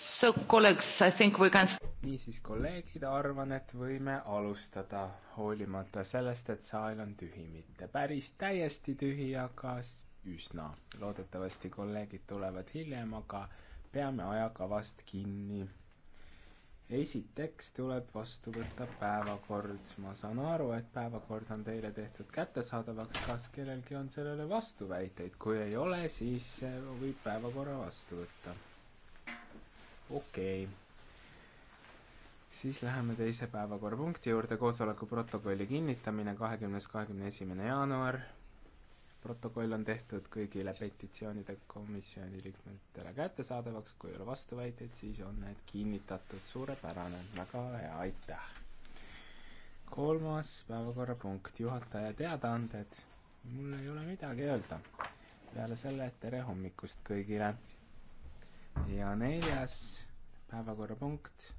Can... niisiis, kolleegid, arvan, et võime alustada, hoolimata sellest, et saal on tühi, mitte päris täiesti tühi, aga üsna. loodetavasti kolleegid tulevad hiljem, aga peame ajakavast kinni. esiteks tuleb vastu võtta päevakord. ma saan aru, et päevakord on teile tehtud kättesaadavaks, kas kellelgi on sellele vastuväiteid, kui ei ole, siis eh, võib päevakorra vastu võtta okei okay.. siis läheme teise päevakorrapunkti juurde, koosoleku protokolli kinnitamine, kahekümnes, kahekümne esimene jaanuar. protokoll on tehtud kõigile petitsioonide komisjoni liikmetele kättesaadavaks, kui ei ole vastuväiteid, siis on need kinnitatud, suurepärane, väga hea, aitäh. kolmas päevakorrapunkt, juhataja teadaanded. mul ei ole midagi öelda peale selle, et tere hommikust kõigile ja neljas päevakorrapunkt,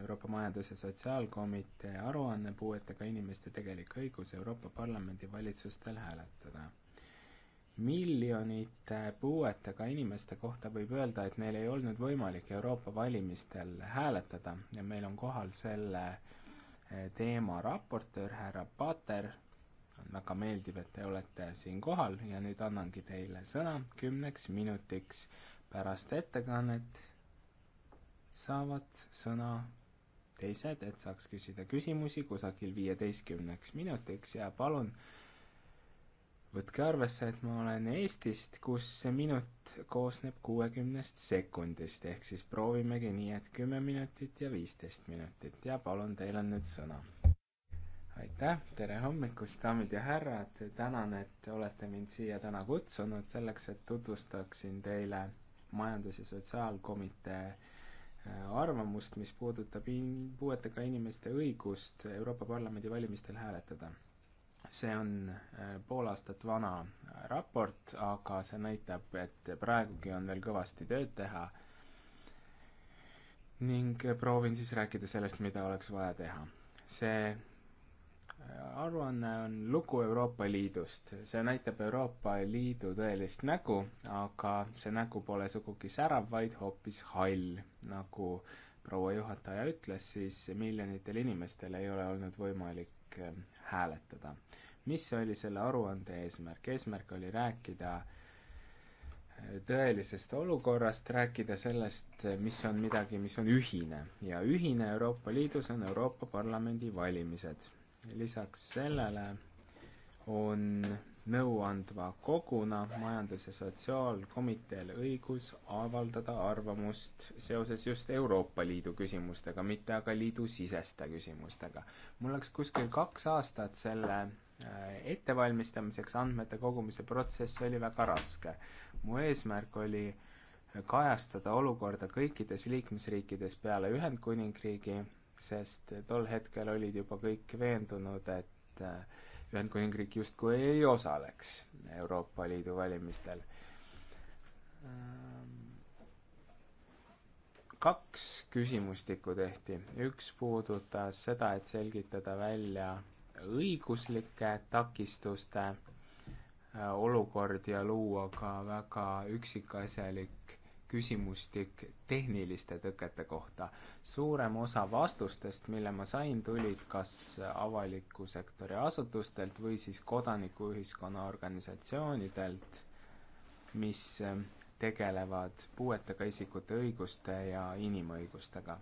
Euroopa Majandus- ja Sotsiaalkomitee aruanne puuetega inimeste tegelik õigus Euroopa Parlamendi valitsustel hääletada. miljonite puuetega inimeste kohta võib öelda, et neil ei olnud võimalik Euroopa valimistel hääletada ja meil on kohal selle eh, teema raportöör härra Pater on väga meeldiv, et te olete siin kohal ja nüüd annangi teile sõna kümneks minutiks. pärast ettekannet saavad sõna teised, et saaks küsida küsimusi kusagil viieteistkümneks minutiks ja palun võtke arvesse, et ma olen Eestist, kus see minut koosneb kuuekümnest sekundist, ehk siis proovimegi nii, et kümme minutit ja viisteist minutit ja palun, teil on nüüd sõna aitäh, tere hommikust, daamid ja härrad, tänan, et olete mind siia täna kutsunud selleks, et tutvustaksin teile majandus- ja sotsiaalkomitee äh, arvamust, mis puudutab in-, puuetega inimeste õigust Euroopa Parlamendi valimistel hääletada. see on äh, pool aastat vana raport, aga see näitab, et praegugi on veel kõvasti tööd teha ning proovin siis rääkida sellest, mida oleks vaja teha. see aruanne on lugu Euroopa Liidust, see näitab Euroopa Liidu tõelist nägu, aga see nägu pole sugugi särav, vaid hoopis hall. nagu proua juhataja ütles, siis miljonitel inimestel ei ole olnud võimalik eh, hääletada. mis oli selle aruande eesmärk? eesmärk oli rääkida eh, tõelisest olukorrast, rääkida sellest, eh, mis on midagi, mis on ühine ja ühine Euroopa Liidus on Euroopa Parlamendi valimised lisaks sellele on nõuandva koguna Majandus- ja Sotsiaalkomiteel õigus avaldada arvamust seoses just Euroopa Liidu küsimustega, mitte aga liidusiseste küsimustega. mul läks kuskil kaks aastat selle äh, ettevalmistamiseks, andmete kogumise protsess oli väga raske. mu eesmärk oli kajastada olukorda kõikides liikmesriikides peale Ühendkuningriigi sest tol hetkel olid juba kõik veendunud, et äh, Ühendkuningriik justkui ei osaleks Euroopa Liidu valimistel. kaks küsimustikku tehti, üks puudutas seda, et selgitada välja õiguslike takistuste äh, olukord ja luua ka väga üksikasjalik küsimustik tehniliste tõkete kohta. suurem osa vastustest, mille ma sain, tulid kas avaliku sektori asutustelt või siis kodanikuühiskonna organisatsioonidelt, mis eh, tegelevad puuetega isikute õiguste ja inimõigustega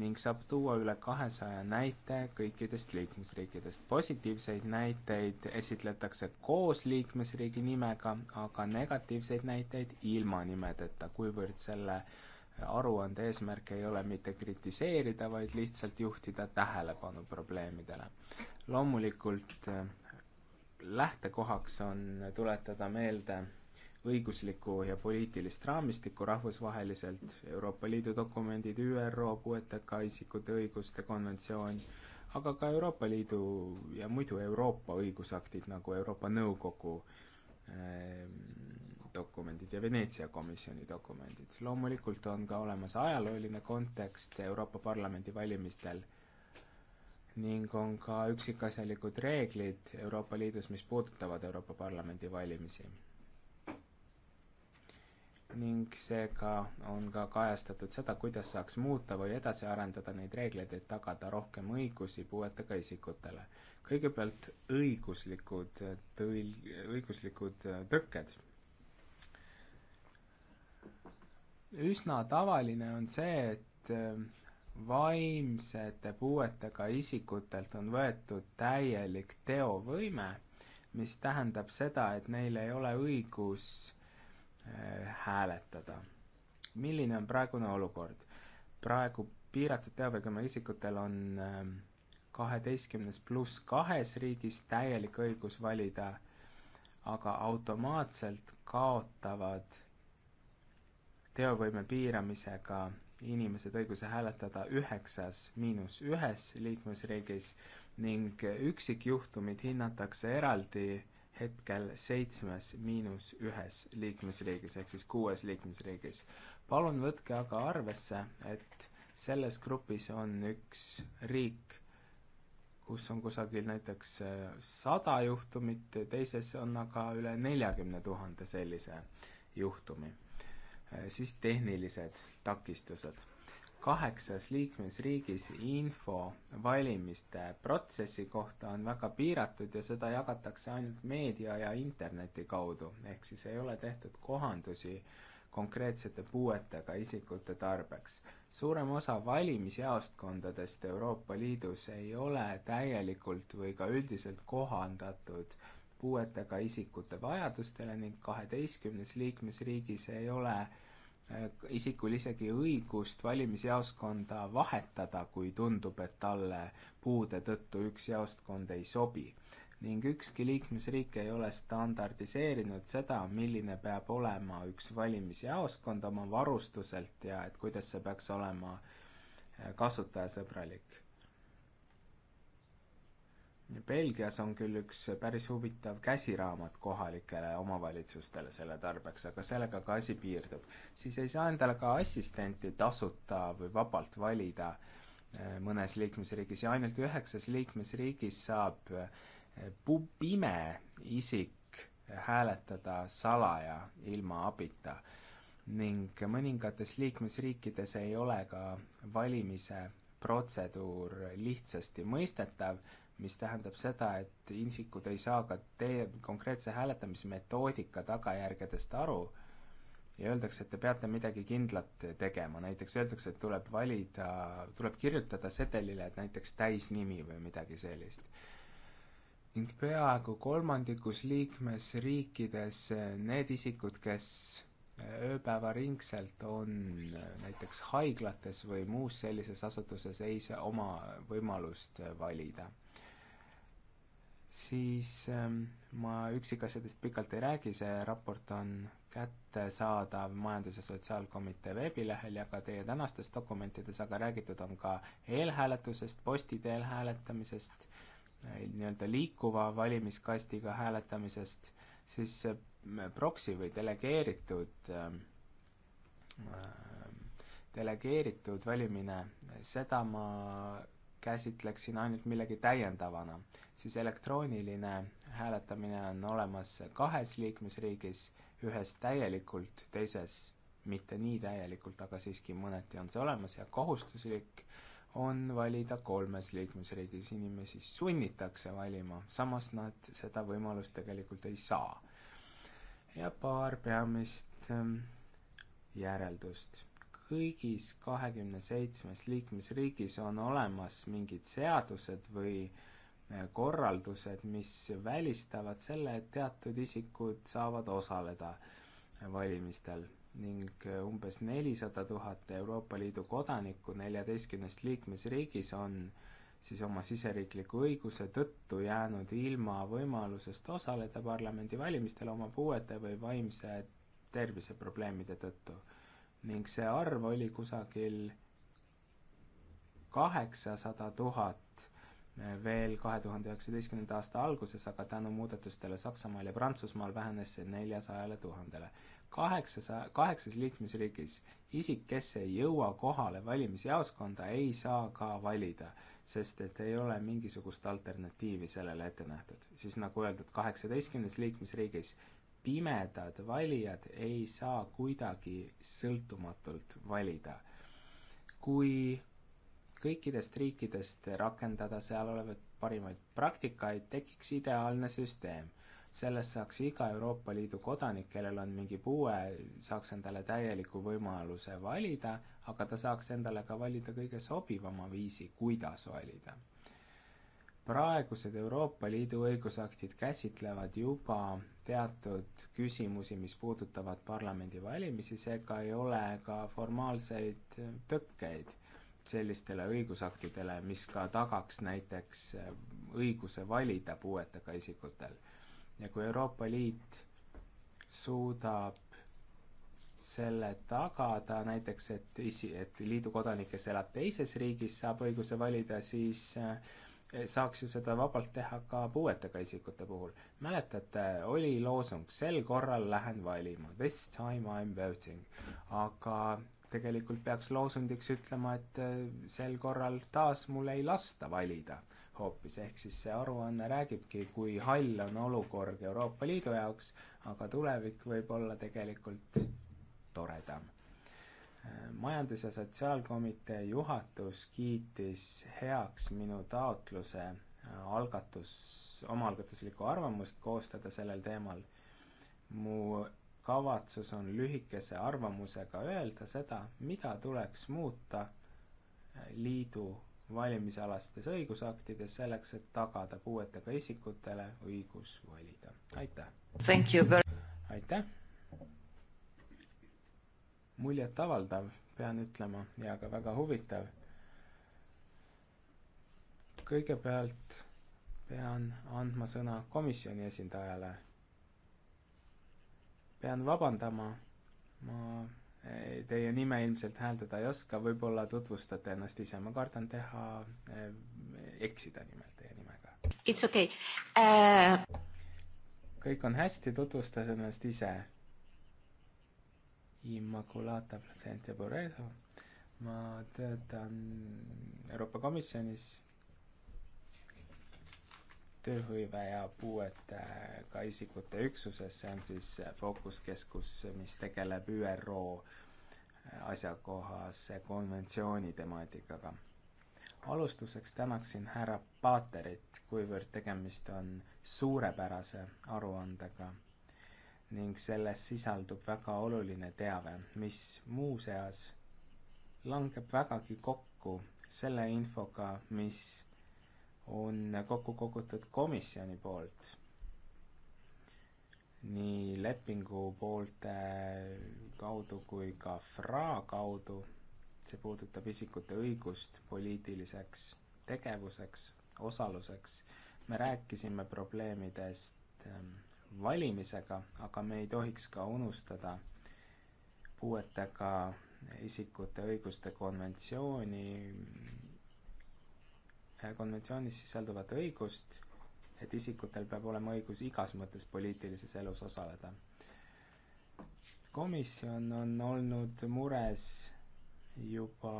ning saab tuua üle kahesaja näite kõikidest liikmesriikidest. positiivseid näiteid esitletakse koos liikmesriigi nimega, aga negatiivseid näiteid ilma nimedeta, kuivõrd selle aruande eesmärk ei ole mitte kritiseerida, vaid lihtsalt juhtida tähelepanu probleemidele. loomulikult lähtekohaks on tuletada meelde õiguslikku ja poliitilist raamistikku rahvusvaheliselt, Euroopa Liidu dokumendid, ÜRO puuetega isikute õiguste konventsioon, aga ka Euroopa Liidu ja muidu Euroopa õigusaktid nagu Euroopa Nõukogu eh, dokumendid ja Veneetsia komisjoni dokumendid. loomulikult on ka olemas ajalooline kontekst Euroopa Parlamendi valimistel ning on ka üksikasjalikud reeglid Euroopa Liidus, mis puudutavad Euroopa Parlamendi valimisi ning seega on ka kajastatud seda, kuidas saaks muuta või edasi arendada neid reegleid, et tagada rohkem õigusi puuetega isikutele. kõigepealt õiguslikud tõl-, õiguslikud äh, tõkked. üsna tavaline on see, et äh, vaimsete puuetega isikutelt on võetud täielik teovõime, mis tähendab seda, et neil ei ole õigus Äh, hääletada. milline on praegune olukord? praegu piiratud teabekümne isikutel on ähm, kaheteistkümnes pluss kahes riigis täielik õigus valida, aga automaatselt kaotavad teovõime piiramisega inimesed õiguse hääletada üheksas miinus ühes liikmesriigis ning üksikjuhtumid hinnatakse eraldi hetkel seitsmes miinus ühes liikmesriigis ehk siis kuues liikmesriigis. palun võtke aga arvesse, et selles grupis on üks riik, kus on kusagil näiteks äh, sada juhtumit, teises on aga üle neljakümne tuhande sellise juhtumi. Äh, siis tehnilised takistused kaheksas liikmesriigis info valimiste protsessi kohta on väga piiratud ja seda jagatakse ainult meedia ja interneti kaudu, ehk siis ei ole tehtud kohandusi konkreetsete puuetega isikute tarbeks. suurem osa valimisjaoskondadest Euroopa Liidus ei ole täielikult või ka üldiselt kohandatud puuetega isikute vajadustele ning kaheteistkümnes liikmesriigis ei ole äh, Äh, isikul isegi õigust valimisjaoskonda vahetada, kui tundub, et talle puude tõttu üks jaoskond ei sobi. ning ükski liikmesriik ei ole standardiseerinud seda, milline peab olema üks valimisjaoskond oma varustuselt ja et kuidas see peaks olema äh, kasutajasõbralik Belgias on küll üks päris huvitav käsiraamat kohalikele omavalitsustele selle tarbeks, aga sellega ka asi piirdub. siis ei saa endale ka assistenti tasuta või vabalt valida eh, mõnes liikmesriigis ja ainult üheksas liikmesriigis saab eh, pime isik hääletada salaja ilma abita ning mõningates liikmesriikides ei ole ka valimise protseduur lihtsasti mõistetav mis tähendab seda, et infikud ei saa ka teie konkreetse hääletamismetoodika tagajärgedest aru ja öeldakse, et te peate midagi kindlat tegema, näiteks öeldakse, et tuleb valida, tuleb kirjutada sedelile, et näiteks täisnimi või midagi sellist. ning peaaegu kolmandikus liikmesriikides need isikud, kes ööpäevaringselt on näiteks haiglates või muus sellises asutuses, ei saa oma võimalust valida siis ähm, ma üksikasjadest pikalt ei räägi, see raport on kättesaadav Majandus- ja Sotsiaalkomitee veebilehel ja ka teie tänastes dokumentides, aga räägitud on ka eelhääletusest, posti teel hääletamisest, äh, nii-öelda liikuva valimiskastiga hääletamisest, siis äh, proksi või delegeeritud ähm, äh, delegeeritud valimine, seda ma käsitleksin ainult millegi täiendavana, siis elektrooniline hääletamine on olemas kahes liikmesriigis, ühes täielikult, teises mitte nii täielikult, aga siiski mõneti on see olemas ja kohustuslik on valida kolmes liikmesriigis, inimesi sunnitakse valima, samas nad seda võimalust tegelikult ei saa. ja paar peamist ähm, järeldust kõigis kahekümne seitsmes liikmesriigis on olemas mingid seadused või äh, korraldused, mis välistavad selle, et teatud isikud saavad osaleda valimistel ning äh, umbes nelisada tuhat Euroopa Liidu kodanikku neljateistkümnest liikmesriigis on siis oma siseriikliku õiguse tõttu jäänud ilma võimalusest osaleda parlamendivalimistel oma puuete või vaimse tervise probleemide tõttu ning see arv oli kusagil kaheksasada tuhat eh, veel kahe tuhande üheksateistkümnenda aasta alguses, aga tänu muudatustele Saksamaal ja Prantsusmaal vähenes see neljasajale tuhandele. kaheksasa-, kaheksas liikmesriigis isik, kes ei jõua kohale valimisjaoskonda, ei saa ka valida, sest et ei ole mingisugust alternatiivi sellele ette nähtud. siis nagu öeldud, kaheksateistkümnes liikmesriigis pimedad valijad ei saa kuidagi sõltumatult valida. kui kõikidest riikidest rakendada seal olevaid parimaid praktikaid, tekiks ideaalne süsteem. sellest saaks iga Euroopa Liidu kodanik, kellel on mingi puue, saaks endale täieliku võimaluse valida, aga ta saaks endale ka valida kõige sobivama viisi, kuidas valida praegused Euroopa Liidu õigusaktid käsitlevad juba teatud küsimusi, mis puudutavad parlamendivalimisi, seega ei ole ka formaalseid tõkkeid sellistele õigusaktidele, mis ka tagaks näiteks õiguse valida puuetega isikutel. ja kui Euroopa Liit suudab selle tagada, näiteks et isi, et liidu kodanik, kes elab teises riigis, saab õiguse valida, siis äh, Eh, saaks ju seda vabalt teha ka puuetega isikute puhul. mäletate, oli loosung sel korral lähen valima, this time I m voting, aga tegelikult peaks loosundiks ütlema, et eh, sel korral taas mul ei lasta valida hoopis, ehk siis see aruanne räägibki, kui hall on olukord Euroopa Liidu jaoks, aga tulevik võib olla tegelikult toredam majandus- ja sotsiaalkomitee juhatus kiitis heaks minu taotluse äh, algatus, omaalgatuslikku arvamust koostada sellel teemal. mu kavatsus on lühikese arvamusega öelda seda, mida tuleks muuta äh, liidu valimisalastes õigusaktides selleks, et tagada puuetega isikutele õigus valida. aitäh! aitäh! muljetavaldav, pean ütlema, ja ka väga huvitav. kõigepealt pean andma sõna komisjoni esindajale. pean vabandama, ma eh, teie nime ilmselt hääldada ei oska, võib-olla tutvustate ennast ise, ma kardan teha, eh, eksida nimelt teie nimega. It's okay uh.... kõik on hästi, tutvustan ennast ise Immaculata Placencia Puredo, ma töötan Euroopa Komisjonis tööhõive ja puuetega isikute üksuses, see on siis fookuskeskus, mis tegeleb ÜRO asjakohase konventsiooni temaatikaga. alustuseks tänaksin härra Paterit, kuivõrd tegemist on suurepärase aruandega ning selles sisaldub väga oluline teave, mis muuseas langeb vägagi kokku selle infoga, mis on kokku kogutud komisjoni poolt nii lepingupoolte kaudu kui ka FRA kaudu, see puudutab isikute õigust poliitiliseks tegevuseks, osaluseks, me rääkisime probleemidest ähm, valimisega, aga me ei tohiks ka unustada puuetega isikute õiguste konventsiooni, äh, konventsioonis sisalduvat õigust, et isikutel peab olema õigus igas mõttes poliitilises elus osaleda. komisjon on olnud mures juba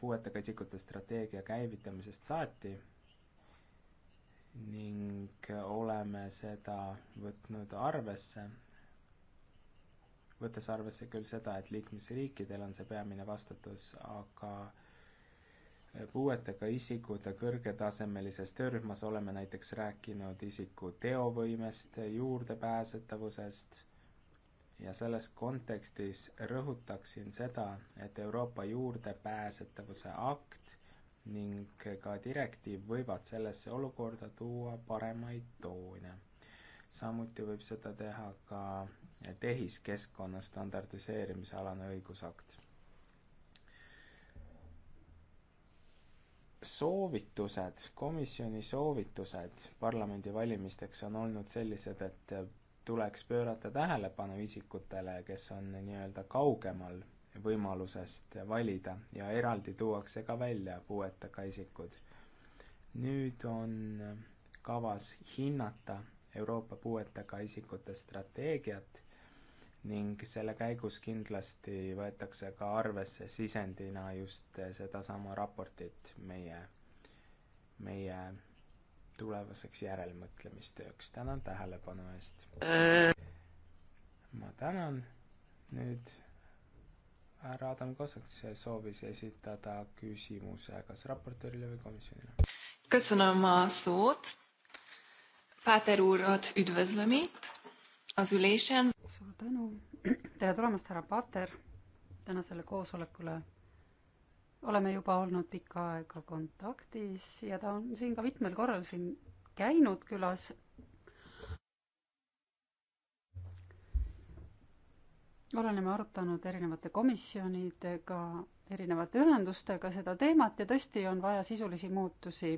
puuetega isikute strateegia käivitamisest saati ning oleme seda võtnud arvesse, võttes arvesse küll seda, et liikmesriikidel on see peamine vastutus, aga puuetega isikute kõrgetasemelises töörühmas oleme näiteks rääkinud isiku teovõimest, juurdepääsetavusest ja selles kontekstis rõhutaksin seda, et Euroopa juurdepääsetavuse akt ning ka direktiiv võivad sellesse olukorda tuua paremaid toone. samuti võib seda teha ka tehiskeskkonna standardiseerimise alane õigusakt. soovitused, komisjoni soovitused parlamendivalimisteks on olnud sellised, et tuleks pöörata tähelepanu isikutele, kes on nii-öelda kaugemal võimalusest valida ja eraldi tuuakse ka välja puuetega isikud. nüüd on kavas hinnata Euroopa puuetega isikute strateegiat ning selle käigus kindlasti võetakse ka arvesse sisendina just sedasama raportit meie, meie tulevaseks järelmõtlemistööks. tänan tähelepanu eest! Äh. ma tänan, nüüd härra Adam Kosaks soovis esitada küsimuse kas raportöörile või komisjonile. köszönöm a szót. Páter úrat üdvözlöm itt az ülésen. suur tänu. tere tulemast, härra Pater, tänasele koosolekule. oleme juba olnud pikka aega kontaktis ja ta on siin ka mitmel korral siin käinud külas oleme arutanud erinevate komisjonidega, erinevate ühendustega seda teemat ja tõesti on vaja sisulisi muutusi.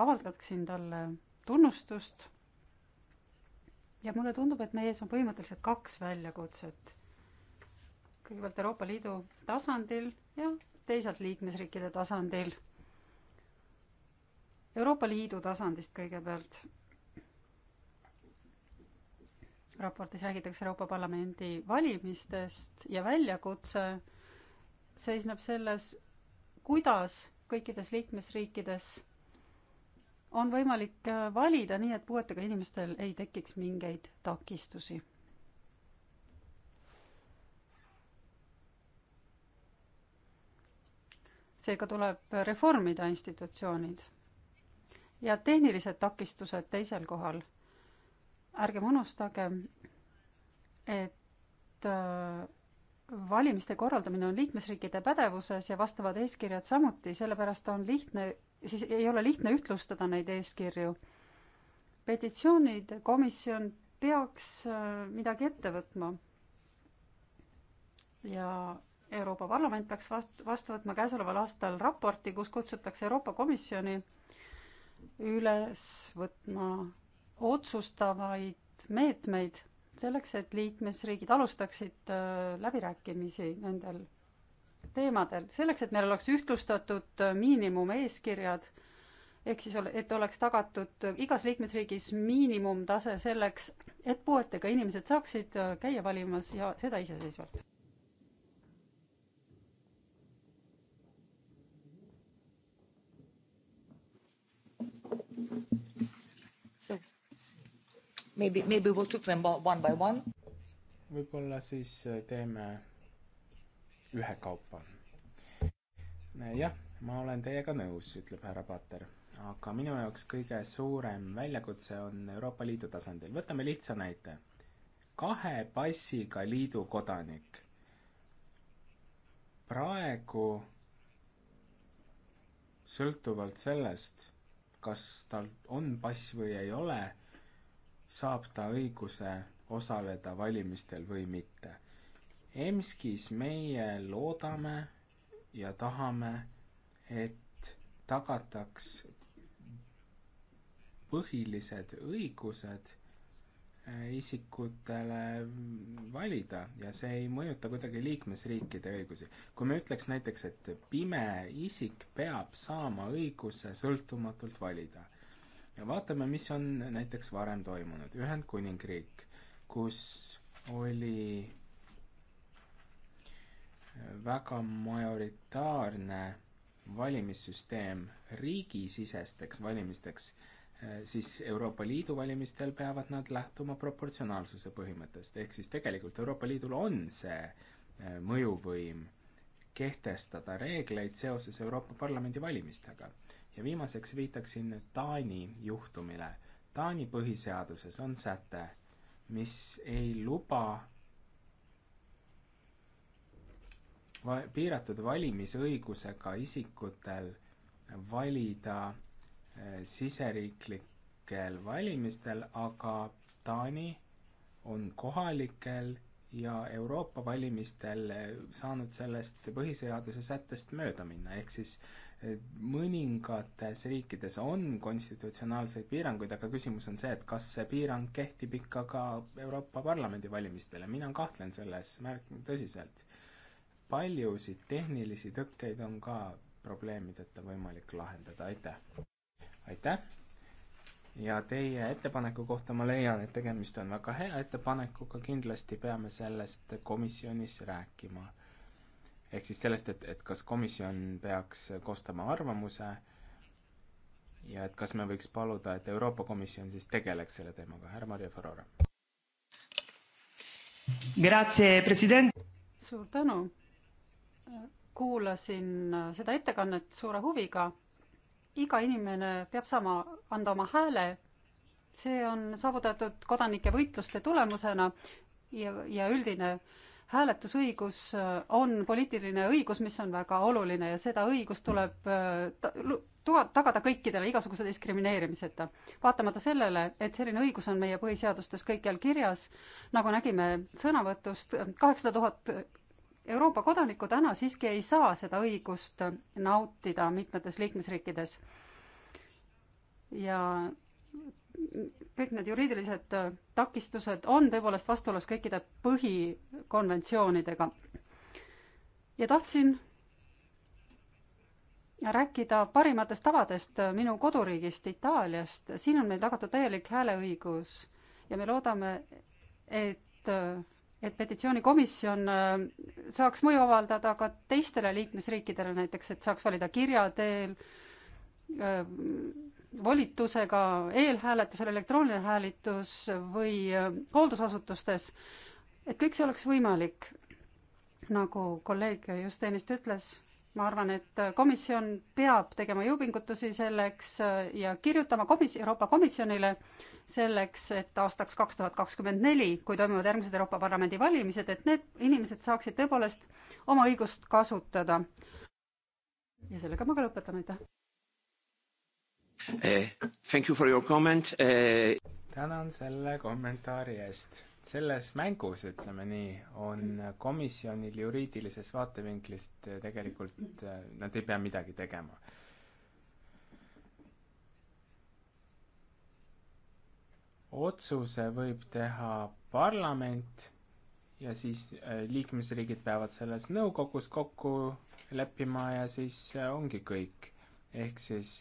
avaldaksin talle tunnustust. ja mulle tundub, et meie ees on põhimõtteliselt kaks väljakutset. kõigepealt Euroopa Liidu tasandil ja teisalt liikmesriikide tasandil. Euroopa Liidu tasandist kõigepealt raportis räägitakse Euroopa Parlamendi valimistest ja väljakutse seisneb selles, kuidas kõikides liikmesriikides on võimalik äh, valida nii, et puuetega inimestel ei tekiks mingeid takistusi. seega tuleb reformida institutsioonid ja tehnilised takistused teisel kohal ärgem unustagem, et äh, valimiste korraldamine on liikmesriikide pädevuses ja vastavad eeskirjad samuti, sellepärast on lihtne, siis ei ole lihtne ühtlustada neid eeskirju. petitsioonide komisjon peaks äh, midagi ette võtma. ja Euroopa Parlament peaks vastu, vastu võtma käesoleval aastal raporti, kus kutsutakse Euroopa Komisjoni üles võtma otsustavaid meetmeid selleks, et liikmesriigid alustaksid äh, läbirääkimisi nendel teemadel, selleks, et meil oleks ühtlustatud äh, miinimumeeskirjad, ehk siis, et oleks tagatud äh, igas liikmesriigis miinimumtase selleks, et puuetega inimesed saaksid käia valimas ja seda iseseisvalt. So Maybe, maybe we'll took them one by one. võib-olla siis äh, teeme ühekaupa. Äh, jah, ma olen teiega nõus, ütleb härra Pater, aga minu jaoks kõige suurem väljakutse on Euroopa Liidu tasandil. võtame lihtsa näite. kahe passiga liidu kodanik. praegu sõltuvalt sellest, kas tal on pass või ei ole saab ta õiguse osaleda valimistel või mitte. EMSKis meie loodame ja tahame, et tagataks põhilised õigused eh, isikutele valida ja see ei mõjuta kuidagi liikmesriikide õigusi. kui me ütleks näiteks, et pime isik peab saama õiguse sõltumatult valida, ja vaatame, mis on näiteks varem toimunud. Ühendkuningriik, kus oli väga majoritaarne valimissüsteem riigisisesteks valimisteks, siis Euroopa Liidu valimistel peavad nad lähtuma proportsionaalsuse põhimõttest, ehk siis tegelikult Euroopa Liidul on see eh, mõjuvõim kehtestada reegleid seoses Euroopa Parlamendi valimistega ja viimaseks viitaksin Taani juhtumile. Taani põhiseaduses on säte, mis ei luba va-, piiratud valimisõigusega isikutel valida eh, siseriiklikel valimistel, aga Taani on kohalikel ja Euroopa valimistel eh, saanud sellest põhiseaduse sättest mööda minna, ehk siis mõningates riikides on konstitutsionaalseid piiranguid, aga küsimus on see, et kas see piirang kehtib ikka ka Euroopa Parlamendi valimistele, mina kahtlen selles märk-, tõsiselt. paljusid tehnilisi tõkkeid on ka probleemideta võimalik lahendada, aitäh! aitäh! ja teie ettepaneku kohta ma leian, et tegemist on väga hea ettepanekuga, kindlasti peame sellest komisjonis rääkima ehk siis sellest, et, et kas komisjon peaks koostama arvamuse ja et kas me võiks paluda, et Euroopa Komisjon siis tegeleks selle teemaga, härra Mario Ferrara. suur tänu, kuulasin seda ettekannet suure huviga. iga inimene peab saama anda oma hääle, see on saavutatud kodanike võitluste tulemusena ja, ja üldine äh, hääletusõigus äh, on poliitiline õigus, mis on väga oluline ja seda õigust tuleb äh, tagada kõikidele igasuguse diskrimineerimiseta. vaatamata sellele, et selline õigus on meie põhiseadustes kõikjal kirjas, nagu nägime sõnavõtust, kaheksasada tuhat Euroopa kodanikku täna siiski ei saa seda õigust nautida mitmetes liikmesriikides. ja kõik need juriidilised äh, takistused on tõepoolest vastuolus kõikide põhikonventsioonidega. ja tahtsin rääkida parimatest tavadest äh, minu koduriigist Itaaliast. siin on meil tagatud täielik hääleõigus ja me loodame, et, äh, et petitsioonikomisjon saaks mõju avaldada ka teistele liikmesriikidele, näiteks et saaks valida kirja teel volitusega eelhääletusel elektrooniline hääletus või äh, hooldusasutustes, et kõik see oleks võimalik. nagu kolleeg just ennist ütles, ma arvan, et komisjon peab tegema jõupingutusi selleks äh, ja kirjutama komis-, Euroopa Komisjonile selleks, et aastaks kaks tuhat kakskümmend neli, kui toimuvad järgmised Euroopa Parlamendi valimised, et need inimesed saaksid tõepoolest oma õigust kasutada. ja sellega ma ka lõpetan, aitäh! Eh, thank you for your comment. Eh, tänan selle kommentaari eest. selles mängus, ütleme nii, on komisjonil juriidilisest vaatevinklist eh, tegelikult, nad ei pea midagi tegema otsuse võib teha parlament ja siis liikmesriigid peavad selles nõukogus kokku leppima ja siis ongi kõik. ehk siis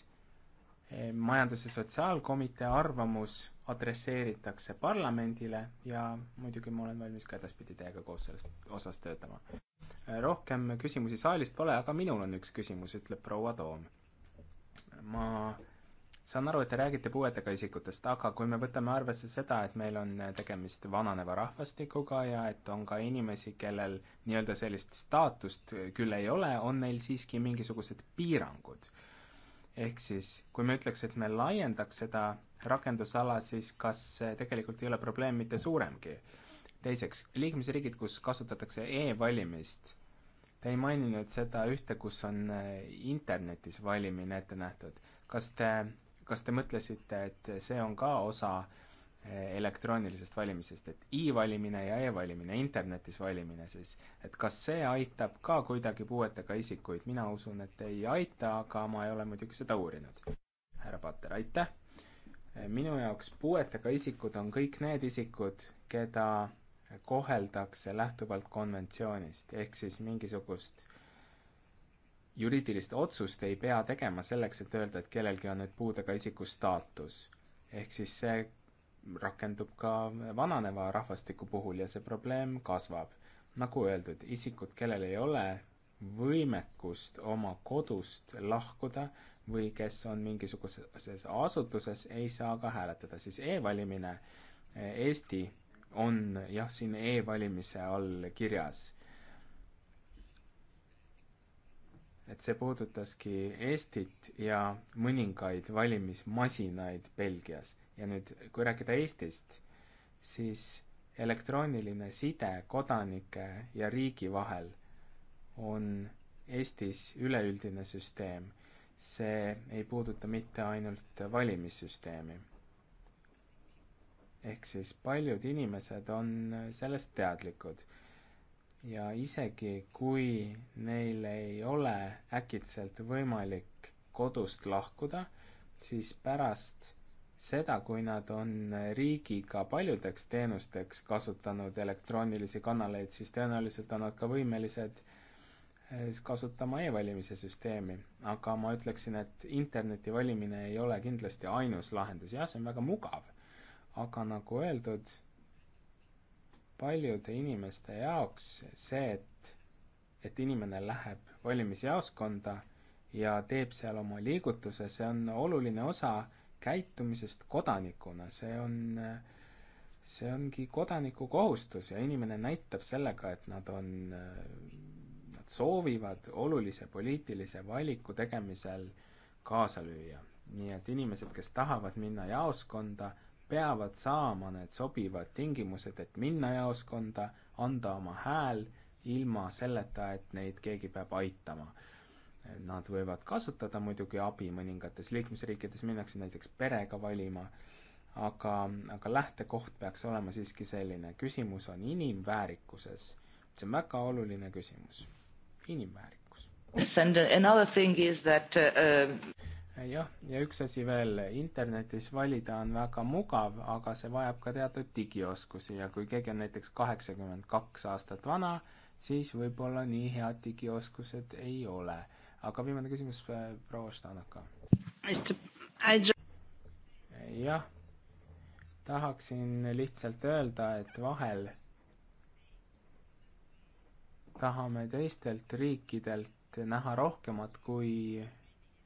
majandus- ja sotsiaalkomitee arvamus adresseeritakse parlamendile ja muidugi ma olen valmis ka edaspidi teiega koos selles osas töötama. rohkem küsimusi saalist pole, aga minul on üks küsimus, ütleb proua Toom. ma saan aru, et te räägite puuetega isikutest, aga kui me võtame arvesse seda, et meil on tegemist vananeva rahvastikuga ja et on ka inimesi, kellel nii-öelda sellist staatust küll ei ole, on neil siiski mingisugused piirangud ehk siis, kui me ütleks, et me laiendaks seda rakendusala, siis kas see tegelikult ei ole probleem mitte suuremgi? teiseks, liikmesriigid, kus kasutatakse e-valimist, te ei maininud seda ühte, kus on äh, internetis valimine ette nähtud. kas te, kas te mõtlesite, et see on ka osa äh, Eh, elektroonilisest valimisest, et i-valimine ja e-valimine, internetis valimine siis, et kas see aitab ka kuidagi puuetega isikuid, mina usun, et ei aita, aga ma ei ole muidugi seda uurinud. härra Pater, aitäh! Eh, minu jaoks puuetega isikud on kõik need isikud, keda koheldakse lähtuvalt konventsioonist, ehk siis mingisugust juriidilist otsust ei pea tegema selleks, et öelda, et kellelgi on nüüd puudega isiku staatus. ehk siis see rakendub ka vananeva rahvastiku puhul ja see probleem kasvab. nagu öeldud, isikud, kellel ei ole võimekust oma kodust lahkuda või kes on mingisuguses asutuses, ei saa ka hääletada, siis e-valimine e, Eesti on jah, siin e-valimise all kirjas et see puudutaski Eestit ja mõningaid valimismasinaid Belgias ja nüüd, kui rääkida Eestist, siis elektrooniline side kodanike ja riigi vahel on Eestis üleüldine süsteem. see ei puuduta mitte ainult valimissüsteemi. ehk siis paljud inimesed on sellest teadlikud ja isegi, kui neil ei ole äkitselt võimalik kodust lahkuda, siis pärast seda, kui nad on riigiga paljudeks teenusteks kasutanud elektroonilisi kanaleid, siis tõenäoliselt on nad ka võimelised eh, kasutama e-valimise süsteemi. aga ma ütleksin, et interneti valimine ei ole kindlasti ainus lahendus, jah, see on väga mugav, aga nagu öeldud, paljude inimeste jaoks see, et, et inimene läheb valimisjaoskonda ja teeb seal oma liigutuse, see on oluline osa käitumisest kodanikuna, see on, see ongi kodaniku kohustus ja inimene näitab sellega, et nad on, nad soovivad olulise poliitilise valiku tegemisel kaasa lüüa. nii et inimesed, kes tahavad minna jaoskonda, peavad saama need sobivad tingimused, et minna jaoskonda, anda oma hääl, ilma selleta, et neid keegi peab aitama Nad võivad kasutada muidugi abi, mõningates liikmesriikides minnakse näiteks perega valima, aga, aga lähtekoht peaks olema siiski selline, küsimus on inimväärikuses. see on väga oluline küsimus, inimväärikus. Uh, uh, jah, ja üks asi veel, internetis valida on väga mugav, aga see vajab ka teatud digioskusi ja kui keegi on näiteks kaheksakümmend kaks aastat vana, siis võib-olla nii head digioskused ei ole aga viimane küsimus äh, proua Štanaka. jah, tahaksin lihtsalt öelda, et vahel tahame teistelt riikidelt näha rohkemat kui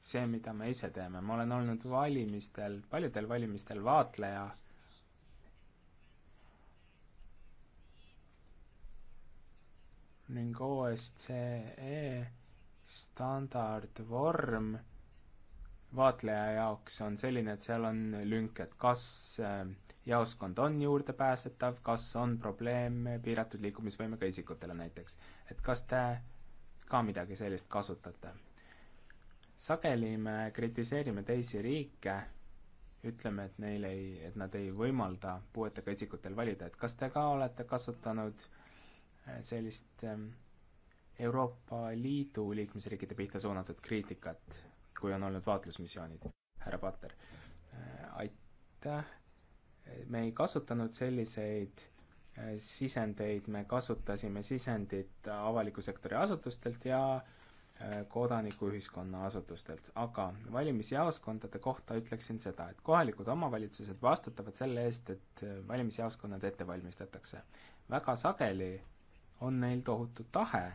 see, mida me ise teeme. ma olen olnud valimistel, paljudel valimistel vaatleja ning OSCE standardvorm vaatleja jaoks on selline, et seal on lünk, et kas äh, jaoskond on juurdepääsetav, kas on probleem piiratud liikumisvõimega isikutele näiteks, et kas te ka midagi sellist kasutate? sageli me kritiseerime teisi riike, ütleme, et neil ei, et nad ei võimalda puuetega isikutel valida, et kas te ka olete kasutanud äh, sellist ähm, Euroopa Liidu liikmesriikide pihta suunatud kriitikat, kui on olnud vaatlusmissioonid, härra Patter. Äh, aitäh, me ei kasutanud selliseid äh, sisendeid, me kasutasime sisendit avaliku sektori asutustelt ja äh, kodanikuühiskonna asutustelt, aga valimisjaoskondade kohta ütleksin seda, et kohalikud omavalitsused vastutavad selle eest, et valimisjaoskonnad ette valmistatakse. väga sageli on neil tohutu tahe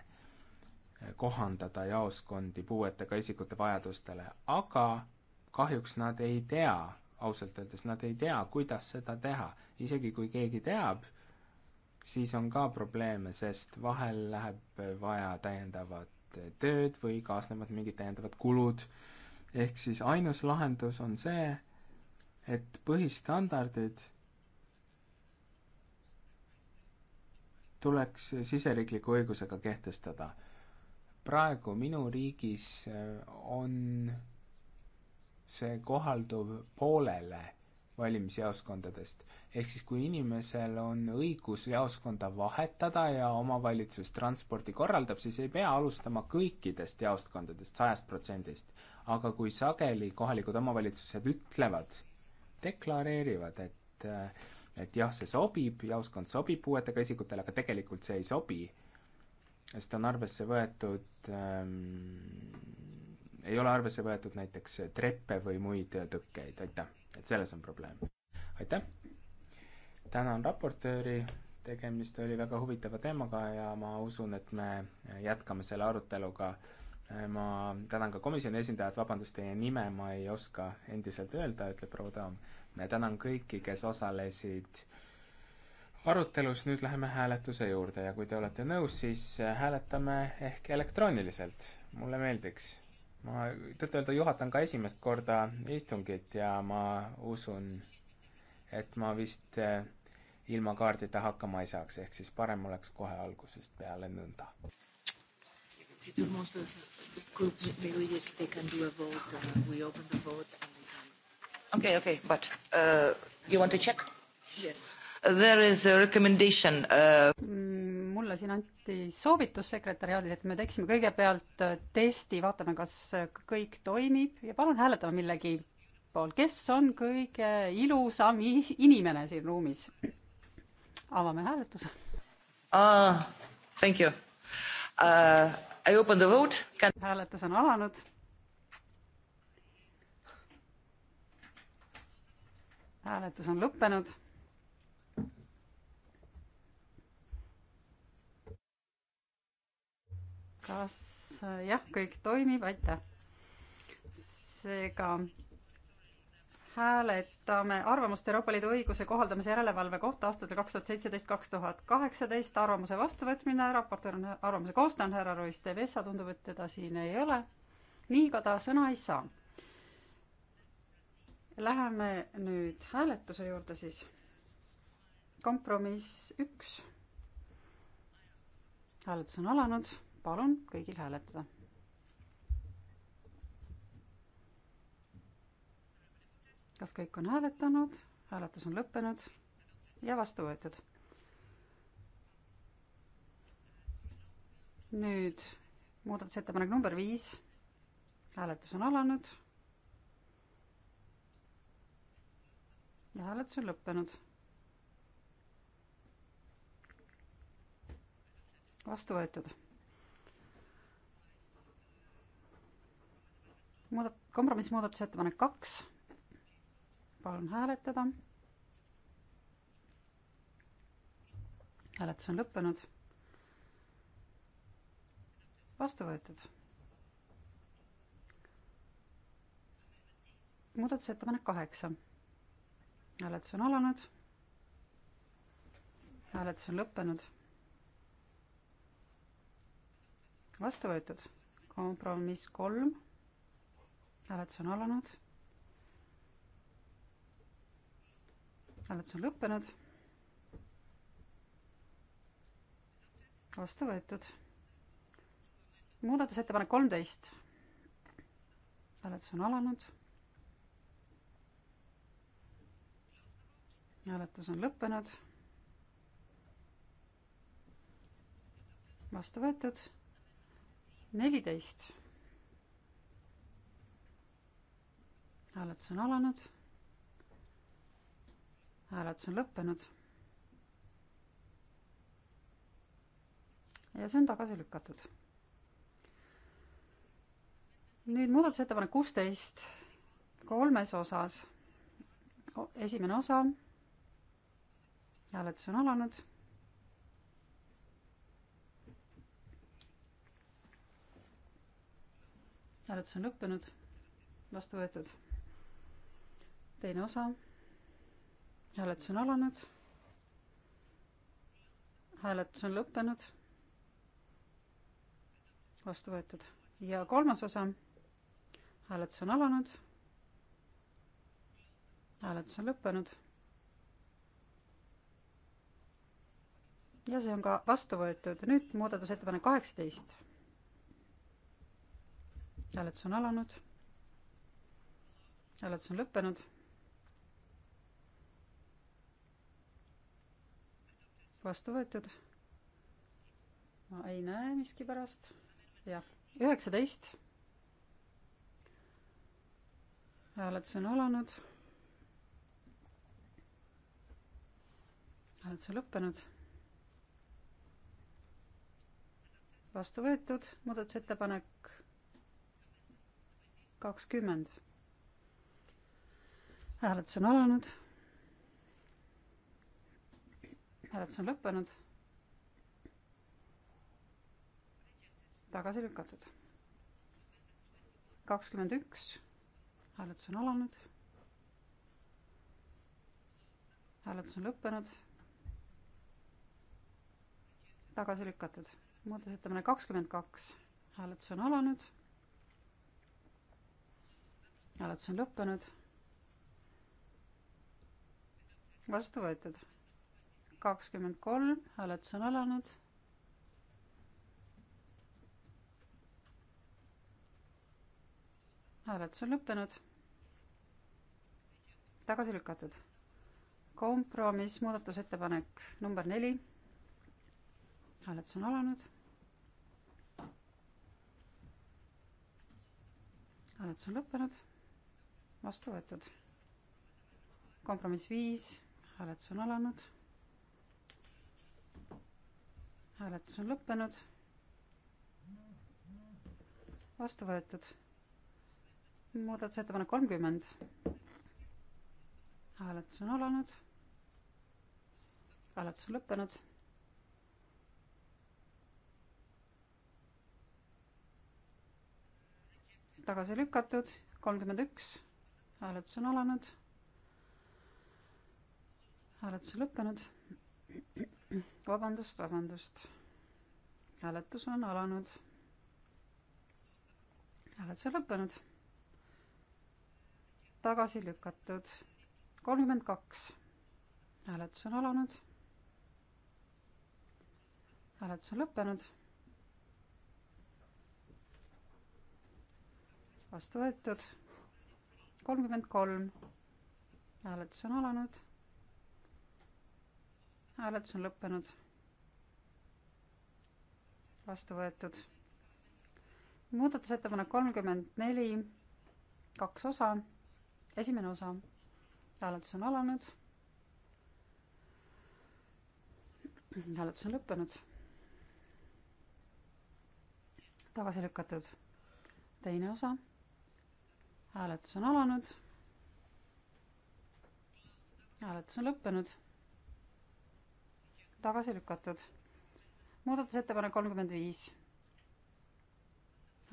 kohandada jaoskondi puuetega isikute vajadustele, aga kahjuks nad ei tea, ausalt öeldes nad ei tea, kuidas seda teha. isegi kui keegi teab, siis on ka probleeme, sest vahel läheb vaja täiendavat tööd või kaasnevad mingid täiendavad kulud. ehk siis ainus lahendus on see, et põhistandardid tuleks siseriikliku õigusega kehtestada praegu minu riigis äh, on see kohalduv poolele valimisjaoskondadest. ehk siis, kui inimesel on õigus jaoskonda vahetada ja omavalitsus transporti korraldab, siis ei pea alustama kõikidest jaoskondadest sajast protsendist. aga kui sageli kohalikud omavalitsused ütlevad, deklareerivad, et äh, et jah, see sobib, jaoskond sobib puuetega isikutele, aga tegelikult see ei sobi sest on arvesse võetud ähm, ei ole arvesse võetud näiteks treppe või muid tõkkeid, aitäh, et selles on probleem. aitäh! tänan raportööri, tegemist oli väga huvitava teemaga ja ma usun, et me jätkame selle aruteluga. ma tänan ka komisjoni esindajat, vabandust, teie nime ma ei oska endiselt öelda, ütleb proua Tamm. tänan kõiki, kes osalesid äh, arutelus nüüd läheme hääletuse juurde ja kui te olete nõus, siis äh, hääletame ehk elektrooniliselt. mulle meeldiks. ma tõtt-öelda juhatan ka esimest korda istungit ja ma usun, et ma vist äh, ilma kaardita hakkama ei saaks, ehk siis parem oleks kohe algusest peale nõnda. okei, okei, but uh, you want to check? yes.. There is a recommendation uh.... Mm, mulle siin anti soovitus sekretäriaadis, et me teeksime kõigepealt äh, testi, vaatame, kas äh, kõik toimib ja palun hääletame millegi poolt, kes on kõige ilusam inimene siin ruumis. avame hääletuse uh,. Thank you uh,. I open the vote Can.... hääletus on alanud hääletus on lõppenud kas jah, kõik toimib, aitäh. seega hääletame arvamust Euroopa Liidu õiguse kohaldamise järelevalve kohta aastatel kaks tuhat seitseteist, kaks tuhat kaheksateist, arvamuse vastuvõtmine, raportöör on, arvamuse koostaja on härra Rois de Vessa, tundub, et teda siin ei ole. nii, ka ta sõna ei saa. Läheme nüüd hääletuse juurde siis. kompromiss üks. hääletus on alanud palun kõigil hääletada. kas kõik on hääletanud? hääletus on lõppenud ja vastu võetud. nüüd muudatusettepanek number viis. hääletus on alanud. ja hääletus on lõppenud. vastu võetud muudat-, kompromissmuudatusettepanek kaks, palun hääletada. hääletus on lõppenud. vastu võetud. muudatusettepanek kaheksa. hääletus on alanud. hääletus on lõppenud. vastu võetud. kompromiss kolm hääletus on alanud. hääletus on lõppenud. vastu võetud. muudatusettepanek kolmteist. hääletus on alanud. hääletus on lõppenud. vastu võetud. neliteist hääletus on alanud. hääletus on lõppenud. ja see on tagasi lükatud. nüüd muudatusettepanek kuusteist kolmes osas. esimene osa. hääletus on alanud. hääletus on lõppenud, vastu võetud teine osa. hääletus on alanud. hääletus on lõppenud. vastu võetud ja kolmas osa. hääletus on alanud. hääletus on lõppenud ja see on ka vastu võetud. nüüd muudatusettepanek kaheksateist. hääletus on alanud. hääletus on lõppenud. vastu võetud. ma ei näe miskipärast. jah, üheksateist. hääletus on alanud. hääletus on lõppenud. vastu võetud, muudatusettepanek kakskümmend. hääletus on alanud hääletus on lõppenud. tagasi lükatud. kakskümmend üks, hääletus on alanud. hääletus on lõppenud. tagasi lükatud. muudatusettepanek kakskümmend kaks, hääletus on alanud hääletus on lõppenud. vastu võetud kakskümmend kolm, hääletus on alanud. hääletus on lõppenud. tagasi lükatud. kompromiss, muudatusettepanek number neli. hääletus on alanud. hääletus on lõppenud. vastu võetud. kompromiss viis, hääletus on alanud hääletus on lõppenud. vastu võetud. muudatusettepanek kolmkümmend. hääletus on alanud. hääletus on lõppenud. tagasi lükatud, kolmkümmend üks. hääletus on alanud. hääletus on lõppenud vabandust, vabandust hääletus on alanud. hääletus on lõppenud. tagasi lükatud. kolmkümmend kaks. hääletus on alanud. hääletus on lõppenud. vastu võetud. kolmkümmend kolm. hääletus on alanud. hääletus on lõppenud vastu võetud. muudatusettepanek kolmkümmend neli, kaks osa, esimene osa, hääletus on alanud. hääletus on lõppenud. tagasi lükatud. teine osa, hääletus on alanud. hääletus on lõppenud. tagasi lükatud muudatusettepanek kolmkümmend viis.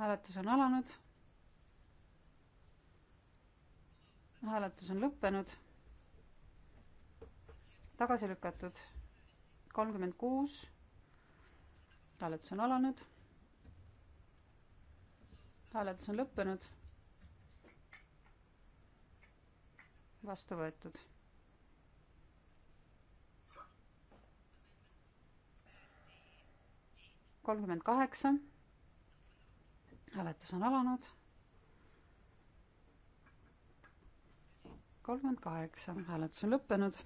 hääletus on alanud. hääletus on lõppenud. tagasi lükatud kolmkümmend kuus. hääletus on alanud. hääletus on lõppenud. vastu võetud kolmkümmend kaheksa. hääletus on alanud. kolmkümmend kaheksa, hääletus on lõppenud.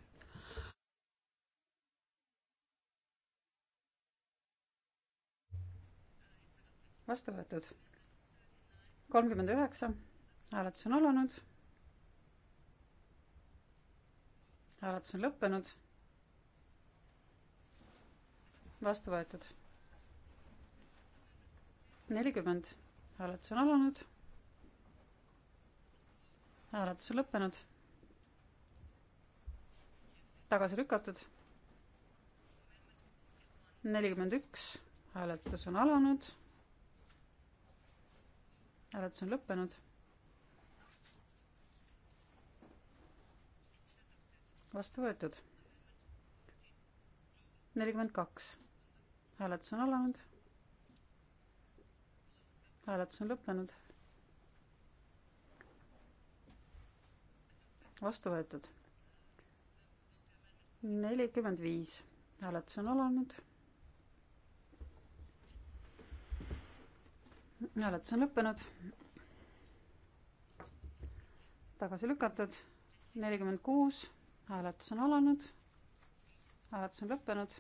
vastu võetud. kolmkümmend üheksa, hääletus on alanud. hääletus on lõppenud. vastu võetud nelikümmend, hääletus on alanud. hääletus on lõppenud. tagasi lükatud. nelikümmend üks, hääletus on alanud. hääletus on lõppenud. vastu võetud. nelikümmend kaks, hääletus on alanud hääletus on lõppenud. vastu võetud. nelikümmend viis, hääletus on alanud. hääletus on lõppenud. tagasi lükatud, nelikümmend kuus, hääletus on alanud. hääletus on lõppenud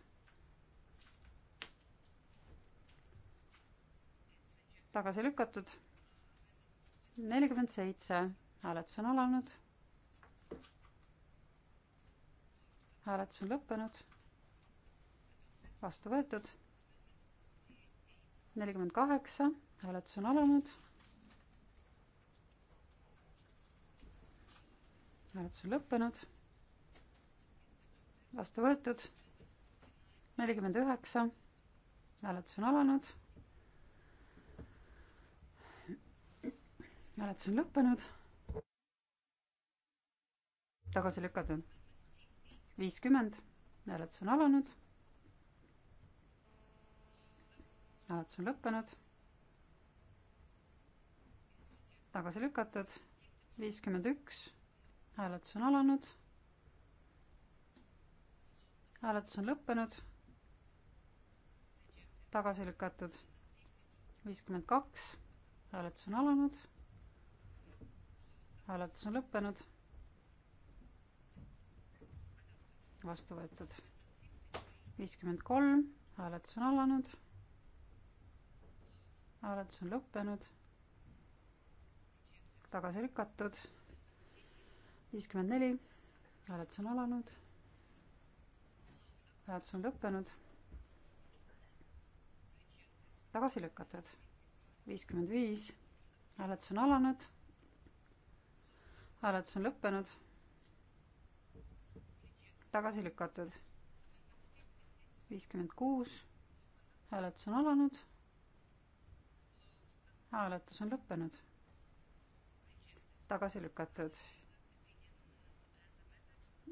tagasi lükatud. nelikümmend seitse, hääletus on alanud. hääletus on lõppenud. vastu võetud. nelikümmend kaheksa, hääletus on alanud. hääletus on lõppenud. vastu võetud. nelikümmend üheksa, hääletus on alanud hääletus on lõppenud. tagasi lükatud. viiskümmend, hääletus on alanud. hääletus on lõppenud. tagasi lükatud. viiskümmend üks, hääletus on alanud. hääletus on lõppenud. tagasi lükatud. viiskümmend kaks, hääletus on alanud hääletus on lõppenud. vastu võetud viiskümmend kolm, hääletus on alanud. hääletus on lõppenud. tagasi lükatud. viiskümmend neli, hääletus on alanud. hääletus on lõppenud. tagasi lükatud. viiskümmend viis, hääletus on alanud hääletus on lõppenud. tagasi lükatud. viiskümmend kuus. hääletus on alanud. hääletus on lõppenud. tagasi lükatud.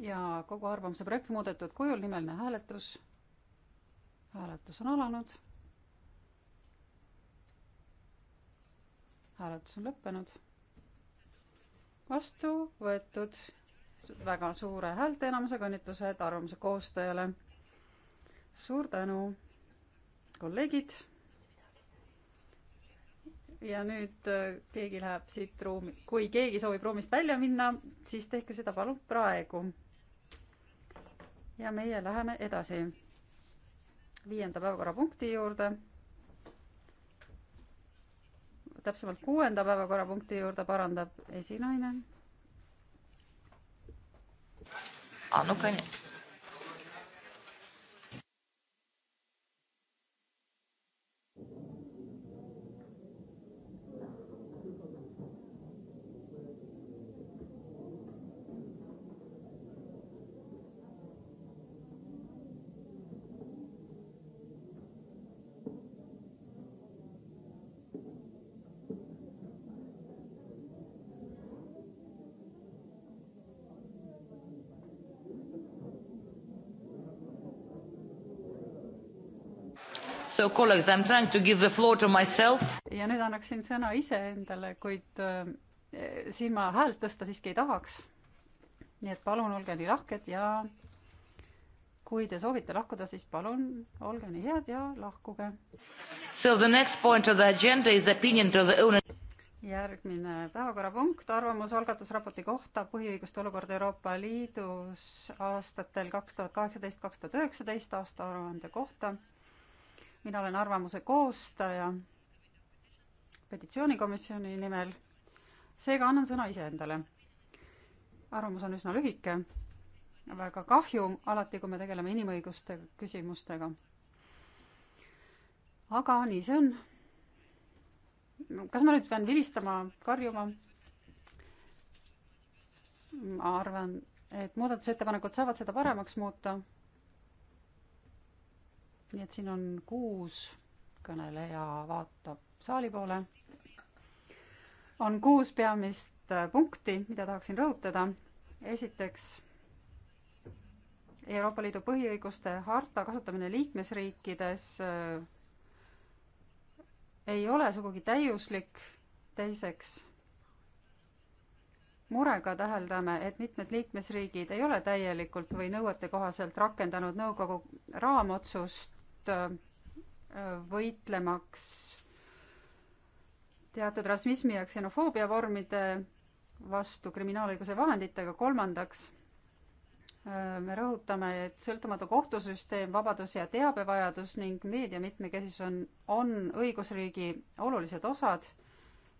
ja kogu arvamuse projekt muudetud kujul nimeline hääletus. hääletus on alanud hääletus on lõppenud vastu võetud väga suure häälteenamusega, õnnitlused arvamuse koostajale. suur tänu, kolleegid. ja nüüd äh, keegi läheb siit ruumi, kui keegi soovib ruumist välja minna, siis tehke seda palun praegu. ja meie läheme edasi viienda päevakorrapunkti juurde täpsemalt kuuenda päevakorrapunkti juurde parandab esinaine. Annu ah, Kannik So colleagues, I am trying to give the floor to myself. ja nüüd annaksin sõna iseendale, kuid äh, siin ma häält tõsta siiski ei tahaks. nii et palun olge nii lahked ja kui te soovite lahkuda, siis palun olge nii head ja lahkuge. So the next point of the agenda is the opinion to the owner järgmine päevakorrapunkt, arvamuse algatusraporti kohta põhiõiguste olukord Euroopa Liidus aastatel kaks tuhat kaheksateist, kaks tuhat üheksateist aasta aruande kohta mina olen arvamuse koostaja petitsioonikomisjoni nimel. seega annan sõna iseendale. arvamus on üsna lühike. väga kahju, alati kui me tegeleme inimõiguste küsimustega. aga nii see on. kas ma nüüd pean vilistama, karjuma? ma arvan, et muudatusettepanekud saavad seda paremaks muuta nii et siin on kuus, kõneleja vaatab saali poole. on kuus peamist äh, punkti, mida tahaksin rõhutada. esiteks Euroopa Liidu põhiõiguste harta kasutamine liikmesriikides äh, ei ole sugugi täiuslik. teiseks, murega täheldame, et mitmed liikmesriigid ei ole täielikult või nõuetekohaselt rakendanud nõukogu raamotsust poolt äh, võitlemaks teatud rasmismi ja ksenofoobia vormide vastu kriminaalõiguse vahenditega, kolmandaks äh, me rõhutame, et sõltumatu kohtusüsteem, vabadus ja teabevajadus ning meedia mitmekesisus on, on õigusriigi olulised osad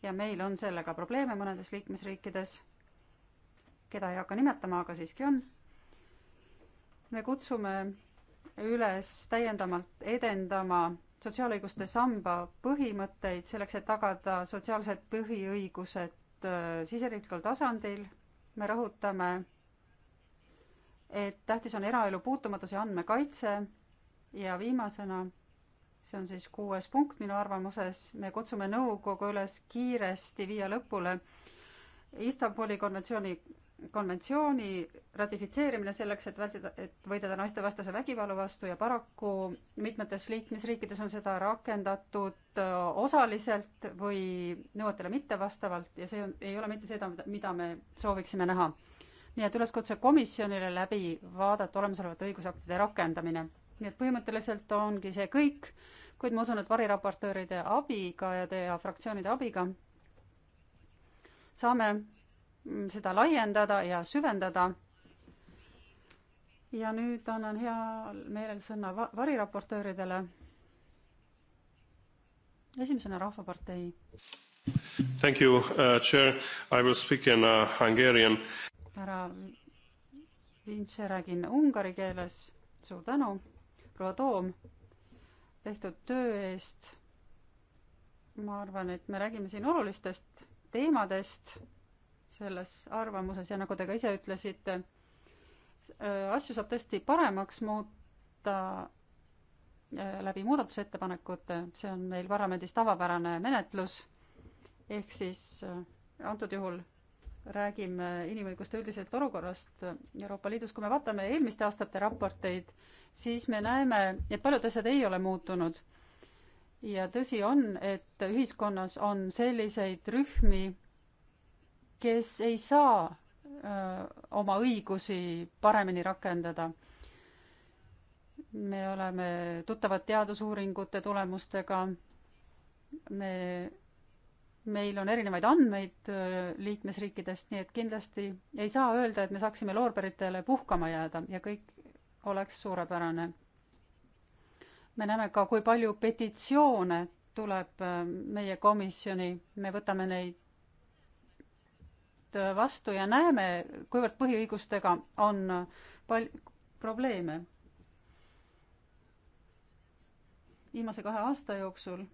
ja meil on sellega probleeme mõnedes liikmesriikides, keda ei hakka nimetama, aga siiski on. me kutsume üles täiendavalt edendama sotsiaalõiguste samba põhimõtteid selleks, et tagada sotsiaalsed põhiõigused äh, siseriiklikul tasandil. me rõhutame, et tähtis on eraelu puutumatus ja andmekaitse ja viimasena, see on siis kuues punkt minu arvamuses, me kutsume nõukogu üles kiiresti viia lõpule Istanbuli konventsiooni konventsiooni ratifitseerimine selleks, et vältida, et võidelda naistevastase vägivalla vastu ja paraku mitmetes liikmesriikides on seda rakendatud äh, osaliselt või nõuetele mittevastavalt ja see on, ei ole mitte seda, mida me sooviksime näha. nii et üleskutse komisjonile läbi vaadata olemasolevate õigusaktide rakendamine. nii et põhimõtteliselt ongi see kõik, kuid ma usun, et variraportööride abiga ja teie fraktsioonide abiga saame Mm, seda laiendada ja süvendada. ja nüüd annan heal meelel sõna va variraportööridele. esimesena Rahvapartei. Thank you uh,, chair, I will speak in uh, hungarian. härra Vintše, räägin ungari keeles, suur tänu, proua Toom, tehtud töö eest. ma arvan, et me räägime siin olulistest teemadest selles arvamuses ja nagu te ka ise ütlesite, äh, asju saab tõesti paremaks muuta äh, läbi muudatusettepanekute, see on meil parlamendis tavapärane menetlus, ehk siis äh, antud juhul räägime inimõiguste üldiselt olukorrast Euroopa Liidus, kui me vaatame eelmiste aastate raporteid, siis me näeme, et paljud asjad ei ole muutunud. ja tõsi on, et ühiskonnas on selliseid rühmi, kes ei saa öö, oma õigusi paremini rakendada. me oleme tuttavad teadusuuringute tulemustega. me, meil on erinevaid andmeid liikmesriikidest, nii et kindlasti ei saa öelda, et me saaksime loorberitele puhkama jääda ja kõik oleks suurepärane. me näeme ka, kui palju petitsioone tuleb meie komisjoni, me võtame neid tugevalt vastu ja näeme, kuivõrd põhiõigustega on pal-, probleeme. viimase kahe aasta jooksul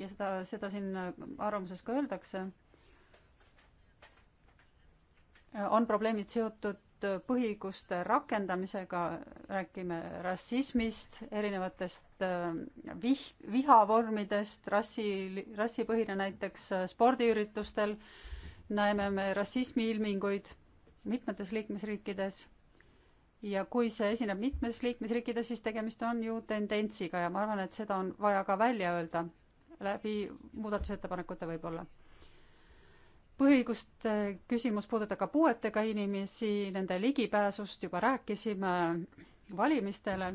ja seda, seda siin arvamuses ka öeldakse, on probleemid seotud seotud põhiõiguste rakendamisega, räägime rassismist, erinevatest äh, vih-, vihavormidest, rassi, rassipõhine näiteks äh, spordiüritustel, näeme me rassismi ilminguid mitmetes liikmesriikides ja kui see esineb mitmes liikmesriikides, siis tegemist on ju tendentsiga ja ma arvan, et seda on vaja ka välja öelda läbi muudatusettepanekute võib-olla põhiõiguste küsimus puudutab ka puuetega inimesi, nende ligipääsust juba rääkisime valimistele,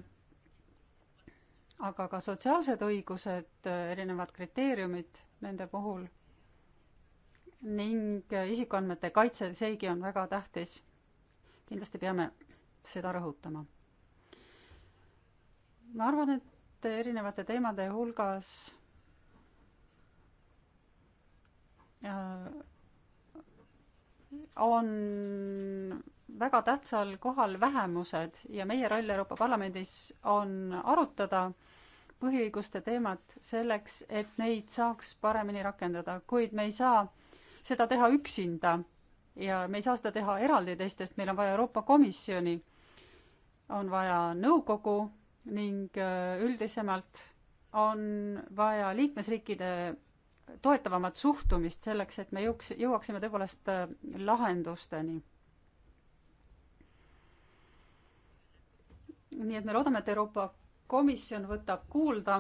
aga ka sotsiaalsed õigused, erinevad kriteeriumid nende puhul ning isikuandmete kaitse, seegi on väga tähtis. kindlasti peame seda rõhutama. ma arvan, et erinevate teemade hulgas äh, on väga tähtsal kohal vähemused ja meie roll Euroopa Parlamendis on arutada põhiõiguste teemat selleks, et neid saaks paremini rakendada, kuid me ei saa seda teha üksinda ja me ei saa seda teha eraldi teistest, meil on vaja Euroopa Komisjoni, on vaja nõukogu ning äh, üldisemalt on vaja liikmesriikide toetavamat suhtumist selleks, et me jõuks, jõuaksime tõepoolest äh, lahendusteni. nii et me loodame, et Euroopa Komisjon võtab kuulda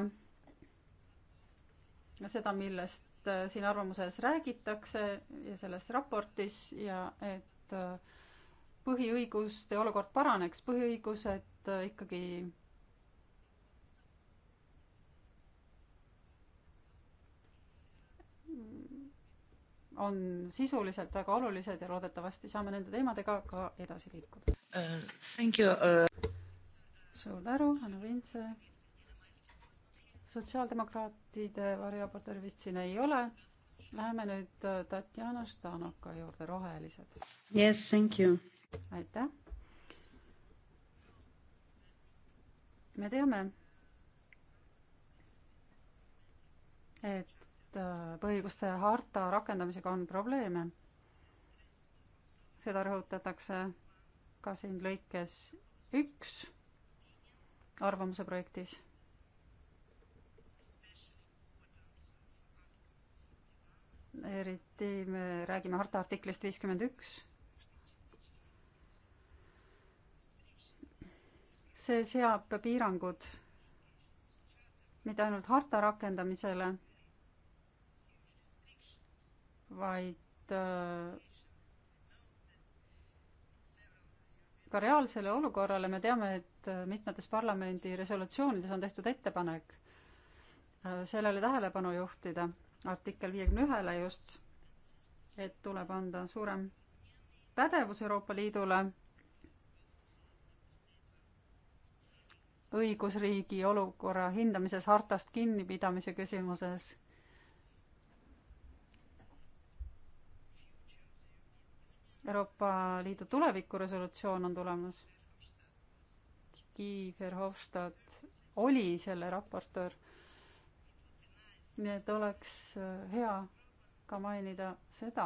seda, millest äh, siin arvamuses räägitakse ja selles raportis ja et äh, põhiõiguste olukord paraneks, põhiõigused ikkagi on sisuliselt väga olulised ja loodetavasti saame nende teemadega ka edasi liikuda uh,. Thank you uh.... suur tänu, Hanno Vintse. sotsiaaldemokraatide variraportööri vist siin ei ole. Läheme nüüd uh, Tatjana Štanoka juurde, Rohelised. Yes, thank you. aitäh. me teame, et Äh, põhiõiguste harta rakendamisega on probleeme. seda rõhutatakse ka siin lõikes üks arvamuse projektis. eriti me räägime harta artiklist viiskümmend üks. see seab piirangud mitte ainult harta rakendamisele vaid äh, ka reaalsele olukorrale, me teame, et äh, mitmetes parlamendi resolutsioonides on tehtud ettepanek äh, sellele tähelepanu juhtida, artikkel viiekümne ühele just, et tuleb anda suurem pädevus Euroopa Liidule õigusriigi olukorra hindamises, hartast kinnipidamise küsimuses Euroopa Liidu tuleviku resolutsioon on tulemas. Kiiger Hofstad oli selle raportöör. nii et oleks äh, hea ka mainida seda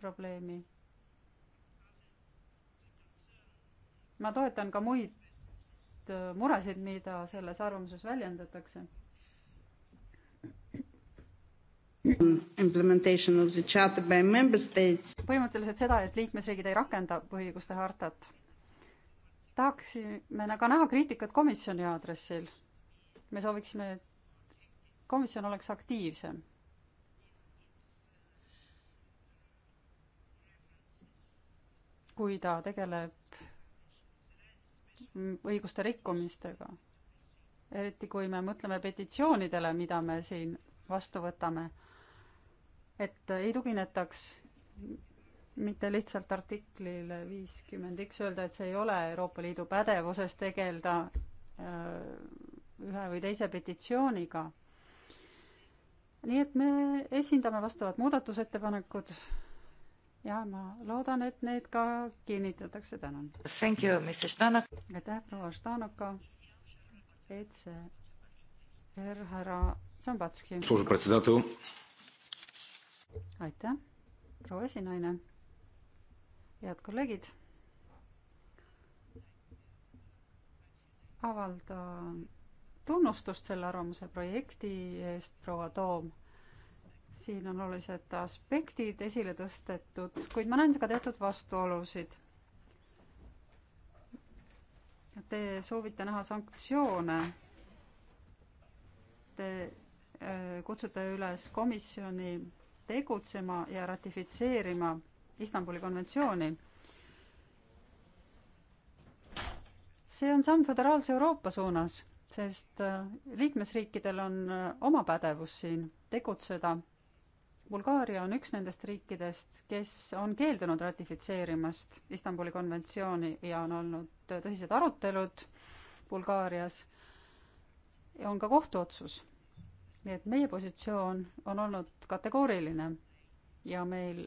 probleemi. ma toetan ka muid äh, muresid, mida selles arvamuses väljendatakse Mm. implementation of the charter by member states. põhimõtteliselt seda, et liikmesriigid ei rakenda põhiõiguste hartat. tahaksime aga näha kriitikat komisjoni aadressil. me sooviksime, et komisjon oleks aktiivsem. kui ta tegeleb õiguste rikkumistega, eriti kui me mõtleme petitsioonidele, mida me siin vastu võtame et ei tuginetaks mitte lihtsalt artiklile viiskümmend üks öelda, et see ei ole Euroopa Liidu pädevuses tegeleda äh, ühe või teise petitsiooniga. nii et me esindame vastavad muudatusettepanekud ja ma loodan, et need ka kinnitatakse, tänan. aitäh, proua Štanoka, ECR härra Zambatski aitäh, proua esinaine. head kolleegid. avaldan tunnustust selle arvamuse projekti eest, proua Toom. siin on olulised aspektid esile tõstetud, kuid ma näen ka teatud vastuolusid. Te soovite näha sanktsioone. Te äh, kutsute üles komisjoni tegutsema ja ratifitseerima Istanbuli konventsiooni. see on samm föderaalse Euroopa suunas, sest äh, liikmesriikidel on äh, oma pädevus siin tegutseda. Bulgaaria on üks nendest riikidest, kes on keeldunud ratifitseerimast Istanbuli konventsiooni ja on olnud äh, tõsised arutelud Bulgaarias. on ka kohtuotsus nii et meie positsioon on olnud kategooriline ja meil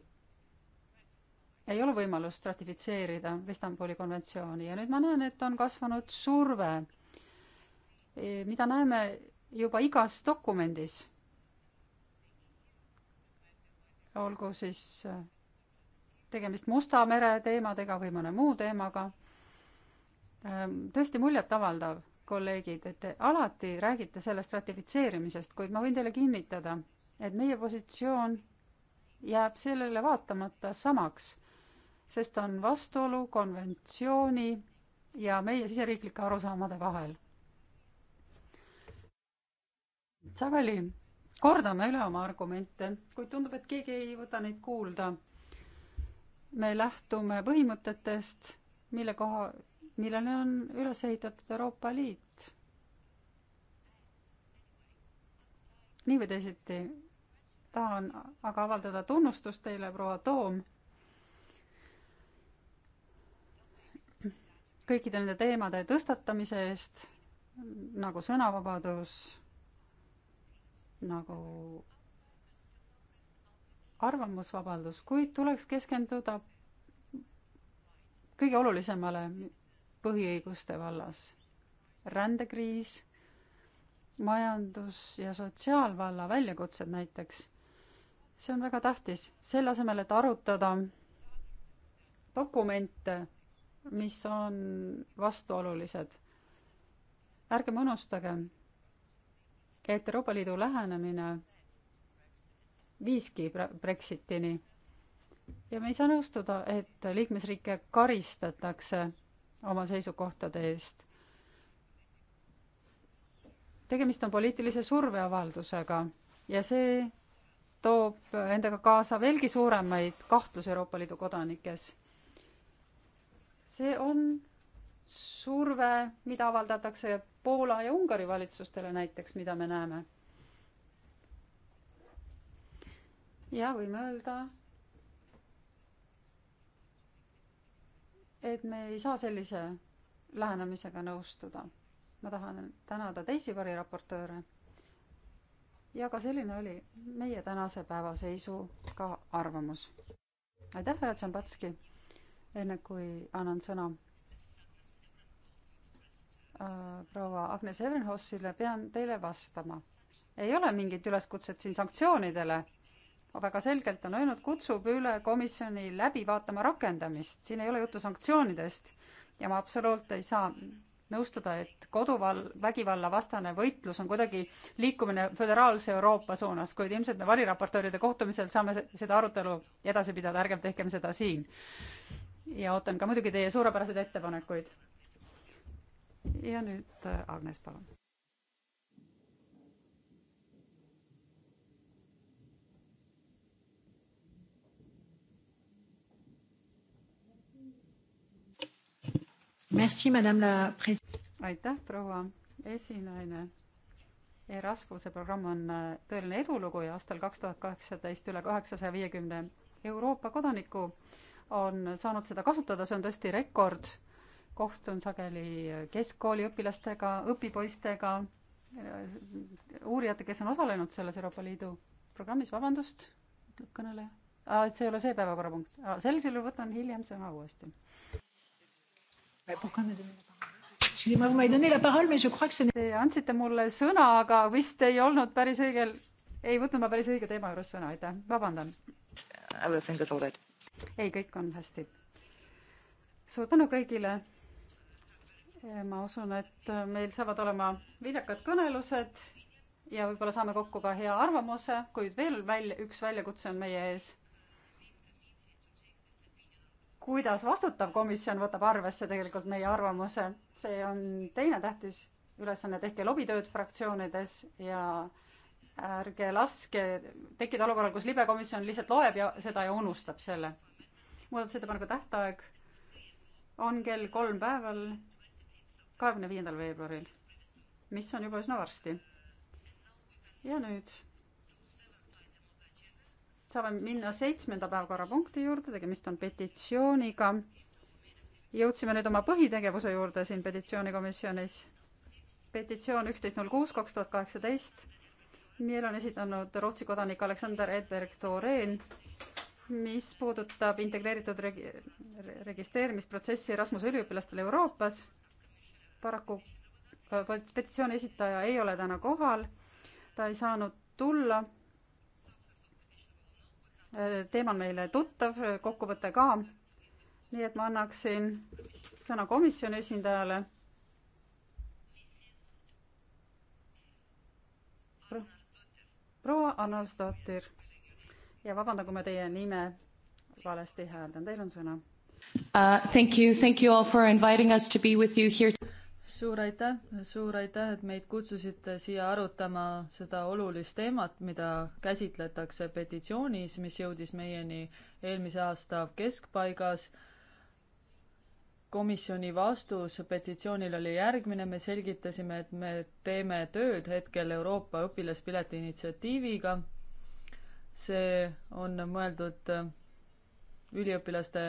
ei ole võimalust ratifitseerida Istanbuli konventsiooni ja nüüd ma näen, et on kasvanud surve, e, mida näeme juba igas dokumendis. olgu siis e, tegemist Musta mere teemadega või mõne muu teemaga. E, tõesti muljetavaldav kolleegid, et te alati räägite sellest ratifitseerimisest, kuid ma võin teile kinnitada, et meie positsioon jääb sellele vaatamata samaks, sest on vastuolu konventsiooni ja meie siseriiklike arusaamade vahel. sageli kordame üle oma argumente, kuid tundub, et keegi ei võta neid kuulda. me lähtume põhimõtetest, mille koha, millele on üles ehitatud Euroopa Liit. nii või teisiti tahan aga avaldada tunnustust teile, proua Toom, kõikide nende teemade tõstatamise eest, nagu sõnavabadus, nagu arvamusvabadus, kuid tuleks keskenduda kõige olulisemale, põhiõiguste vallas. rändekriis, majandus- ja sotsiaalvalla väljakutsed näiteks. see on väga tähtis, selle asemel, et arutada dokumente, mis on vastuolulised. ärgem unustagem, et Euroopa Liidu lähenemine viiski Brexitini ja me ei saa nõustuda, et liikmesriike karistatakse oma seisukohtade eest. tegemist on poliitilise surveavaldusega ja see toob endaga kaasa veelgi suuremaid kahtlusi Euroopa Liidu kodanikes. see on surve, mida avaldatakse Poola ja Ungari valitsustele näiteks, mida me näeme. ja võime öelda, et me ei saa sellise lähenemisega nõustuda. ma tahan tänada teisi variraportööre. ja ka selline oli meie tänase päeva seisu ka arvamus. aitäh, härra Tšambatski, enne kui annan sõna äh, proua Agnes Evrenhossile, pean teile vastama. ei ole mingit üleskutset siin sanktsioonidele väga selgelt on öelnud, kutsub üle komisjoni läbi vaatama rakendamist, siin ei ole juttu sanktsioonidest ja ma absoluutselt ei saa nõustuda, et koduval-, vägivallavastane võitlus on kuidagi liikumine föderaalse Euroopa suunas, kuid ilmselt me variraportööride kohtumisel saame seda arutelu edasi pidada, ärgem tehkem seda siin. ja ootan ka muidugi teie suurepäraseid ettepanekuid. ja nüüd äh, Agnes, palun aitäh, proua esinaine. Erasmuse programm on äh, tõeline edulugu ja aastal kaks tuhat kaheksateist üle kaheksasaja viiekümne Euroopa kodaniku on saanud seda kasutada, see on tõesti rekord. kohtun sageli äh, keskkooliõpilastega, õpipoistega, äh, uurijatega, kes on osalenud selles Euroopa Liidu programmis, vabandust, ütleb kõneleja. et see ei ole see päevakorrapunkt, sellisel juhul võtan hiljem sõna uuesti Te andsite mulle sõna, aga vist ei olnud päris õigel, ei võtnud ma päris õige teema juures sõna, aitäh, vabandan. ei, kõik on hästi. suur tänu kõigile. Eh, ma usun, et eh, meil saavad olema viljakad kõnelused ja võib-olla saame kokku ka hea arvamuse, kuid veel välja, üks väljakutse on meie ees kuidas vastutav komisjon võtab arvesse tegelikult meie arvamuse, see on teine tähtis ülesanne, tehke lobitööd fraktsioonides ja ärge laske tekkida olukorral, kus libekomisjon lihtsalt loeb ja seda ja unustab selle. muudatusettepaneku tähtaeg on kell kolm päeval, kahekümne viiendal veebruaril, mis on juba üsna varsti. ja nüüd saame minna seitsmenda päevakorrapunkti juurde, tegemist on petitsiooniga. jõudsime nüüd oma põhitegevuse juurde siin petitsioonikomisjonis. petitsioon üksteist null kuus kaks tuhat kaheksateist, mille on esitanud Rootsi kodanik Aleksander Edberg Thoreen, mis puudutab integreeritud regi-, registreerimisprotsessi Erasmuse üliõpilastel Euroopas. paraku äh, petitsiooni esitaja ei ole täna kohal, ta ei saanud tulla teema on meile tuttav, kokkuvõte ka. nii et ma annaksin sõna komisjoni esindajale. proua Anastasir ja vabandan, kui ma teie nime valesti hääldan, teil on sõna. Uh, thank you, thank you all for inviting us to be with you here suur aitäh, suur aitäh, et meid kutsusite siia arutama seda olulist teemat, mida käsitletakse petitsioonis, mis jõudis meieni eelmise aasta keskpaigas. komisjoni vastus petitsioonile oli järgmine, me selgitasime, et me teeme tööd hetkel Euroopa õpilaspileti initsiatiiviga. see on mõeldud üliõpilaste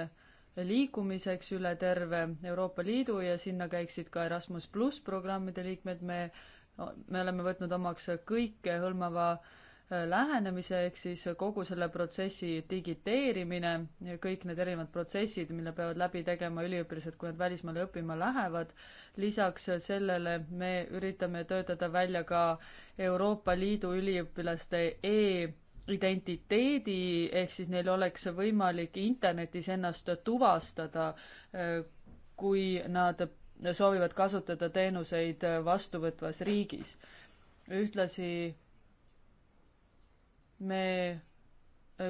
liikumiseks üle terve Euroopa Liidu ja sinna käiksid ka Erasmus pluss programmide liikmed, me, me oleme võtnud omaks kõikehõlmava äh, lähenemise, ehk siis kogu selle protsessi digiteerimine, kõik need erinevad protsessid, mille peavad läbi tegema üliõpilased, kui nad välismaale õppima lähevad. lisaks sellele me üritame töötada välja ka Euroopa Liidu üliõpilaste e- identiteedi, ehk siis neil oleks võimalik internetis ennast tuvastada, äh, kui nad soovivad kasutada teenuseid vastuvõtvas riigis. ühtlasi me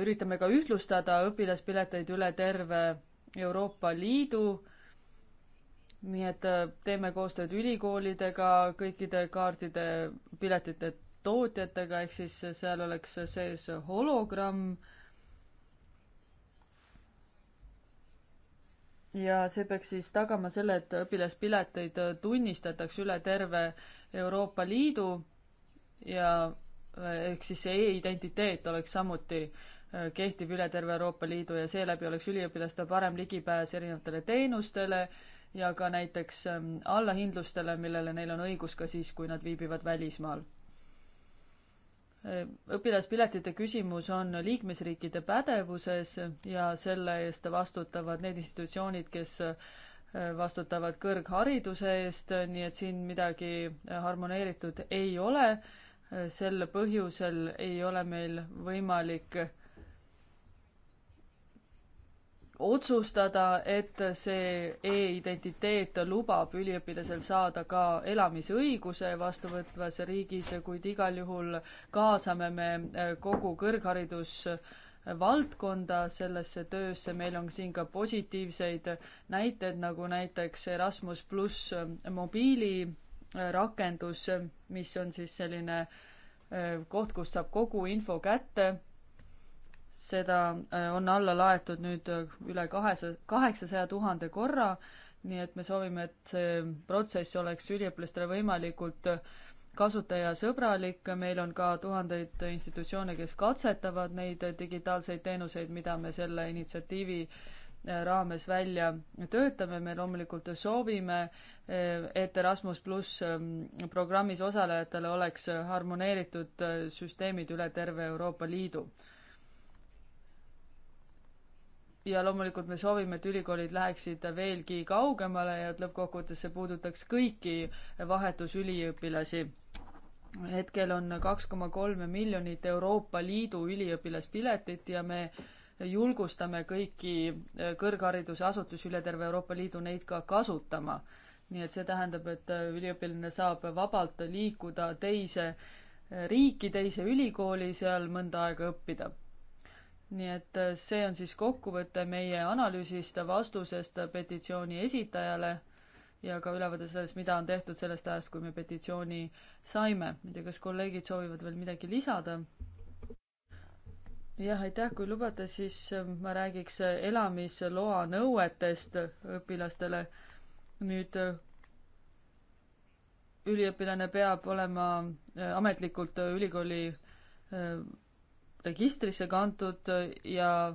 üritame ka ühtlustada õpilaspileteid üle terve Euroopa Liidu, nii et äh, teeme koostööd ülikoolidega kõikide kaartide, piletite tootjatega, ehk siis seal oleks sees hologramm. ja see peaks siis tagama selle, et õpilaspileteid tunnistatakse üle terve Euroopa Liidu ja eh, ehk siis see e-identiteet oleks samuti eh, kehtib üle terve Euroopa Liidu ja seeläbi oleks üliõpilastel parem ligipääs erinevatele teenustele ja ka näiteks eh, allahindlustele, millele neil on õigus ka siis, kui nad viibivad välismaal õpilaspiletite küsimus on liikmesriikide pädevuses ja selle eest vastutavad need institutsioonid, kes äh, vastutavad kõrghariduse eest, nii et siin midagi äh, harmoneeritud ei ole. Äh, sel põhjusel ei ole meil võimalik otsustada, et see e-identiteet lubab üliõpilasel saada ka elamisõiguse vastuvõtvas riigis, kuid igal juhul kaasame me äh, kogu kõrgharidusvaldkonda sellesse töösse, meil on siin ka positiivseid näiteid, nagu näiteks Erasmus pluss äh, mobiilirakendus, äh, mis on siis selline koht, kus saab kogu info kätte seda äh, on alla laetud nüüd äh, üle kahesaja, kaheksasaja tuhande korra, nii et me soovime, et see protsess oleks üliõpilastele võimalikult äh, kasutajasõbralik, meil on ka tuhandeid institutsioone, kes katsetavad neid digitaalseid teenuseid, mida me selle initsiatiivi raames välja töötame, me loomulikult soovime, et Erasmus pluss ähm, programmis osalejatele oleks harmoneeritud süsteemid üle terve Euroopa Liidu ja loomulikult me soovime, et ülikoolid läheksid veelgi kaugemale ja et lõppkokkuvõttes see puudutaks kõiki vahetusüliõpilasi. hetkel on kaks koma kolme miljonit Euroopa Liidu üliõpilaspiletit ja me julgustame kõiki kõrgharidusasutusi üle terve Euroopa Liidu neid ka kasutama. nii et see tähendab, et üliõpilane saab vabalt liikuda teise riiki, teise ülikooli, seal mõnda aega õppida nii et äh, see on siis kokkuvõte meie analüüsist, vastusest äh, petitsiooni esitajale ja ka ülevaade sellest, mida on tehtud sellest ajast, kui me petitsiooni saime. ma ei tea, kas kolleegid soovivad veel midagi lisada? jah, aitäh, kui lubate, siis äh, ma räägiks elamisloa nõuetest õpilastele. nüüd üliõpilane peab olema ametlikult ülikooli registrisse kantud äh, ja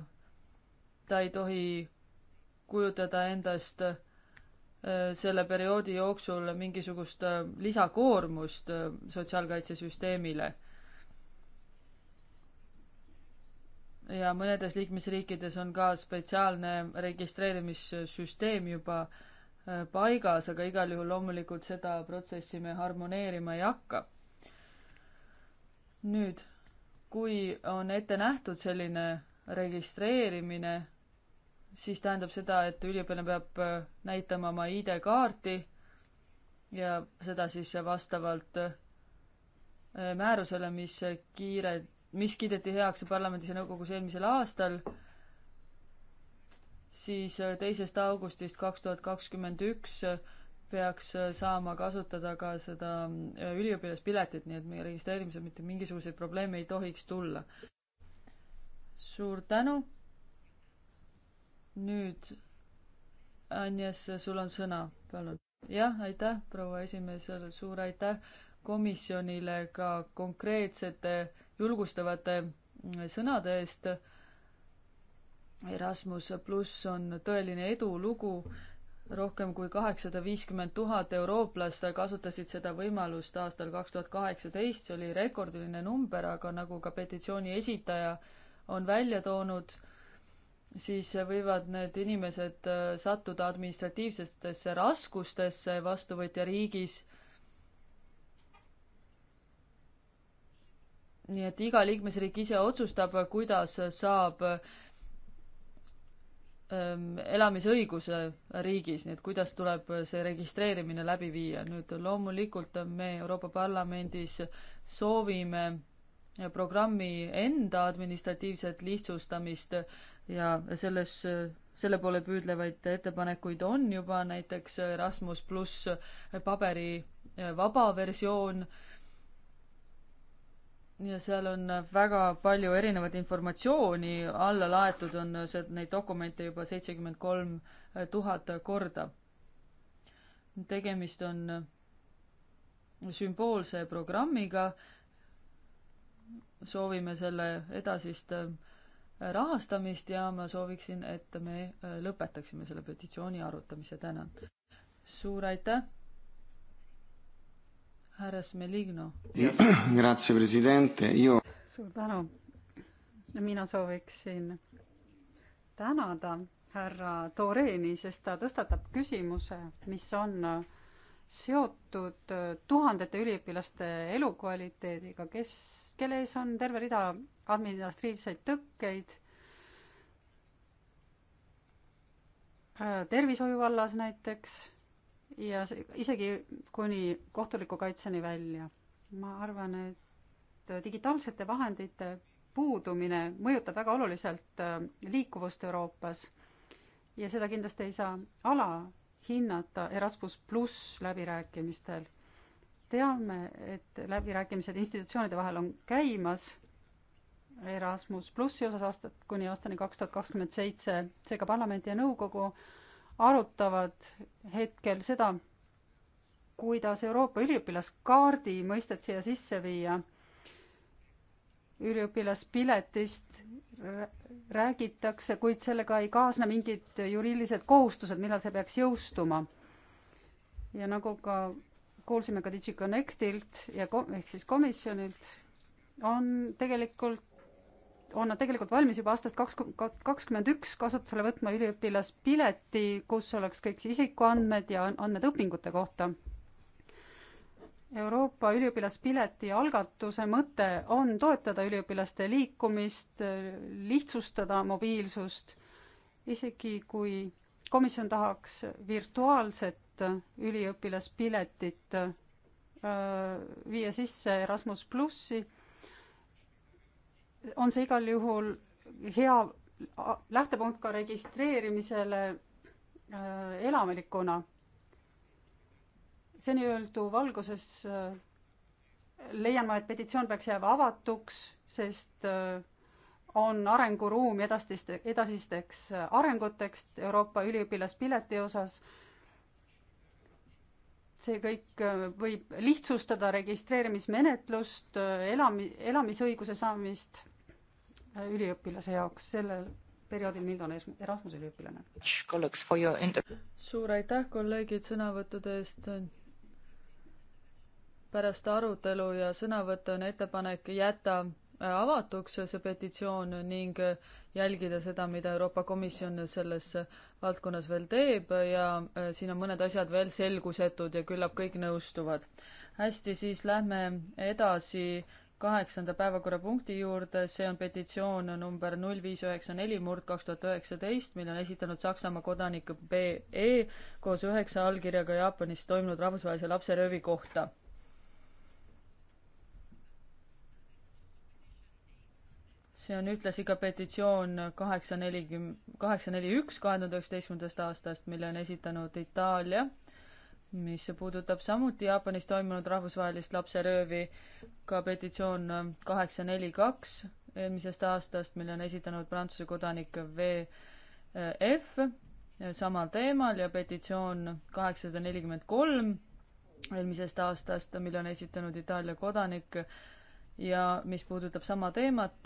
ta ei tohi kujutada endast äh, selle perioodi jooksul mingisugust äh, lisakoormust sotsiaalkaitsesüsteemile. ja mõnedes liikmesriikides on ka spetsiaalne registreerimissüsteem juba paigas, aga igal juhul loomulikult seda protsessi me harmoneerima ei hakka. nüüd kui on ette nähtud selline registreerimine, siis tähendab seda, et üliõpilane peab äh, näitama oma ID-kaardi ja seda siis vastavalt äh, määrusele, mis kiire, mis kiideti heaks parlamendis ja nõukogus eelmisel aastal, siis äh, teisest augustist kaks tuhat kakskümmend üks peaks äh, saama kasutada ka seda äh, üliõpilaspiletit, nii et meie registreerimisel mitte mingisuguseid probleeme ei tohiks tulla. suur tänu. nüüd, Agnes, sul on sõna, palun. jah, aitäh, proua esimees, suur aitäh komisjonile ka konkreetsete julgustavate mm, sõnade eest. Erasmus pluss on tõeline edulugu rohkem kui kaheksasada viiskümmend tuhat eurooplast kasutasid seda võimalust aastal kaks tuhat kaheksateist, see oli rekordiline number, aga nagu ka petitsiooni esitaja on välja toonud, siis võivad need inimesed äh, sattuda administratiivsetesse raskustesse vastuvõtja riigis. nii et iga liikmesriik ise otsustab, kuidas saab äh, Ähm, elamisõiguse riigis, nii et kuidas tuleb see registreerimine läbi viia. nüüd loomulikult me Euroopa Parlamendis soovime programmi enda administratiivset lihtsustamist ja selles, selle poole püüdlevaid ettepanekuid on juba näiteks Erasmus pluss paberivaba versioon ja seal on väga palju erinevat informatsiooni, alla laetud on neid dokumente juba seitsekümmend kolm tuhat korda. tegemist on sümboolse programmiga, soovime selle edasist rahastamist ja ma sooviksin, et me lõpetaksime selle petitsiooni arutamise, tänan. suur aitäh! härra Smeligno. suur tänu. mina sooviksin tänada härra Toreeni, sest ta tõstatab küsimuse, mis on seotud tuhandete üliõpilaste elukvaliteediga, kes, kelle ees on terve rida administratiivseid tõkkeid. tervishoiu vallas näiteks ja see, isegi kuni kohtuliku kaitseni välja. ma arvan, et digitaalsete vahendite puudumine mõjutab väga oluliselt äh, liikuvust Euroopas ja seda kindlasti ei saa alahinnata Erasmus pluss läbirääkimistel. teame, et läbirääkimised institutsioonide vahel on käimas Erasmus plussi osas aastat kuni aastani kaks tuhat kakskümmend seitse, seega parlament ja nõukogu arutavad hetkel seda, kuidas Euroopa üliõpilaskaardi mõistet siia sisse viia. üliõpilaspiletist räägitakse, kuid sellega ei kaasne mingid juriidilised kohustused, millal see peaks jõustuma. ja nagu ka kuulsime ka DigiConnectilt ja kom-, ehk siis komisjonilt, on tegelikult on nad tegelikult valmis juba aastast kaks, kakskümmend üks kasutusele võtma üliõpilaspileti, kus oleks kõik see isikuandmed ja andmed õpingute kohta. Euroopa üliõpilaspileti algatuse mõte on toetada üliõpilaste liikumist, lihtsustada mobiilsust, isegi kui komisjon tahaks virtuaalset üliõpilaspiletit äh, viia sisse Erasmus plussi on see igal juhul hea lähtepunkt ka registreerimisele äh, elanikuna. seni öeldu valguses äh, leian ma, et petitsioon peaks jääma avatuks, sest äh, on arenguruumi edastiste, edasisteks arenguteks Euroopa üliõpilaspileti osas see kõik äh, võib lihtsustada registreerimismenetlust, äh, elami, elamisõiguse saamist äh, üliõpilase jaoks sellel perioodil, mil ta on Erasmuse üliõpilane. suur aitäh, kolleegid, sõnavõttude eest. pärast arutelu ja sõnavõtte on ettepanek jätta avatuks, see petitsioon, ning jälgida seda, mida Euroopa Komisjon selles valdkonnas veel teeb ja äh, siin on mõned asjad veel selgusetud ja küllap kõik nõustuvad. hästi, siis lähme edasi kaheksanda päevakorrapunkti juurde, see on petitsioon number null viis üheksa neli murd kaks tuhat üheksateist, mille on esitanud Saksamaa kodanik BE koos üheksa allkirjaga Jaapanis toimunud rahvusvahelise lapseröövi kohta. see on ühtlasi ka petitsioon kaheksa nelikümmend, kaheksa neli üks kahe tuhande üheksateistkümnendast aastast, mille on esitanud Itaalia, mis puudutab samuti Jaapanis toimunud rahvusvahelist lapseröövi, ka petitsioon kaheksa neli kaks eelmisest aastast, mille on esitanud Prantsuse kodanik VF samal teemal ja petitsioon kaheksasada nelikümmend kolm eelmisest aastast, mille on esitanud Itaalia kodanik ja mis puudutab sama teemat,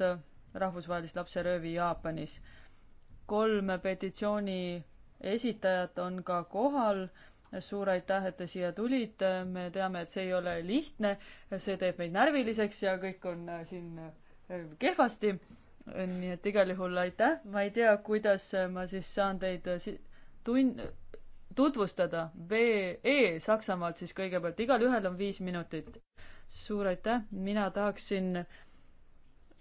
rahvusvahelist lapseröövi Jaapanis. kolm petitsiooni esitajat on ka kohal. suur aitäh, et te siia tulite, me teame, et see ei ole lihtne, see teeb meid närviliseks ja kõik on äh, siin äh, kehvasti. nii et igal juhul aitäh, ma ei tea, kuidas ma siis saan teid si-, tun-, tutvustada. VE Saksamaalt siis kõigepealt, igalühel on viis minutit. suur aitäh, mina tahaksin äh,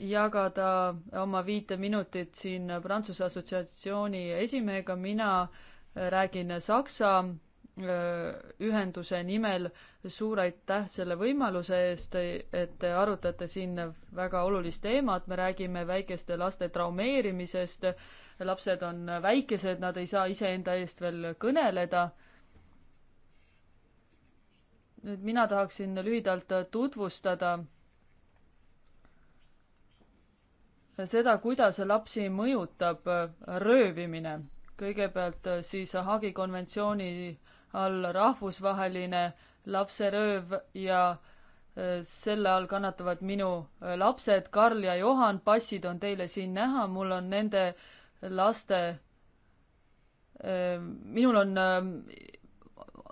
jagada oma viite minutit siin Prantsuse Assotsiatsiooni esimehega, mina äh, räägin Saksa äh, ühenduse nimel suur aitäh selle võimaluse eest, et te arutate siin väga olulist teemat, me räägime väikeste laste traumeerimisest, lapsed on väikesed, nad ei saa iseenda eest veel kõneleda. nüüd mina tahaksin lühidalt tutvustada seda, kuidas lapsi mõjutab äh, röövimine. kõigepealt äh, siis Haagi konventsiooni all rahvusvaheline lapserööv ja äh, selle all kannatavad minu lapsed Karl ja Johan, passid on teile siin näha, mul on nende laste, minul on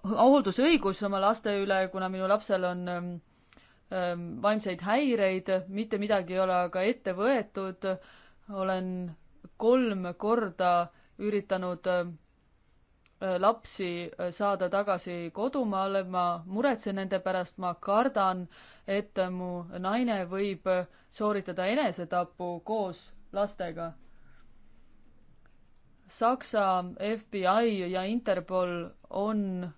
hooldusõigus oma laste üle, kuna minu lapsel on ähm, Ähm, vaimseid häireid, mitte midagi ei ole aga ette võetud. olen kolm korda üritanud äh, lapsi äh, saada tagasi kodumaale, ma muretsen nende pärast, ma kardan, et mu naine võib äh, sooritada enesetapu koos lastega. Saksa FBI ja Interpol on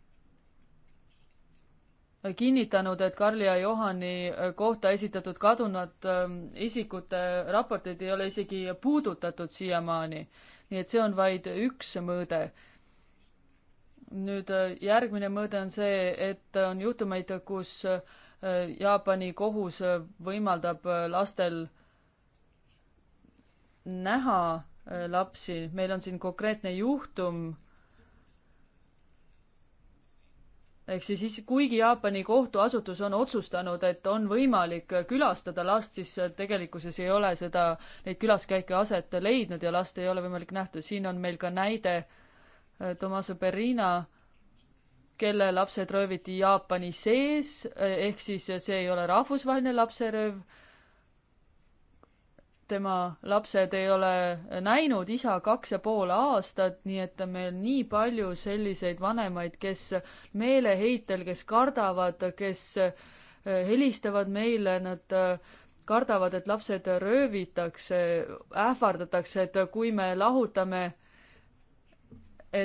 kinnitanud, et Karli ja Johani äh, kohta esitatud kadunud ähm, isikute raporteid ei ole isegi puudutatud siiamaani. nii et see on vaid üks mõõde. nüüd äh, järgmine mõõde on see, et on juhtumeid, kus äh, Jaapani kohus võimaldab lastel näha lapsi, meil on siin konkreetne juhtum ehk siis, siis kuigi Jaapani kohtuasutus on otsustanud, et on võimalik külastada last, siis tegelikkuses ei ole seda, neid külaskäike aset leidnud ja last ei ole võimalik nähtud. siin on meil ka näide äh, Tomaso Perina, kelle lapsed rööviti Jaapani sees, äh, ehk siis see ei ole rahvusvaheline lapserööv tema lapsed ei ole näinud isa kaks ja pool aastat, nii et on meil nii palju selliseid vanemaid, kes meeleheitel, kes kardavad, kes eh, helistavad meile, nad eh, kardavad, et lapsed röövitakse, ähvardatakse, et kui me lahutame,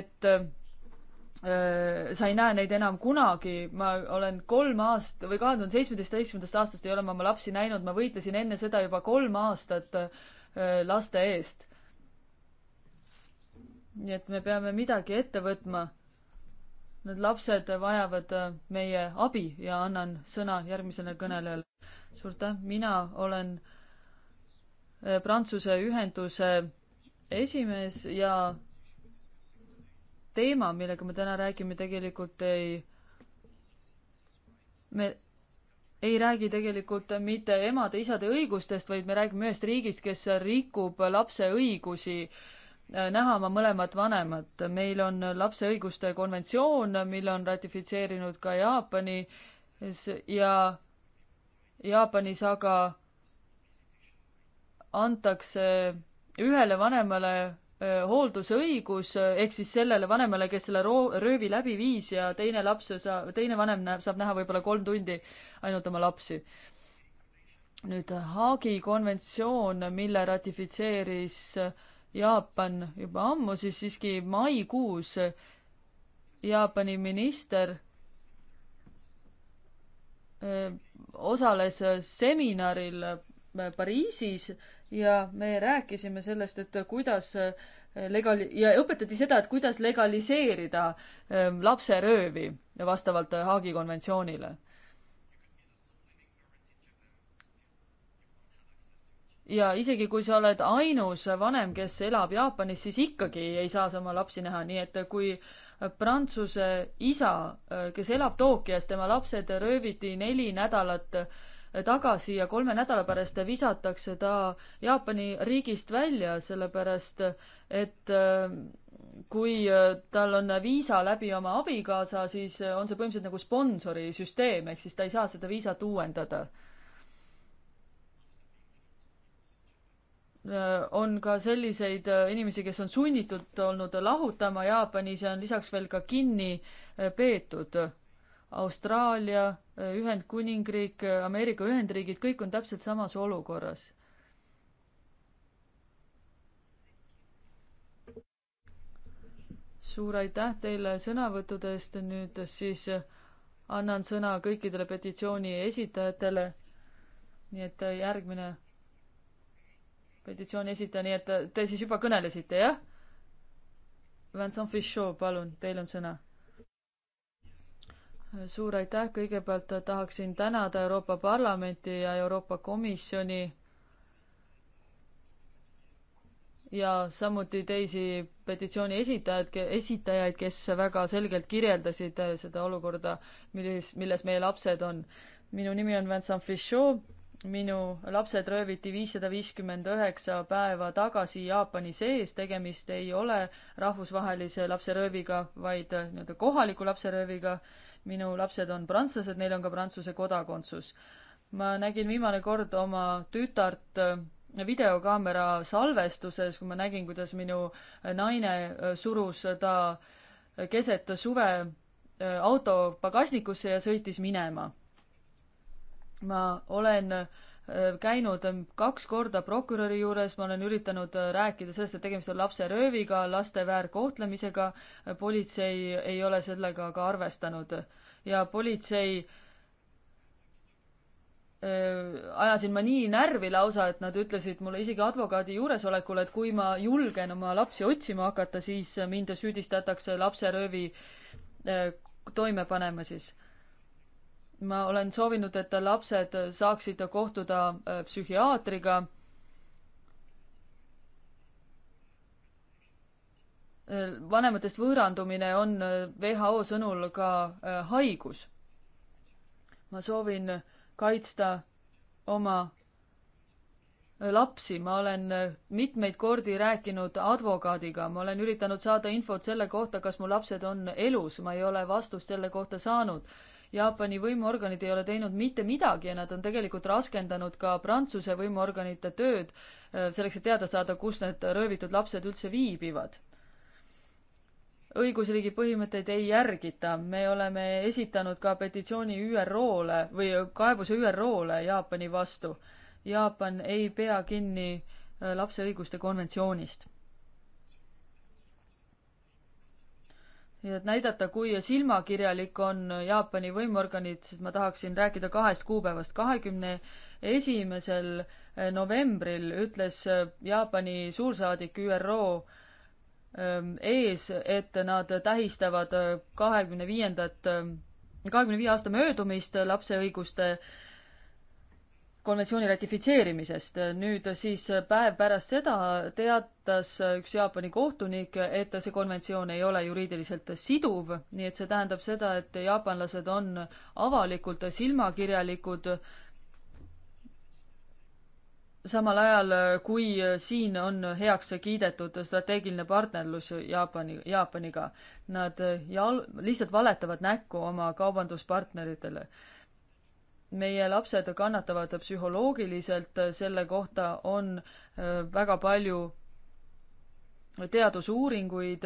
et eh, Äh, sa ei näe neid enam kunagi, ma olen kolm aast- või kahe tuhande seitsmeteistkümnendast aastast ei ole ma oma lapsi näinud, ma võitlesin enne seda juba kolm aastat äh, laste eest. nii et me peame midagi ette võtma. Need lapsed vajavad äh, meie abi ja annan sõna järgmisele kõnelejale. suur tänu, mina olen Prantsuse ühenduse esimees ja teema, millega me täna räägime, tegelikult ei, me ei räägi tegelikult mitte emade-isade õigustest, vaid me räägime ühest riigist, kes rikub lapse õigusi äh, näha oma mõlemat vanemat. meil on lapse õiguste konventsioon, mille on ratifitseerinud ka Jaapani ja Jaapanis aga antakse ühele vanemale hooldusõigus, ehk siis sellele vanemale, kes selle roo-, röövi läbi viis ja teine laps saab, teine vanem näeb, saab näha võib-olla kolm tundi ainult oma lapsi. nüüd Haagi konventsioon, mille ratifitseeris Jaapan juba ammu, siis siiski maikuus Jaapani minister osales seminaril Pariisis ja me rääkisime sellest, et kuidas äh, legali- ja õpetati seda, et kuidas legaliseerida ähm, lapseröövi vastavalt Haagi konventsioonile. ja isegi kui sa oled ainus vanem, kes elab Jaapanis, siis ikkagi ei saa sa oma lapsi näha, nii et kui prantsuse isa, äh, kes elab Tokyos, tema lapsed rööviti neli nädalat äh, tagasi ja kolme nädala pärast visatakse ta Jaapani riigist välja, sellepärast et äh, kui äh, tal on viisa läbi oma abikaasa, siis äh, on see põhimõtteliselt nagu sponsori süsteem, ehk siis ta ei saa seda viisat uuendada. on ka selliseid inimesi, kes on sunnitud olnud lahutama Jaapanis ja on lisaks veel ka kinni peetud Austraalia, Ühendkuningriik, Ameerika Ühendriigid, kõik on täpselt samas olukorras. suur aitäh teile sõnavõttude eest, nüüd siis annan sõna kõikidele petitsiooni esitajatele. nii et järgmine petitsiooni esitaja, nii et te siis juba kõnelesite, jah? Vincent Fichot, palun, teil on sõna suur aitäh, kõigepealt tahaksin tänada Euroopa Parlamenti ja Euroopa Komisjoni ja samuti teisi petitsiooni esitajaid, esitajaid, kes väga selgelt kirjeldasid seda olukorda, milles, milles meie lapsed on. minu nimi on Vincent Fichot, minu lapsed rööviti viissada viiskümmend üheksa päeva tagasi Jaapani sees, tegemist ei ole rahvusvahelise lapserööviga, vaid nii-öelda kohaliku lapserööviga äh, minu lapsed on prantslased, neil on ka Prantsuse kodakondsus. ma nägin viimane kord oma tütart äh, videokaamera salvestuses, kui ma nägin, kuidas minu äh, naine äh, surus ta keset suve auto pagasnikusse ja sõitis minema. ma olen käinud kaks korda prokuröri juures, ma olen üritanud rääkida sellest, et tegemist on lapserööviga, laste väärkohtlemisega, politsei ei ole sellega ka arvestanud ja politsei ajasin ma nii närvi lausa, et nad ütlesid mulle isegi advokaadi juuresolekul, et kui ma julgen oma lapsi otsima hakata, siis mind süüdistatakse lapseröövi toime panema siis ma olen soovinud, et lapsed saaksid kohtuda äh, psühhiaatriga. Äh, vanematest võõrandumine on WHO äh, sõnul ka haigus. ma soovin kaitsta oma lapsi, ma olen mitmeid kordi rääkinud advokaadiga, ma olen üritanud saada infot selle kohta, kas mu lapsed on elus, ma ei ole vastust selle kohta saanud Jaapani võimuorganid ei ole teinud mitte midagi ja nad on tegelikult raskendanud ka Prantsuse võimuorganite tööd äh, selleks, et teada saada, kus need röövitud lapsed üldse viibivad. õigusriigi põhimõtteid ei järgita, me oleme esitanud ka petitsiooni ÜRO-le või kaebuse ÜRO-le Jaapani vastu. Jaapan ei pea kinni äh, lapse õiguste konventsioonist ja et näidata, kui silmakirjalik on Jaapani võimuorganid, siis ma tahaksin rääkida kahest kuupäevast. kahekümne esimesel eh, novembril ütles eh, Jaapani suursaadik ÜRO eh, ees, et nad tähistavad kahekümne viiendat, kahekümne viie aasta möödumist lapse õiguste äh, konventsiooni ratifitseerimisest. nüüd siis päev pärast seda teatas üks Jaapani kohtunik, et see konventsioon ei ole juriidiliselt siduv, nii et see tähendab seda, et jaapanlased on avalikult silmakirjalikud samal ajal, kui siin on heaks kiidetud strateegiline partnerlus Jaapani, Jaapaniga, nad ja lihtsalt valetavad näkku oma kaubanduspartneritele meie lapsed kannatavad psühholoogiliselt, äh, selle kohta on äh, väga palju teadusuuringuid,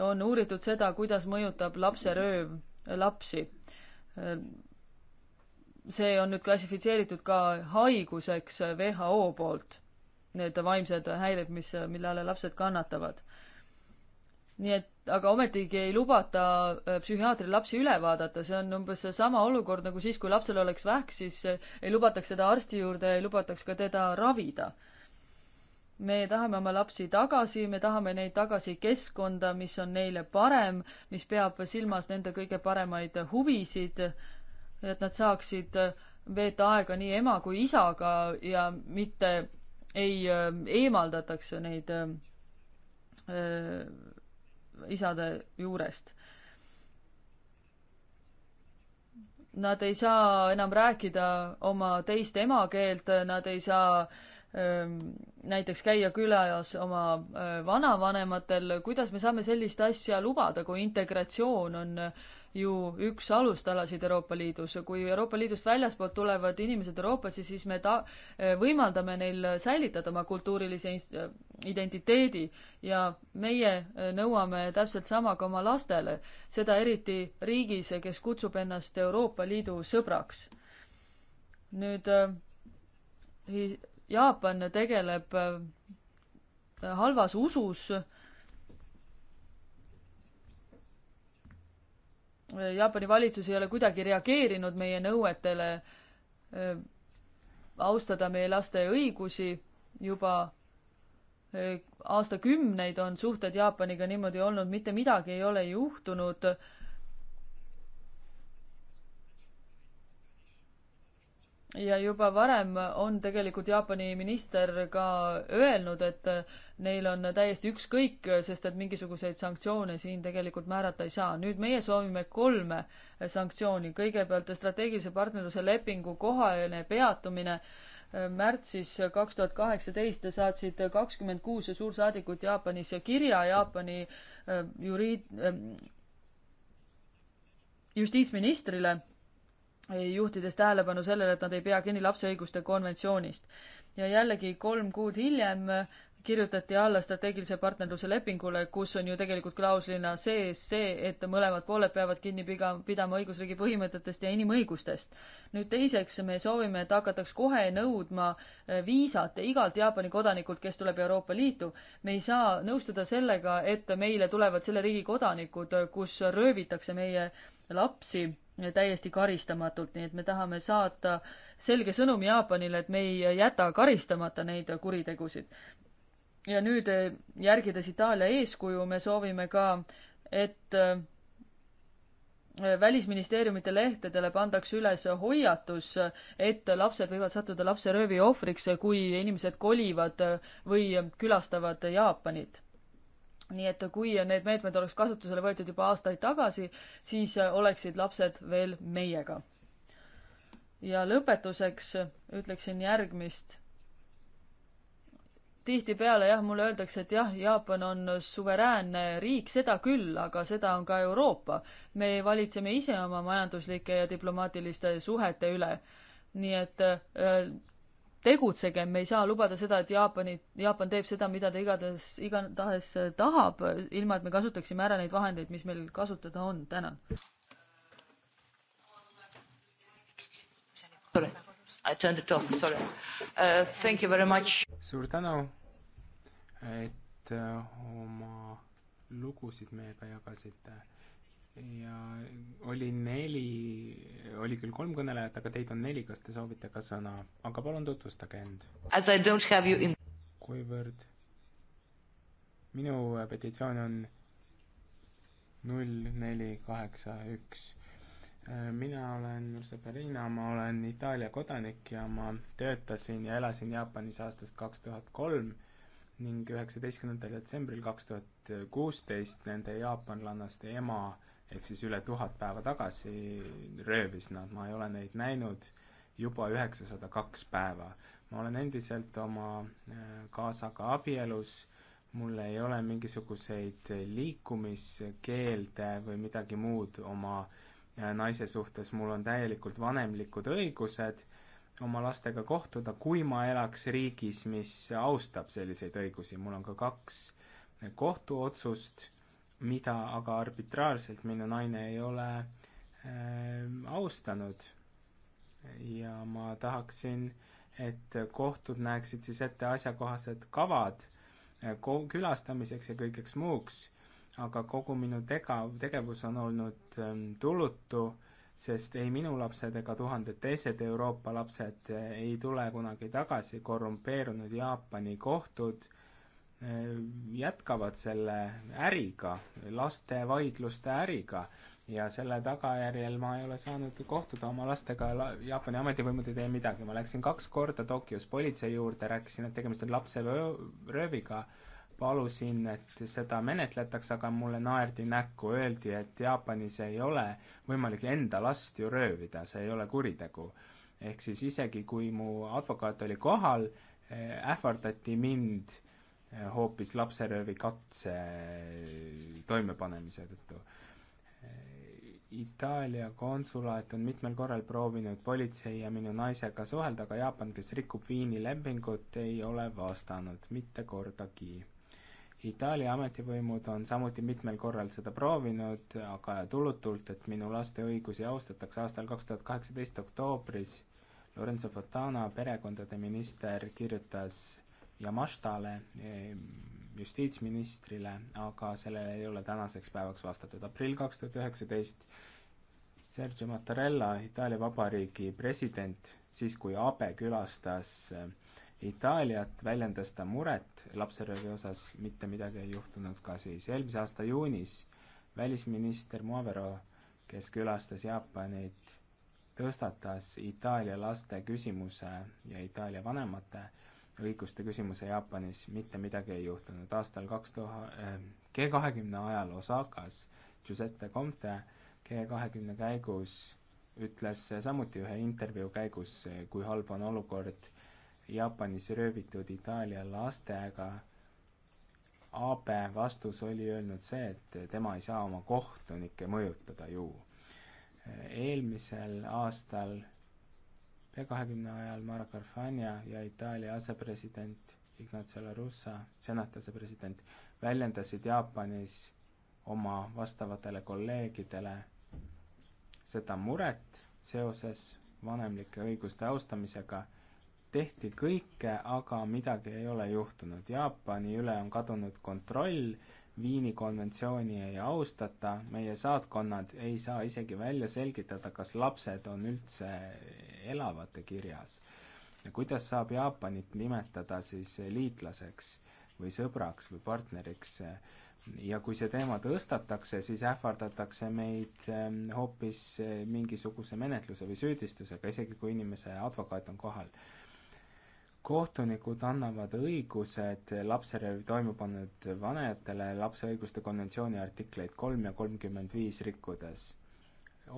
on uuritud seda, kuidas mõjutab lapserööv lapsi. Äh, see on nüüd klassifitseeritud ka haiguseks WHO poolt, need vaimsed häired, mis, mille all lapsed kannatavad. nii et aga ometigi ei lubata äh, psühhiaatril lapsi üle vaadata, see on umbes seesama olukord nagu siis, kui lapsel oleks vähk, siis äh, ei lubataks seda arsti juurde, ei lubataks ka teda ravida. me tahame oma lapsi tagasi, me tahame neid tagasi keskkonda, mis on neile parem, mis peab silmas nende kõige paremaid huvisid, et nad saaksid äh, veeta aega nii ema kui isaga ja mitte ei eemaldataks neid öö, isade juurest. Nad ei saa enam rääkida oma teist emakeelt, nad ei saa äh, näiteks käia külas oma vanavanematel, kuidas me saame sellist asja lubada, kui integratsioon on ju üks alustalasid Euroopa Liidus, kui Euroopa Liidust väljaspoolt tulevad inimesed Euroopasse, siis me ta-, võimaldame neil säilitada oma kultuurilise identiteedi ja meie nõuame täpselt sama ka oma lastele, seda eriti riigis, kes kutsub ennast Euroopa Liidu sõbraks. nüüd Jaapan tegeleb äh, halvas usus. Äh, Jaapani valitsus ei ole kuidagi reageerinud meie nõuetele äh, austada meie laste õigusi juba aastakümneid on suhted Jaapaniga niimoodi olnud, mitte midagi ei ole juhtunud ja juba varem on tegelikult Jaapani minister ka öelnud, et neil on täiesti ükskõik, sest et mingisuguseid sanktsioone siin tegelikult määrata ei saa. nüüd meie soovime kolme sanktsiooni. kõigepealt strateegilise partnerluse lepingu kohene peatumine. märtsis kaks tuhat kaheksateist saatsid kakskümmend kuus suursaadikut Jaapanis kirja Jaapani eh, juriid-, eh, justiitsministrile juhtides tähelepanu sellele, et nad ei pea kinni lapse õiguste konventsioonist. ja jällegi kolm kuud hiljem kirjutati alla strateegilise partnerluse lepingule, kus on ju tegelikult klauslina sees see, et mõlemad pooled peavad kinni piga, pidama õigusriigi põhimõtetest ja inimõigustest. nüüd teiseks, me soovime, et hakataks kohe nõudma eh, viisat igalt Jaapani kodanikult, kes tuleb Euroopa Liitu. me ei saa nõustuda sellega, et meile tulevad selle riigi kodanikud, eh, kus röövitakse meie lapsi täiesti karistamatult, nii et me tahame saata selge sõnumi Jaapanile, et me ei jäta karistamata neid kuritegusid. ja nüüd, eh, järgides Itaalia eeskuju, me soovime ka, et eh, välisministeeriumite lehtedele pandaks üles hoiatus, et lapsed võivad sattuda lapseröövi ohvriks, kui inimesed kolivad või külastavad Jaapanit nii et kui need meetmed oleks kasutusele võetud juba aastaid tagasi, siis oleksid lapsed veel meiega. ja lõpetuseks ütleksin järgmist. tihtipeale jah, mulle öeldakse, et jah, Jaapan on suveräänne riik, seda küll, aga seda on ka Euroopa. me valitseme ise oma majanduslike ja diplomaatiliste suhete üle nii et äh, tegutsegem, me ei saa lubada seda, et Jaapani, Jaapan teeb seda, mida ta igatahes, igatahes äh, tahab, ilma et me kasutaksime ära neid vahendeid, mis meil kasutada on, tänan. I turned it off, sorry uh,. Thank you very much. suur tänu, et äh, oma lugusid meiega jagasite ja oli neli, oli küll kolm kõnelejat, aga teid on neli, kas te soovite ka sõna, aga palun tutvustage end. In... kuivõrd minu petitsioon on null neli kaheksa üks. Äh, mina olen Urseperina, ma olen Itaalia kodanik ja ma töötasin ja elasin Jaapanis aastast kaks tuhat kolm ning üheksateistkümnendal detsembril kaks tuhat kuusteist nende jaapanlannaste ema ehk siis üle tuhat päeva tagasi röövis nad, ma ei ole neid näinud juba üheksasada kaks päeva. ma olen endiselt oma äh, kaasaga abielus, mul ei ole mingisuguseid liikumiskeelde või midagi muud oma äh, naise suhtes, mul on täielikult vanemlikud õigused oma lastega kohtuda, kui ma elaks riigis, mis austab selliseid õigusi, mul on ka kaks kohtuotsust mida aga arbitraarselt minu naine ei ole äh, austanud. ja ma tahaksin, et kohtud näeksid siis ette asjakohased kavad äh, ko-, külastamiseks ja kõigeks muuks, aga kogu minu tega-, tegevus on olnud äh, tulutu, sest ei minu lapsed ega tuhanded teised Euroopa lapsed äh, ei tule kunagi tagasi, korrumpeerunud Jaapani kohtud äh, jätkavad selle äriga, lastevaidluste äriga ja selle tagajärjel ma ei ole saanud kohtuda oma lastega la, Jaapani ametivõimud ei tee midagi, ma läksin kaks korda Tokyos politsei juurde, rääkisin, et tegemist on lapserööviga, palusin, et seda menetletaks, aga mulle naerdi näkku, öeldi, et Jaapanis ei ole võimalik enda last ju röövida, see ei ole kuritegu. ehk siis isegi, kui mu advokaat oli kohal, eh, ähvardati mind Eh, hoopis lapseröövi katse toimepanemise tõttu. Eh, Itaalia konsulaat on mitmel korral proovinud politsei ja minu naisega suhelda, aga Jaapan, kes rikub Viini lepingut, ei ole vastanud mitte kordagi. Itaalia ametivõimud on samuti mitmel korral seda proovinud, aga tulutult, et minu laste õigusi austatakse. aastal kaks tuhat kaheksateist oktoobris Lorenzo Fontana perekondade minister kirjutas Jamaštale, eh, justiitsministrile, aga sellele ei ole tänaseks päevaks vastatud. aprill kaks tuhat üheksateist, Sergio Mattarella, Itaalia Vabariigi president, siis kui Abe külastas eh, Itaaliat, väljendas ta muret lapseröövi osas, mitte midagi ei juhtunud ka siis. eelmise aasta juunis välisminister Moavero, kes külastas Jaapanit, tõstatas Itaalia laste küsimuse ja Itaalia vanemate äh, õiguste küsimuse Jaapanis, mitte midagi ei juhtunud. aastal kaks tuhat, äh, G kahekümne ajal Osakas Giuseppe Comte G kahekümne käigus ütles samuti ühe intervjuu käigus, kui halb on olukord Jaapanis röövitud Itaalia lastega. Abe vastus oli öelnud see, et tema ei saa oma kohtunikke mõjutada ju. eelmisel aastal P kahekümne ajal Mara Carfagna ja Itaalia asepresident Ignazio La Russa, senati asepresident, väljendasid Jaapanis oma vastavatele kolleegidele seda muret seoses vanemlike õiguste austamisega, tehti kõike, aga midagi ei ole juhtunud. Jaapani üle on kadunud kontroll Viini konventsiooni ei austata, meie saatkonnad ei saa isegi välja selgitada, kas lapsed on üldse elavate kirjas. ja kuidas saab Jaapanit nimetada siis liitlaseks või sõbraks või partneriks ja kui see teema tõstatakse, siis ähvardatakse meid ehm, hoopis ehm, mingisuguse menetluse või süüdistusega, isegi kui inimese advokaat on kohal kohtunikud annavad õigused lapseröövi toime pannud vanematele lapse õiguste konventsiooni artikleid kolm ja kolmkümmend viis rikkudes.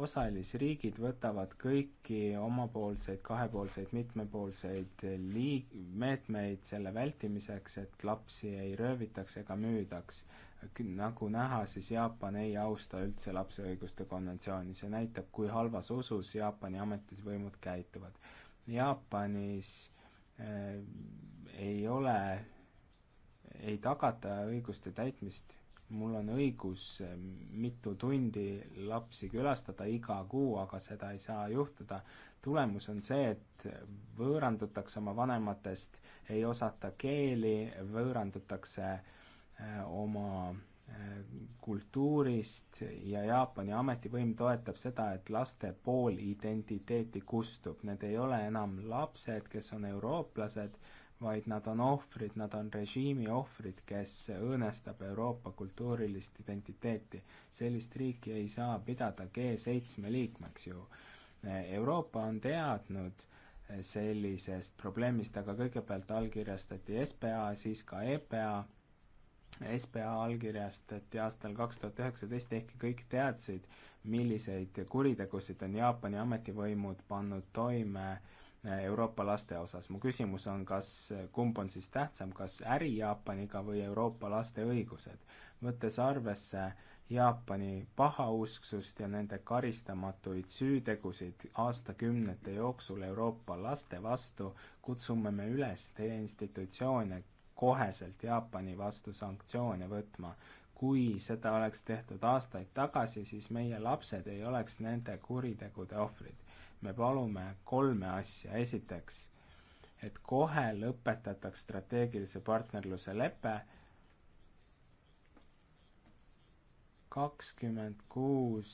osalisriigid võtavad kõiki omapoolseid, kahepoolseid, mitmepoolseid lii-, meetmeid selle vältimiseks, et lapsi ei röövitaks ega müüdaks. nagu näha, siis Jaapan ei austa üldse lapse õiguste konventsiooni, see näitab, kui halvas usus Jaapani ametivõimud käituvad. Jaapanis Äh, ei ole, ei tagata õiguste täitmist. mul on õigus äh, mitu tundi lapsi külastada iga kuu, aga seda ei saa juhtuda. tulemus on see, et võõrandutakse oma vanematest, ei osata keeli, võõrandutakse äh, oma äh, kultuurist ja Jaapani ametivõim toetab seda, et laste poolidentiteeti kustub, need ei ole enam lapsed, kes on eurooplased, vaid nad on ohvrid, nad on režiimi ohvrid, kes õõnestab Euroopa kultuurilist identiteeti. sellist riiki ei saa pidada G7 liikmeks ju. Euroopa on teadnud sellisest probleemist, aga kõigepealt allkirjastati SPA, siis ka EPA SBA allkirjastati aastal kaks tuhat üheksateist, ehkki kõik teadsid, milliseid kuritegusid on Jaapani ametivõimud pannud toime äh, Euroopa laste osas. mu küsimus on, kas, äh, kumb on siis tähtsam, kas äri Jaapaniga või Euroopa laste õigused? võttes arvesse Jaapani pahausksust ja nende karistamatuid süütegusid aastakümnete jooksul Euroopa laste vastu, kutsume me üles teie institutsioone koheselt Jaapani vastu sanktsioone võtma. kui seda oleks tehtud aastaid tagasi, siis meie lapsed ei oleks nende kuritegude ohvrid. me palume kolme asja, esiteks, et kohe lõpetataks strateegilise partnerluse lepe, kakskümmend kuus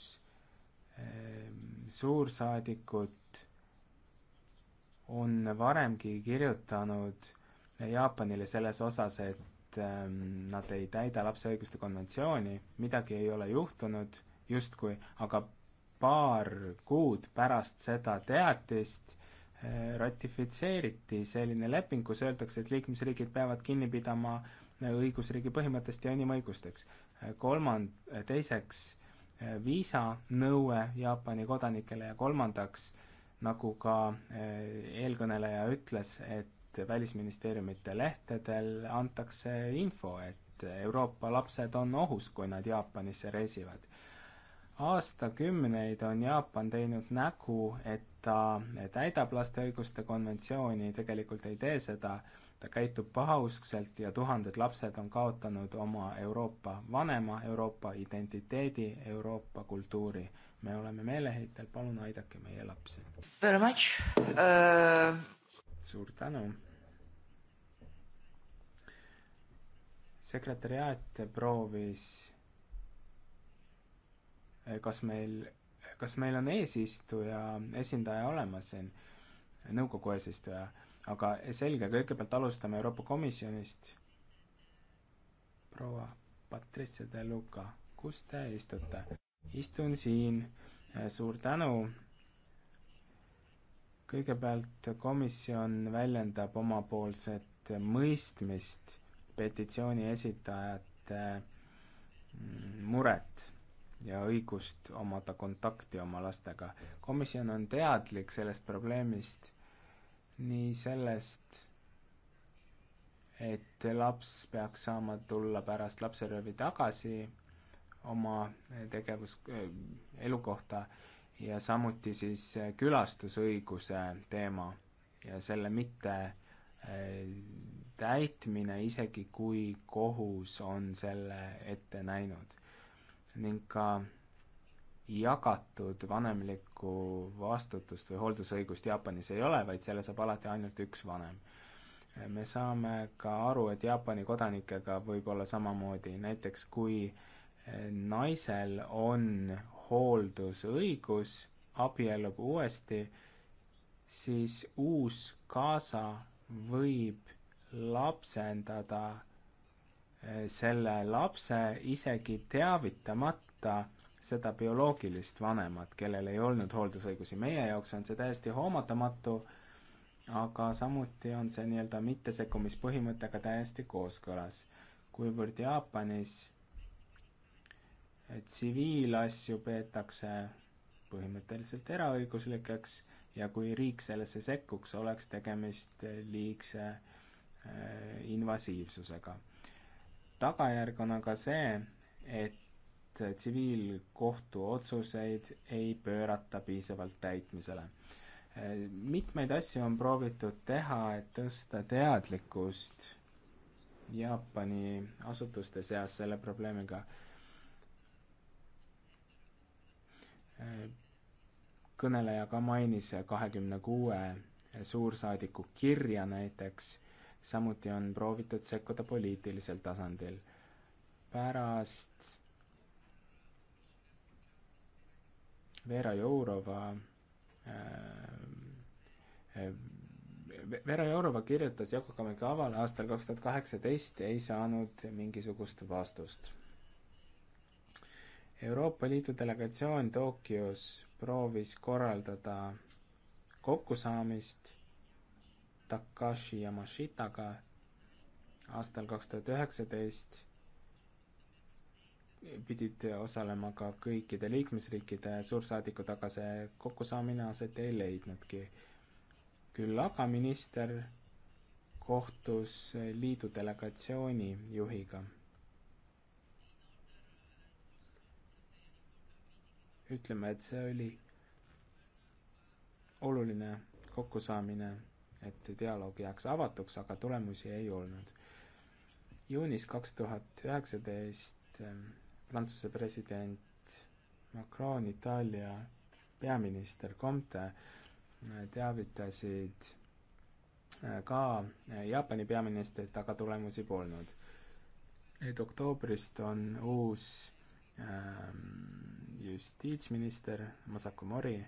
ehm, suursaadikut on varemgi kirjutanud Jaapanile selles osas, et ähm, nad ei täida lapse õiguste konventsiooni, midagi ei ole juhtunud justkui, aga paar kuud pärast seda teatist äh, ratifitseeriti selline leping, kus öeldakse, et liikmesriigid peavad kinni pidama äh, õigusriigi põhimõttest ja inimõigusteks. Äh, kolmand-, teiseks viisanõue Jaapani kodanikele ja kolmandaks, nagu ka eelkõneleja ütles, et et välisministeeriumite lehtedel antakse info, et Euroopa lapsed on ohus, kui nad Jaapanisse reisivad. aastakümneid on Jaapan teinud nägu, et ta täidab laste õiguste konventsiooni, tegelikult ei tee seda, ta käitub pahauskselt ja tuhanded lapsed on kaotanud oma Euroopa vanema, Euroopa identiteedi, Euroopa kultuuri me oleme meeleheitel, palun aidake meie lapsi. Very much uh.... suur tänu. sekretäriaat proovis, kas meil, kas meil on eesistuja esindaja olemas siin, nõukogu eesistuja, aga selge, kõigepealt alustame Euroopa Komisjonist. proua Patrice de Luca, kus te istute? istun siin, suur tänu kõigepealt komisjon väljendab omapoolset mõistmist petitsiooni esitajate mm, muret ja õigust omada kontakti oma lastega. komisjon on teadlik sellest probleemist, nii sellest, et laps peaks saama tulla pärast lapseröövi tagasi oma tegevus, elukohta ja samuti siis külastusõiguse teema ja selle mitte äh, täitmine, isegi kui kohus on selle ette näinud. ning ka jagatud vanemlikku vastutust või hooldusõigust Jaapanis ei ole, vaid selle saab alati ainult üks vanem. me saame ka aru, et Jaapani kodanikega võib olla samamoodi, näiteks kui eh, naisel on hooldusõigus, abiellub uuesti, siis uus kaasa võib lapsendada eh, selle lapse isegi teavitamata seda bioloogilist vanemat, kellel ei olnud hooldusõigusi. meie jaoks on see täiesti hoomatamatu, aga samuti on see nii-öelda mittesekkumispõhimõttega täiesti kooskõlas. kuivõrd Jaapanis eh, tsiviilasju peetakse põhimõtteliselt eraõiguslikeks ja kui riik sellesse sekkuks, oleks tegemist eh, liigse Äh, invasiivsusega. tagajärg on aga see, et tsiviilkohtu otsuseid ei pöörata piisavalt täitmisele. Äh, mitmeid asju on proovitud teha, et tõsta teadlikkust Jaapani asutuste seas selle probleemiga. Äh, kõneleja ka mainis kahekümne kuue suursaadiku kirja näiteks samuti on proovitud sekkuda poliitilisel tasandil. pärast Vera Jourova ähm, äh, Vera Jourova kirjutas Yokokam'i kavale aastal kaks tuhat kaheksateist ja ei saanud mingisugust vastust. Euroopa Liidu delegatsioon Tokyos proovis korraldada kokkusaamist Takashi Yamashitaga aastal kaks tuhat üheksateist pidid osalema ka kõikide liikmesriikide suursaadikud, aga see kokkusaamine aset ei leidnudki. küll aga minister kohtus liidu delegatsiooni juhiga. ütleme, et see oli oluline kokkusaamine et dialoog jääks avatuks, aga tulemusi ei olnud. juunis kaks tuhat üheksateist ehm, Prantsuse president Macron, Itaalia peaminister Comte eh, teavitasid eh, ka eh, Jaapani peaministrit, aga tulemusi polnud. nüüd oktoobrist on uus ehm, justiitsminister Masako Mori,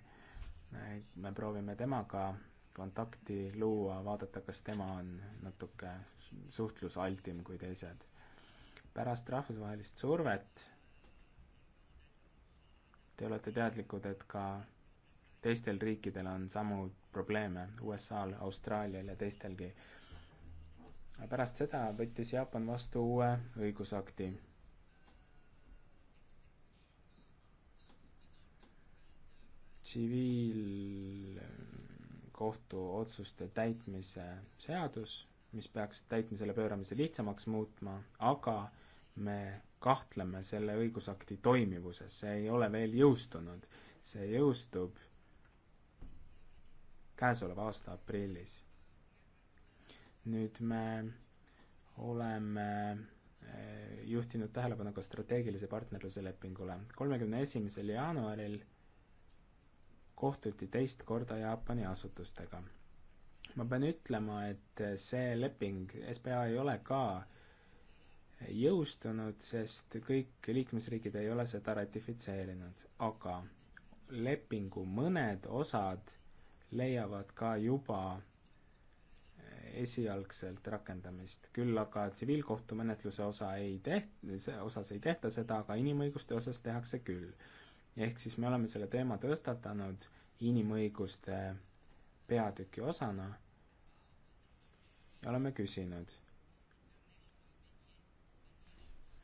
me proovime temaga kontakti luua, vaadata, kas tema on natuke suhtlusaltim kui teised. pärast rahvusvahelist survet te olete teadlikud, et ka teistel riikidel on samu probleeme, USA-l, Austraalial ja teistelgi. pärast seda võttis Jaapan vastu uue õigusakti tsiviil kohtuotsuste täitmise seadus, mis peaks täitmisele pööramise lihtsamaks muutma, aga me kahtleme selle õigusakti toimivuses, see ei ole veel jõustunud. see jõustub käesoleva aasta aprillis. nüüd me oleme eh, juhtinud tähelepanu ka strateegilise partnerluse lepingule. kolmekümne esimesel jaanuaril kohtuti teist korda Jaapani asutustega. ma pean ütlema, et see leping, SBA ei ole ka jõustunud, sest kõik liikmesriigid ei ole seda ratifitseerinud, aga lepingu mõned osad leiavad ka juba esialgselt rakendamist, küll aga tsiviilkohtumenetluse osa ei teht-, osas ei tehta seda, aga inimõiguste osas tehakse küll ehk siis me oleme selle teema tõstatanud inimõiguste peatüki osana ja oleme küsinud,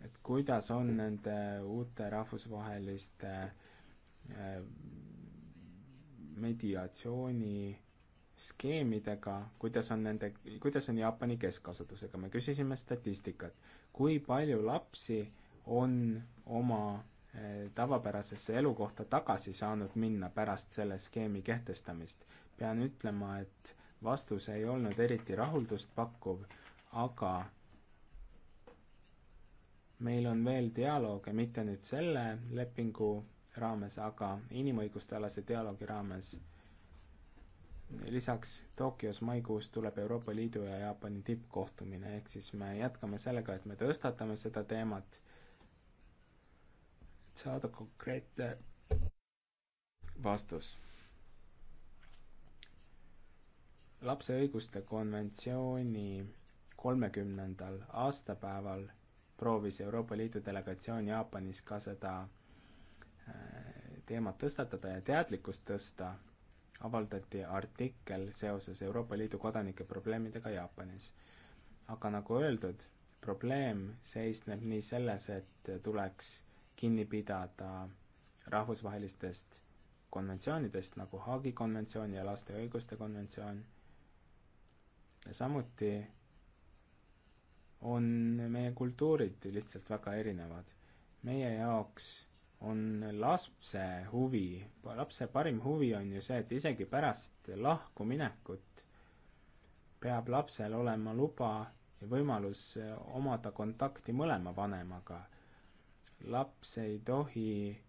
et kuidas on nende uute rahvusvaheliste äh, mediatsiooniskeemidega, kuidas on nende, kuidas on Jaapani keskasutusega, me küsisime statistikat, kui palju lapsi on oma tavapärasesse elukohta tagasi saanud minna pärast selle skeemi kehtestamist. pean ütlema, et vastus ei olnud eriti rahuldust pakkuv, aga meil on veel dialoog ja mitte nüüd selle lepingu raames, aga inimõiguste alase dialoogi raames. lisaks Tokyos maikuus tuleb Euroopa Liidu ja Jaapani tippkohtumine, ehk siis me jätkame sellega, et me tõstatame seda teemat saada konkreetne vastus. lapse õiguste konventsiooni kolmekümnendal aastapäeval proovis Euroopa Liidu delegatsioon Jaapanis ka seda äh, teemat tõstatada ja teadlikkust tõsta, avaldati artikkel seoses Euroopa Liidu kodanike probleemidega Jaapanis. aga nagu öeldud, probleem seisneb nii selles, et tuleks kinni pidada rahvusvahelistest konventsioonidest nagu Haagi konventsioon ja laste õiguste konventsioon. samuti on meie kultuurid lihtsalt väga erinevad. meie jaoks on lapse huvi, lapse parim huvi on ju see, et isegi pärast lahkuminekut peab lapsel olema luba ja võimalus omada kontakti mõlema vanemaga laps ei tohi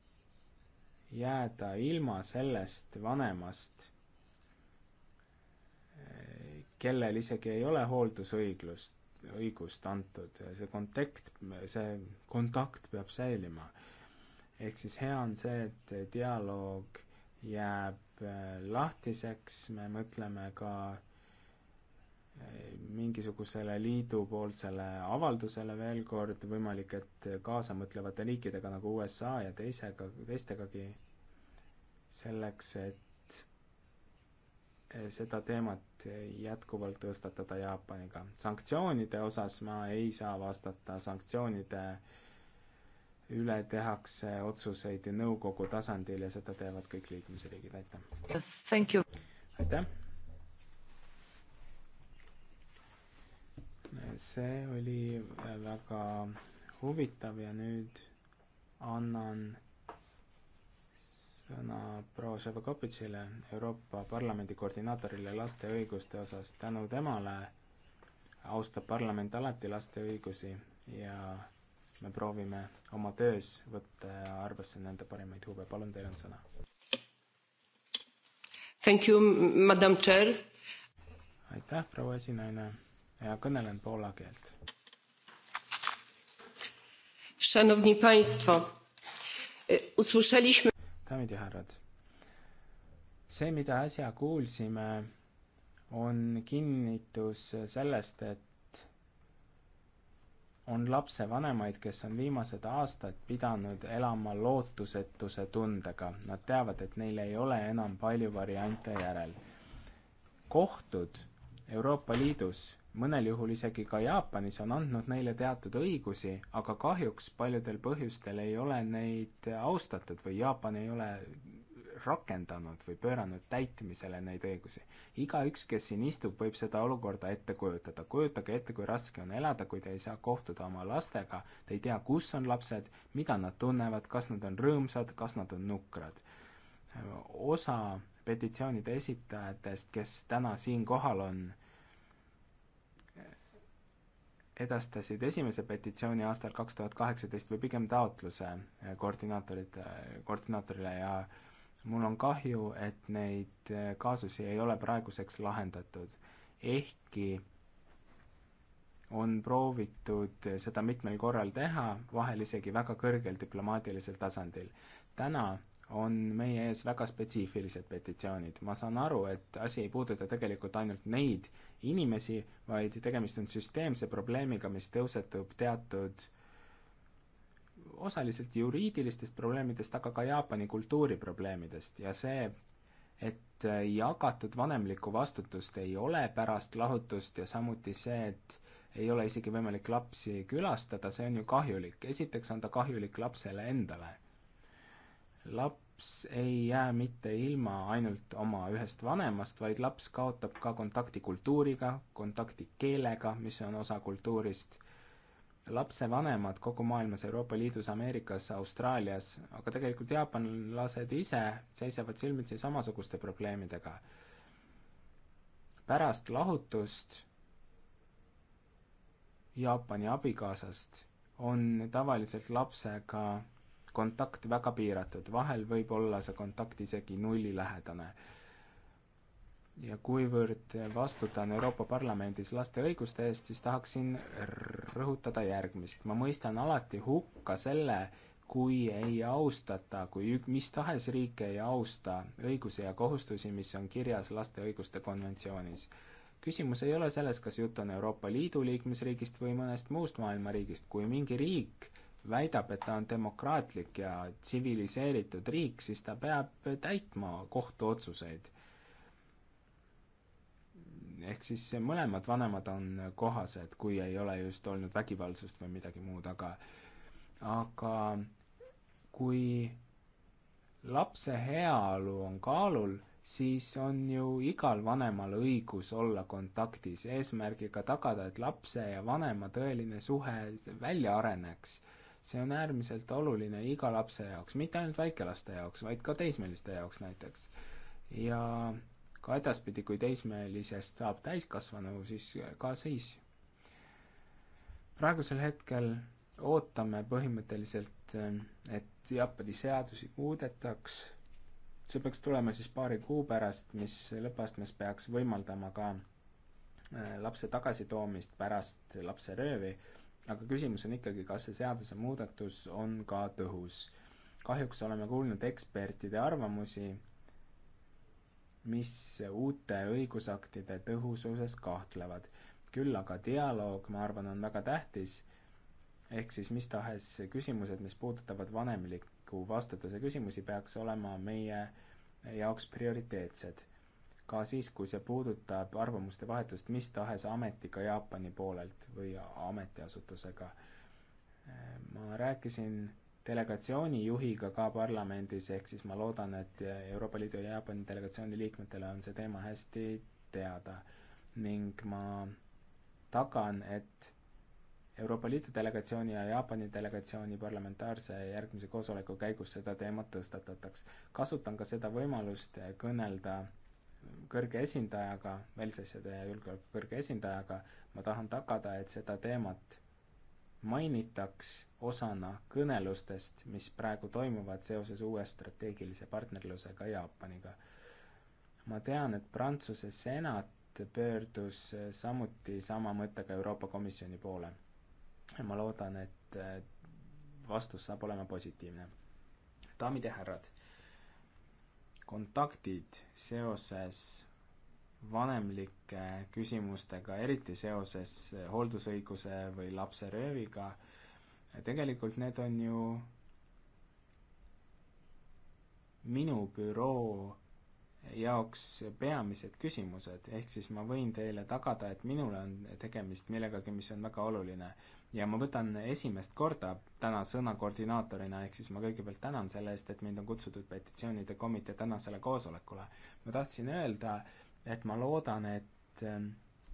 jääda ilma sellest vanemast, kellel isegi ei ole hooldusõiglust, õigust antud, see kontakt, see kontakt peab säilima. ehk siis hea on see, et dialoog jääb lahtiseks, me mõtleme ka äh, mingisugusele liidupoolsele avaldusele veel kord, võimalik, et kaasamõtlevate riikidega nagu USA ja teisega, teistegagi, selleks, et seda teemat jätkuvalt tõstatada Jaapaniga. sanktsioonide osas ma ei saa vastata, sanktsioonide üle tehakse otsuseid nõukogu tasandil ja seda teevad kõik liikmesriigid, aitäh! aitäh! see oli äh, väga huvitav ja nüüd annan sõna proua Šebakopitšile, Euroopa Parlamendi koordinaatorile laste õiguste osas. tänu temale austab parlament alati laste õigusi ja me proovime oma töös võtta arvesse nende parimaid huve. palun, teil on sõna. Thank you, madam chair. aitäh, proua esinaine ja kõnelen poola keelt. E, daamid ja härrad, see, mida äsja kuulsime, on kinnitus sellest, et on lapsevanemaid, kes on viimased aastad pidanud elama lootusetuse tundega. Nad teavad, et neil ei ole enam palju variante järel. kohtud Euroopa Liidus mõnel juhul isegi ka Jaapanis on andnud neile teatud õigusi, aga kahjuks paljudel põhjustel ei ole neid austatud või Jaapan ei ole rakendanud või pööranud täitmisele neid õigusi. igaüks, kes siin istub, võib seda olukorda ette kujutada. kujutage ette, kui raske on elada, kui te ei saa kohtuda oma lastega, te ei tea, kus on lapsed, mida nad tunnevad, kas nad on rõõmsad, kas nad on nukrad. osa petitsioonide esitajatest, kes täna siin kohal on, edastasid esimese petitsiooni aastal kaks tuhat kaheksateist või pigem taotluse eh, koordinaatorite, koordinaatorile ja mul on kahju, et neid eh, kaasusi ei ole praeguseks lahendatud, ehkki on proovitud eh, seda mitmel korral teha, vahel isegi väga kõrgel diplomaatilisel tasandil. täna on meie ees väga spetsiifilised petitsioonid. ma saan aru, et asi ei puuduta tegelikult ainult neid inimesi, vaid tegemist on süsteemse probleemiga, mis tõusetub teatud osaliselt juriidilistest probleemidest, aga ka Jaapani kultuuriprobleemidest ja see, et jagatud vanemlikku vastutust ei ole pärast lahutust ja samuti see, et ei ole isegi võimalik lapsi külastada, see on ju kahjulik. esiteks on ta kahjulik lapsele endale laps ei jää mitte ilma ainult oma ühest vanemast, vaid laps kaotab ka kontakti kultuuriga, kontakti keelega, mis on osa kultuurist. lapsevanemad kogu maailmas, Euroopa Liidus, Ameerikas, Austraalias, aga tegelikult jaapanlased ise seisavad silmitsi samasuguste probleemidega. pärast lahutust Jaapani abikaasast on tavaliselt lapsega kontakt väga piiratud, vahel võib olla see kontakt isegi nullilähedane. ja kuivõrd vastutan Euroopa Parlamendis laste õiguste eest, siis tahaksin rõhutada järgmist. ma mõistan alati hukka selle, kui ei austata, kui ük-, mis tahes riik ei austa õigusi ja kohustusi, mis on kirjas laste õiguste konventsioonis küsimus ei ole selles, kas jutt on Euroopa Liidu liikmesriigist või mõnest muust maailma riigist, kui mingi riik väidab, et ta on demokraatlik ja tsiviliseeritud riik, siis ta peab täitma kohtuotsuseid. ehk siis mõlemad vanemad on kohased, kui ei ole just olnud vägivaldsust või midagi muud, aga aga kui lapse heaolu on kaalul, siis on ju igal vanemal õigus olla kontaktis eesmärgiga tagada, et lapse ja vanema tõeline suhe välja areneks see on äärmiselt oluline iga lapse jaoks, mitte ainult väikelaste jaoks, vaid ka teismeliste jaoks näiteks. ja ka edaspidi, kui teismelisest saab täiskasvanu, siis ka siis. praegusel hetkel ootame põhimõtteliselt, et Jaapani seadusi muudetaks, see peaks tulema siis paari kuu pärast, mis lõppastmes peaks võimaldama ka äh, lapse tagasitoomist pärast lapse röövi aga küsimus on ikkagi, kas see seadusemuudatus on ka tõhus. kahjuks oleme kuulnud ekspertide arvamusi, mis uute õigusaktide tõhususes kahtlevad. küll aga dialoog, ma arvan, on väga tähtis, ehk siis mis tahes küsimused, mis puudutavad vanemlikku vastutuse küsimusi, peaks olema meie jaoks prioriteetsed ka siis, kui see puudutab arvamuste vahetust mis tahes ametiga Jaapani poolelt või ametiasutusega. ma rääkisin delegatsiooni juhiga ka parlamendis, ehk siis ma loodan, et Euroopa Liidu ja Jaapani delegatsiooni liikmetele on see teema hästi teada ning ma tagan, et Euroopa Liidu delegatsiooni ja Jaapani delegatsiooni parlamentaarse järgmise koosoleku käigus seda teemat tõstatataks. kasutan ka seda võimalust eh, kõnelda kõrge esindajaga, välisasjade ja julgeoleku kõrge esindajaga, ma tahan tagada, et seda teemat mainitaks osana kõnelustest, mis praegu toimuvad seoses uue strateegilise partnerlusega Jaapaniga. ma tean, et Prantsuse senat pöördus samuti sama mõttega Euroopa Komisjoni poole. ma loodan, et vastus saab olema positiivne. daamid ja härrad kontaktid seoses vanemlike küsimustega, eriti seoses hooldusõiguse või lapserööviga, tegelikult need on ju minu büroo jaoks peamised küsimused, ehk siis ma võin teile tagada, et minule on tegemist millegagi, mis on väga oluline. ja ma võtan esimest korda täna sõna koordinaatorina, ehk siis ma kõigepealt tänan selle eest, et mind on kutsutud petitsioonide komitee tänasele koosolekule. ma tahtsin öelda, et ma loodan, et ähm,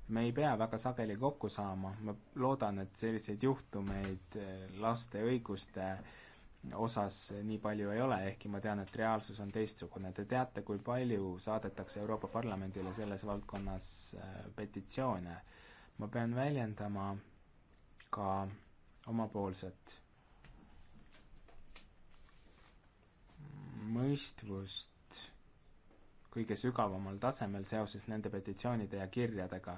me ei pea väga sageli kokku saama, ma loodan, et selliseid juhtumeid äh, laste õiguste äh, osas nii palju ei ole, ehkki ma tean, et reaalsus on teistsugune. Te teate, kui palju saadetakse Euroopa Parlamendile selles valdkonnas äh, petitsioone. ma pean väljendama ka omapoolset mõistvust kõige sügavamal tasemel seoses nende petitsioonide ja kirjadega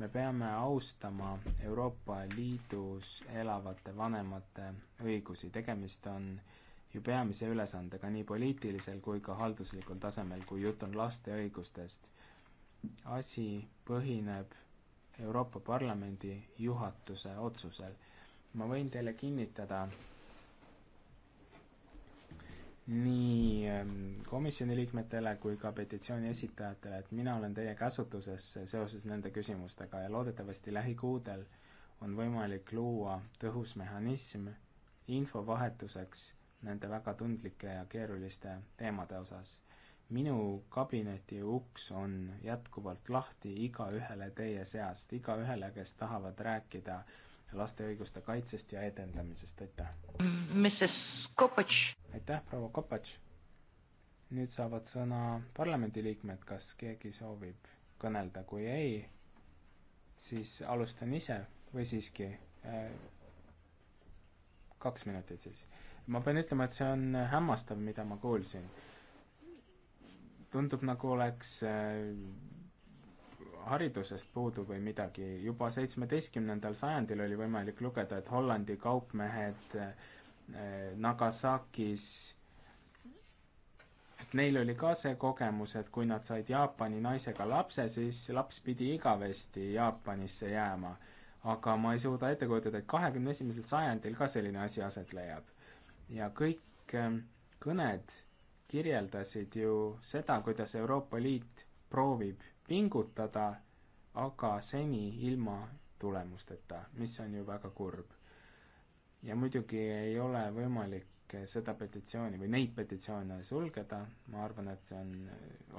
me peame austama Euroopa Liidus elavate vanemate õigusi, tegemist on ju peamise ülesandega nii poliitilisel kui ka halduslikul tasemel, kui jutt on laste õigustest. asi põhineb Euroopa Parlamendi juhatuse otsusel. ma võin teile kinnitada, nii ähm, komisjoni liikmetele kui ka petitsiooni esitajatele, et mina olen teie käsutuses seoses nende küsimustega ja loodetavasti lähikuudel on võimalik luua tõhus mehhanism infovahetuseks nende väga tundlike ja keeruliste teemade osas. minu kabineti uks on jätkuvalt lahti igaühele teie seast, igaühele, kes tahavad rääkida äh, laste õiguste kaitsest ja edendamisest, aitäh! aitäh, proua Kopatš! nüüd saavad sõna parlamendiliikmed, kas keegi soovib kõnelda, kui ei, siis alustan ise või siiski äh, kaks minutit siis. ma pean ütlema, et see on hämmastav, mida ma kuulsin. tundub, nagu oleks äh, haridusest puudu või midagi, juba seitsmeteistkümnendal sajandil oli võimalik lugeda, et Hollandi kaupmehed eh, Nagasakis, et neil oli ka see kogemus, et kui nad said Jaapani naisega lapse, siis laps pidi igavesti Jaapanisse jääma. aga ma ei suuda ette kujutada, et kahekümne esimesel sajandil ka selline asi aset leiab. ja kõik eh, kõned kirjeldasid ju seda, kuidas Euroopa Liit proovib pingutada, aga seni ilma tulemusteta, mis on ju väga kurb. ja muidugi ei ole võimalik seda petitsiooni või neid petitsioone sulgeda, ma arvan, et see on,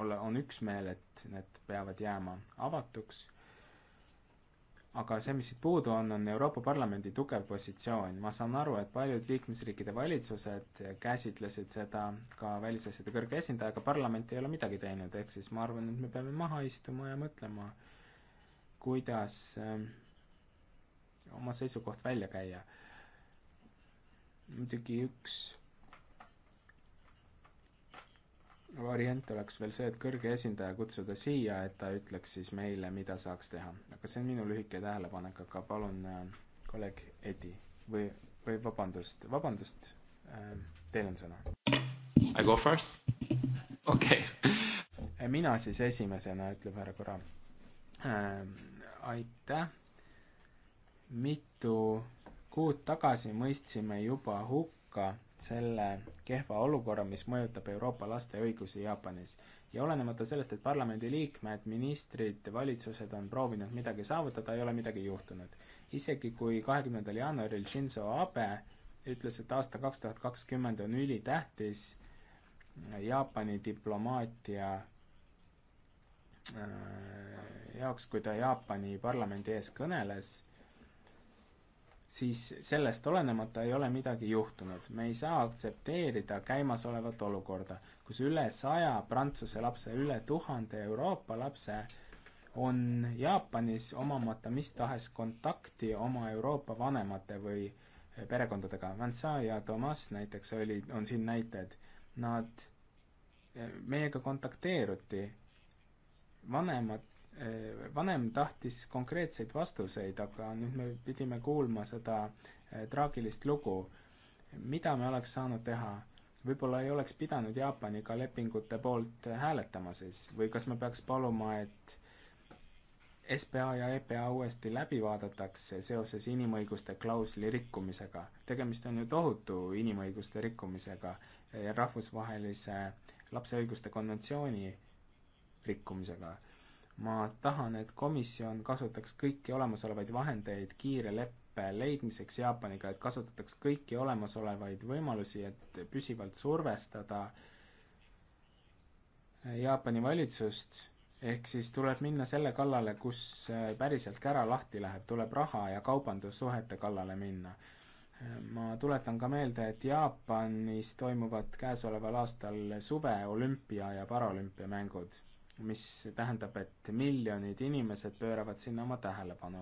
olla, on üksmeel, et need peavad jääma avatuks aga see, mis siit puudu on, on Euroopa Parlamendi tugev positsioon. ma saan aru, et paljud liikmesriikide valitsused käsitlesid seda ka välisasjade kõrge esindajaga, parlament ei ole midagi teinud, ehk siis ma arvan, et me peame maha istuma ja mõtlema, kuidas eh, oma seisukoht välja käia. muidugi üks variant oleks veel see, et kõrge esindaja kutsuda siia, et ta ütleks siis meile, mida saaks teha. aga see on minu lühike tähelepanek, aga palun äh,, kolleeg Edi või, või vabandust, vabandust äh,, teil on sõna. I go first? okei okay. Äh, mina siis esimesena, ütleb härra Kora äh,. aitäh. mitu kuud tagasi mõistsime juba hukka selle kehva olukorra, mis mõjutab Euroopa laste õigusi Jaapanis. ja olenemata sellest, et parlamendiliikmed, ministrid, valitsused on proovinud midagi saavutada, ei ole midagi juhtunud. isegi kui kahekümnendal jaanuaril Shinzo Abe ütles, et aasta kaks tuhat kakskümmend on ülitähtis Jaapani diplomaatia äh, jaoks, kui ta Jaapani parlamendi ees kõneles siis sellest olenemata ei ole midagi juhtunud. me ei saa aktsepteerida käimasolevat olukorda, kus üle saja Prantsuse lapse, üle tuhande Euroopa lapse on Jaapanis omamata mis tahes kontakti oma Euroopa vanemate või perekondadega. Vincent ja Thomas näiteks oli, on siin näited. Nad, meiega kontakteeruti, vanemad Äh, vanem tahtis konkreetseid vastuseid, aga nüüd me pidime kuulma seda äh, traagilist lugu. mida me oleks saanud teha? võib-olla ei oleks pidanud Jaapaniga lepingute poolt äh, hääletama siis või kas me peaks paluma, et SBA ja EPA uuesti läbi vaadatakse seoses inimõiguste klausli rikkumisega. tegemist on ju tohutu inimõiguste rikkumisega ja rahvusvahelise lapse õiguste konventsiooni rikkumisega ma tahan, et komisjon kasutaks kõiki olemasolevaid vahendeid kiire leppe leidmiseks Jaapaniga, et kasutataks kõiki olemasolevaid võimalusi, et püsivalt survestada Jaapani valitsust, ehk siis tuleb minna selle kallale, kus päriselt kära lahti läheb, tuleb raha ja kaubandussuhete kallale minna ma tuletan ka meelde, et Jaapanis toimuvad käesoleval aastal suveolümpia ja paraolümpiamängud mis tähendab, et miljonid inimesed pööravad sinna oma tähelepanu,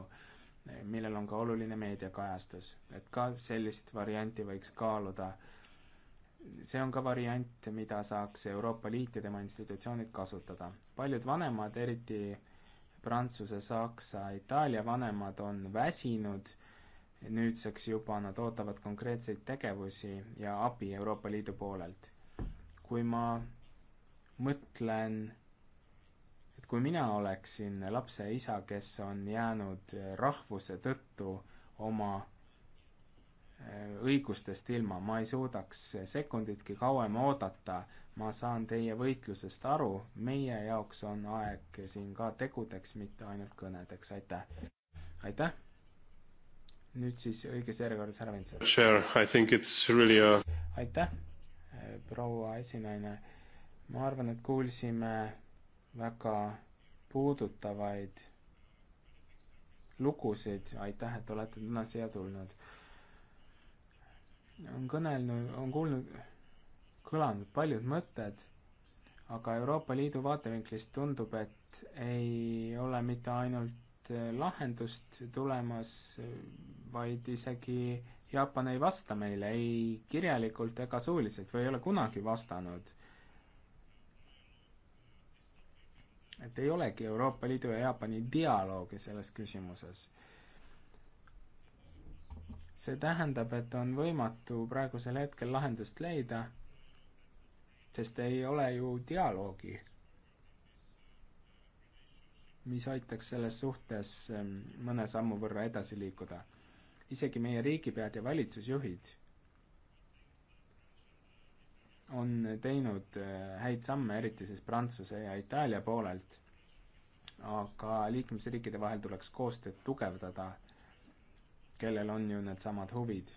millel on ka oluline meediakajastus, et ka sellist varianti võiks kaaluda. see on ka variant, mida saaks Euroopa Liit ja tema institutsioonid kasutada. paljud vanemad, eriti Prantsuse, Saksa, Itaalia vanemad on väsinud, nüüdseks juba nad ootavad konkreetseid tegevusi ja abi Euroopa Liidu poolelt. kui ma mõtlen kui mina oleksin lapse isa, kes on jäänud äh, rahvuse tõttu oma äh, õigustest ilma, ma ei suudaks sekunditki kauem oodata, ma saan teie võitlusest aru, meie jaoks on aeg siin ka tegudeks, mitte ainult kõnedeks, aitäh. aitäh. nüüd siis õiges järjekorras härra Vintsar. Really a... aitäh, äh, proua esinaine. ma arvan, et kuulsime väga puudutavaid lugusid, aitäh, et olete täna siia tulnud. on kõnelnud, on kuulnud, kõlanud paljud mõtted, aga Euroopa Liidu vaatevinklist tundub, et ei ole mitte ainult äh, lahendust tulemas, vaid isegi Jaapan ei vasta meile ei kirjalikult ega suuliselt või ei ole kunagi vastanud et ei olegi Euroopa Liidu ja Jaapani dialoogi selles küsimuses. see tähendab, et on võimatu praegusel hetkel lahendust leida, sest ei ole ju dialoogi, mis aitaks selles suhtes ähm, mõne sammu võrra edasi liikuda. isegi meie riigipead ja valitsusjuhid on teinud äh, häid samme, eriti siis Prantsuse ja Itaalia poolelt, aga liikmesriikide vahel tuleks koostööd tugevdada, kellel on ju needsamad huvid,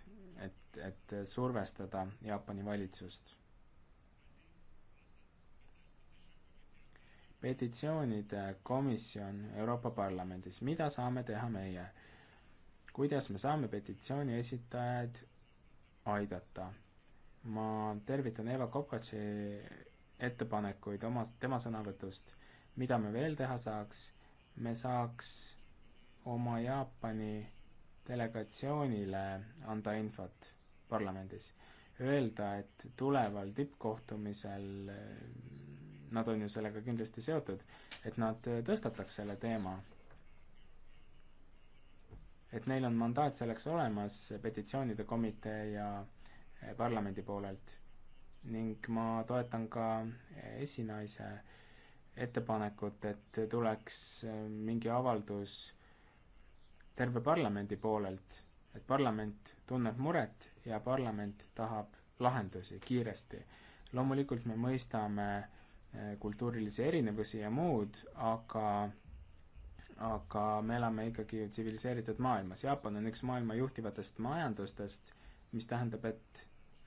et, et survestada Jaapani valitsust. petitsioonide komisjon Euroopa Parlamendis, mida saame teha meie? kuidas me saame petitsiooni esitajaid aidata? ma tervitan Eva Kopatši ettepanekuid oma, tema sõnavõtust. mida me veel teha saaks? me saaks oma Jaapani delegatsioonile anda infot parlamendis. Öelda, et tuleval tippkohtumisel, eh, nad on ju sellega kindlasti seotud, et nad tõstataks selle teema. et neil on mandaat selleks olemas, petitsioonide komitee ja äh, parlamendi poolelt. ning ma toetan ka esinaise ettepanekut, et tuleks äh, mingi avaldus terve parlamendi poolelt, et parlament tunneb muret ja parlament tahab lahendusi kiiresti. loomulikult me mõistame äh, kultuurilisi erinevusi ja muud, aga aga me elame ikkagi ju tsiviliseeritud maailmas, Jaapan on üks maailma juhtivatest majandustest mis tähendab, et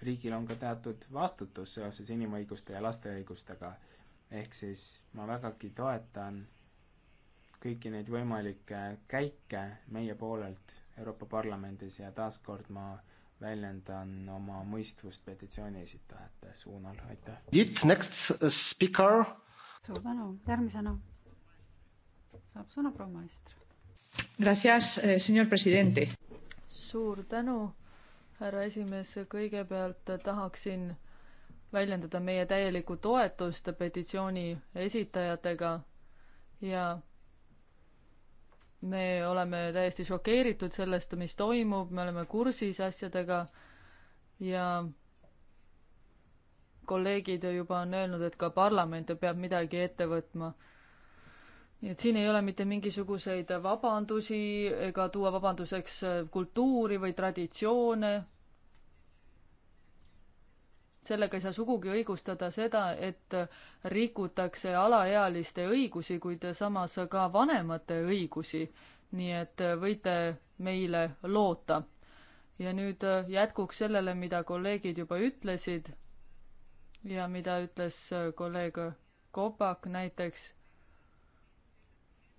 riigil on ka teatud vastutus seoses inimõiguste ja laste õigustega. ehk siis ma vägagi toetan kõiki neid võimalikke käike meie poolelt Euroopa Parlamendis ja taaskord ma väljendan oma mõistvust petitsiooni esitajate suunal, aitäh. Uh, suur tänu, järgmisena saab sõna proua minister. Eh, suur tänu härra esimees, kõigepealt tahaksin väljendada meie täielikku toetust petitsiooni esitajatega ja me oleme täiesti šokeeritud sellest, mis toimub, me oleme kursis asjadega ja kolleegid juba on öelnud, et ka parlament peab midagi ette võtma nii et siin ei ole mitte mingisuguseid vabandusi ega tuua vabanduseks äh, kultuuri või traditsioone. sellega ei saa sugugi õigustada seda, et äh, rikutakse alaealiste õigusi, kuid samas ka vanemate õigusi. nii et äh, võite meile loota. ja nüüd jätkuks sellele, mida kolleegid juba ütlesid ja mida ütles kolleeg Kopak näiteks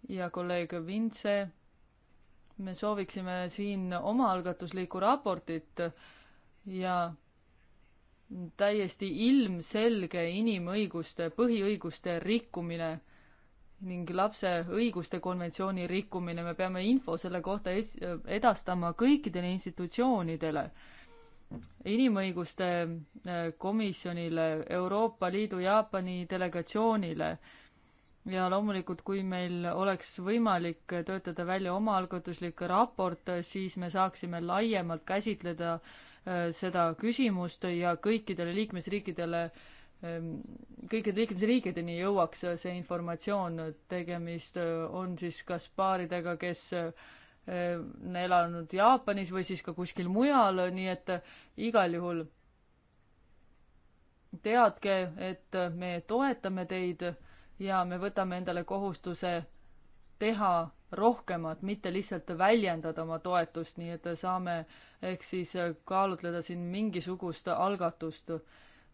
ja kolleeg Vintse. me sooviksime siin omaalgatuslikku raportit ja täiesti ilmselge inimõiguste, põhiõiguste rikkumine ning lapse õiguste konventsiooni rikkumine, me peame info selle kohta es-, edastama kõikidele institutsioonidele, inimõiguste eh, komisjonile, Euroopa Liidu Jaapani delegatsioonile äh,, ja loomulikult, kui meil oleks võimalik töötada välja omaalgatuslik raport, siis me saaksime laiemalt käsitleda äh, seda küsimust ja kõikidele liikmesriikidele, ähm, kõikide liikmesriikideni jõuaks see informatsioon, tegemist äh, on siis kas paaridega, kes äh, on elanud Jaapanis või siis ka kuskil mujal, nii et igal juhul teadke, et me toetame teid ja me võtame endale kohustuse teha rohkemat, mitte lihtsalt väljendada oma toetust, nii et saame ehk siis kaalutleda siin mingisugust algatust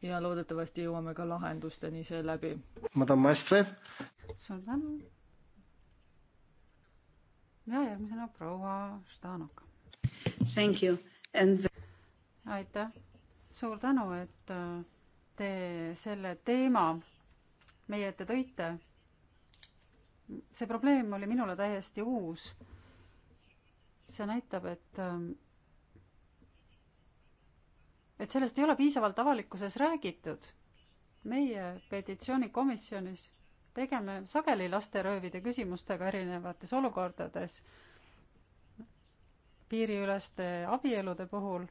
ja loodetavasti jõuame ka lahendusteni seeläbi. Madame Maestre. suur tänu. ja järgmisena proua Štanok. Thank you and. aitäh, suur tänu, et te selle teema meie ette tõite. see probleem oli minule täiesti uus. see näitab, et et sellest ei ole piisavalt avalikkuses räägitud. meie petitsioonikomisjonis tegeme sageli lasteröövide küsimustega erinevates olukordades, piiriüleste abielude puhul,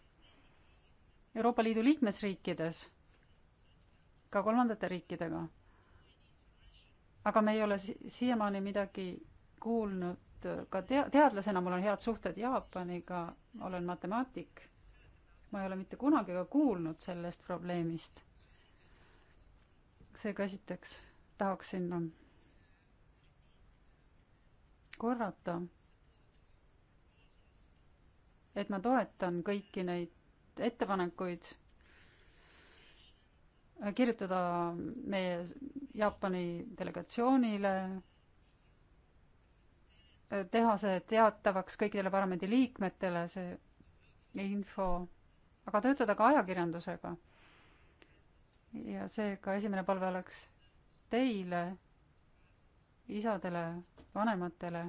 Euroopa Liidu liikmesriikides, ka kolmandate riikidega aga me ei ole siiamaani midagi kuulnud ka tea-, teadlasena mul on head suhted Jaapaniga, olen matemaatik. ma ei ole mitte kunagi ka kuulnud sellest probleemist. seega esiteks tahaksin korrata, et ma toetan kõiki neid ettepanekuid kirjutada meie Jaapani delegatsioonile äh, teha see teatavaks kõikidele parlamendi liikmetele, see info, aga töötada ka ajakirjandusega. ja seega esimene palve oleks teile, isadele, vanematele,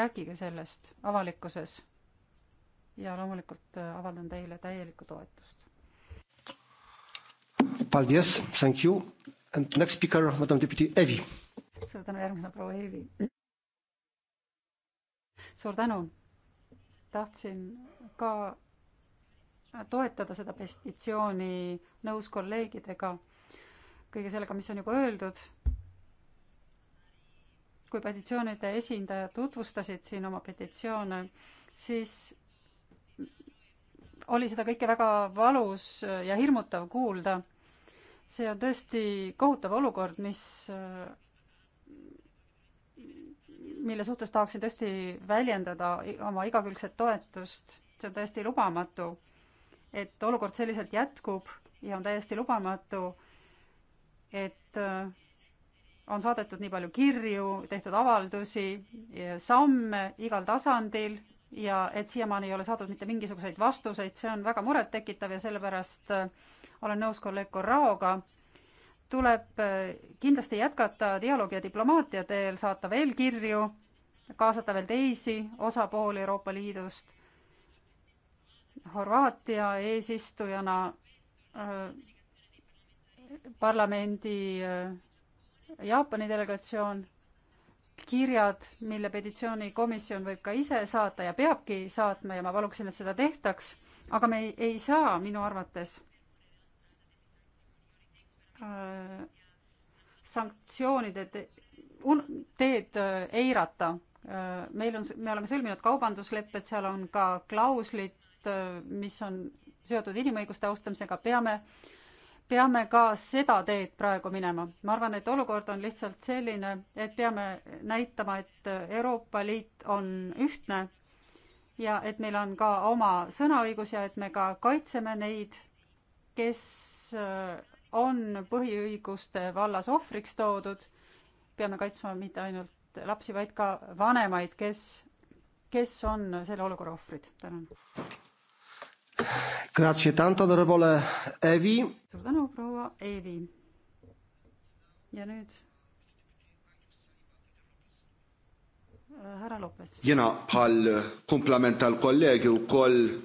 rääkige sellest avalikkuses. ja loomulikult äh, avaldan teile täielikku toetust. Paldies, thank you. And next speaker, madam deputy Evi. suur tänu, järgmisena proua Evi. suur tänu. tahtsin ka toetada seda petitsiooni nõus kolleegidega, kõige sellega, mis on juba öeldud. kui petitsioonide esindajad tutvustasid siin oma petitsioone, siis oli seda kõike väga valus ja hirmutav kuulda see on tõesti kohutav olukord, mis, mille suhtes tahaksin tõesti väljendada oma igakülgset toetust. see on täiesti lubamatu, et olukord selliselt jätkub ja on täiesti lubamatu, et äh, on saadetud nii palju kirju, tehtud avaldusi, samme igal tasandil ja et siiamaani ei ole saadud mitte mingisuguseid vastuseid, see on väga murettekitav ja sellepärast äh, olen nõus kolleeg Korraoga, tuleb eh, kindlasti jätkata dialoogi ja diplomaatia teel, saata veel kirju, kaasata veel teisi osapooli Euroopa Liidust. Horvaatia eesistujana eh, parlamendi eh, Jaapani delegatsioon, kirjad, mille petitsioonikomisjon võib ka ise saata ja peabki saatma ja ma paluksin, et seda tehtaks, aga me ei, ei saa minu arvates Äh, sanktsioonide teed äh, eirata. Äh, meil on, me oleme sõlminud kaubanduslepped, seal on ka klauslid, mis on seotud inimõiguste austamisega, peame, peame ka seda teed praegu minema. ma arvan, et olukord on lihtsalt selline, et peame näitama, et Euroopa Liit on ühtne ja et meil on ka oma sõnaõigus ja et me ka kaitseme neid, kes on põhiõiguste vallas ohvriks toodud. peame kaitsma mitte ainult lapsi, vaid ka vanemaid, kes, kes on selle olukorra ohvrid. tänan. Grazie tanto, onorevole Evi. suur tänu, proua Evi. ja nüüd? Äh, härra Lopes. jena bħal komplement tal kolleegi u koll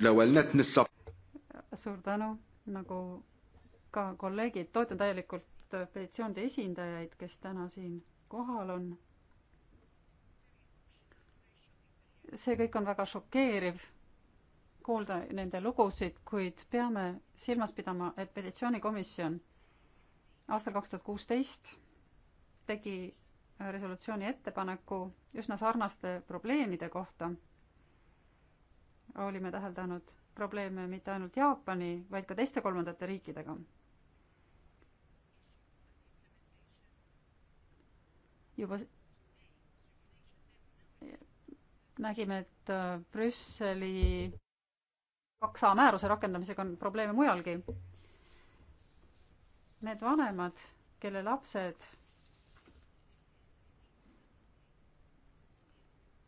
l-ewel net nissa. suur tänu, nagu ka kolleegid, toetan täielikult petitsioonide esindajaid, kes täna siin kohal on. see kõik on väga šokeeriv, kuulda nende lugusid, kuid peame silmas pidama, et petitsioonikomisjon aastal kaks tuhat kuusteist tegi resolutsiooni ettepaneku üsna sarnaste probleemide kohta. olime täheldanud probleeme mitte ainult Jaapani, vaid ka teiste kolmandate riikidega juba nägime, et äh, Brüsseli kaks A määruse rakendamisega on probleeme mujalgi. Need vanemad, kelle lapsed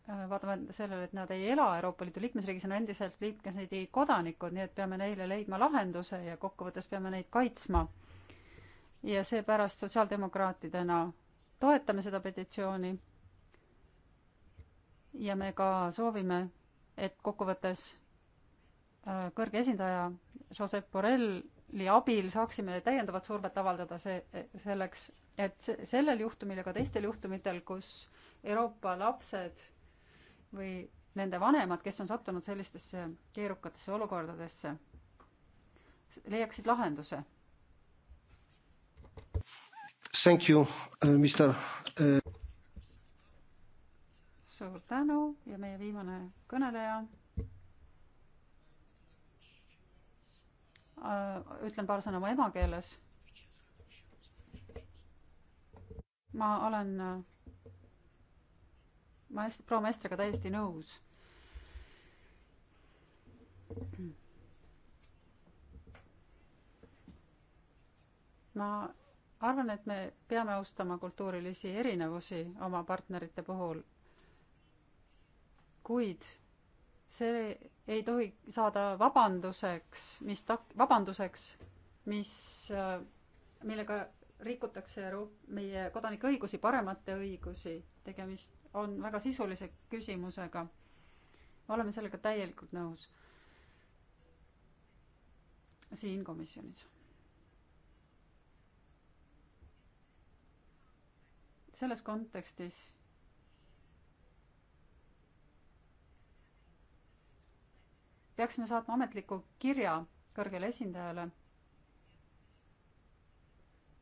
äh, vaatame sellele, et nad ei ela Euroopa Liidu liikmesriigis, on endiselt liikmesriigi kodanikud, nii et peame neile leidma lahenduse ja kokkuvõttes peame neid kaitsma. ja seepärast sotsiaaldemokraatidena toetame seda petitsiooni. ja me ka soovime, et kokkuvõttes äh, kõrge esindaja Josep Borrelli abil saaksime täiendavat survet avaldada see, selleks, et sellel juhtumil ja ka teistel juhtumitel, kus Euroopa lapsed või nende vanemad, kes on sattunud sellistesse keerukatesse olukordadesse, leiaksid lahenduse Thank you, uh, Mr. Uh, suur tänu ja meie viimane kõneleja. Uh, ütlen paar sõna oma emakeeles. ma olen, ma hästi, proua Mestriga täiesti nõus ma arvan, et me peame austama kultuurilisi erinevusi oma partnerite puhul. kuid see ei tohi saada vabanduseks, mis tak-, vabanduseks, mis, millega rikutakse Euroop-, meie kodanike õigusi, paremate õigusi, tegemist on väga sisulise küsimusega. oleme sellega täielikult nõus siin komisjonis selles kontekstis peaksime saatma ametliku kirja kõrgele esindajale,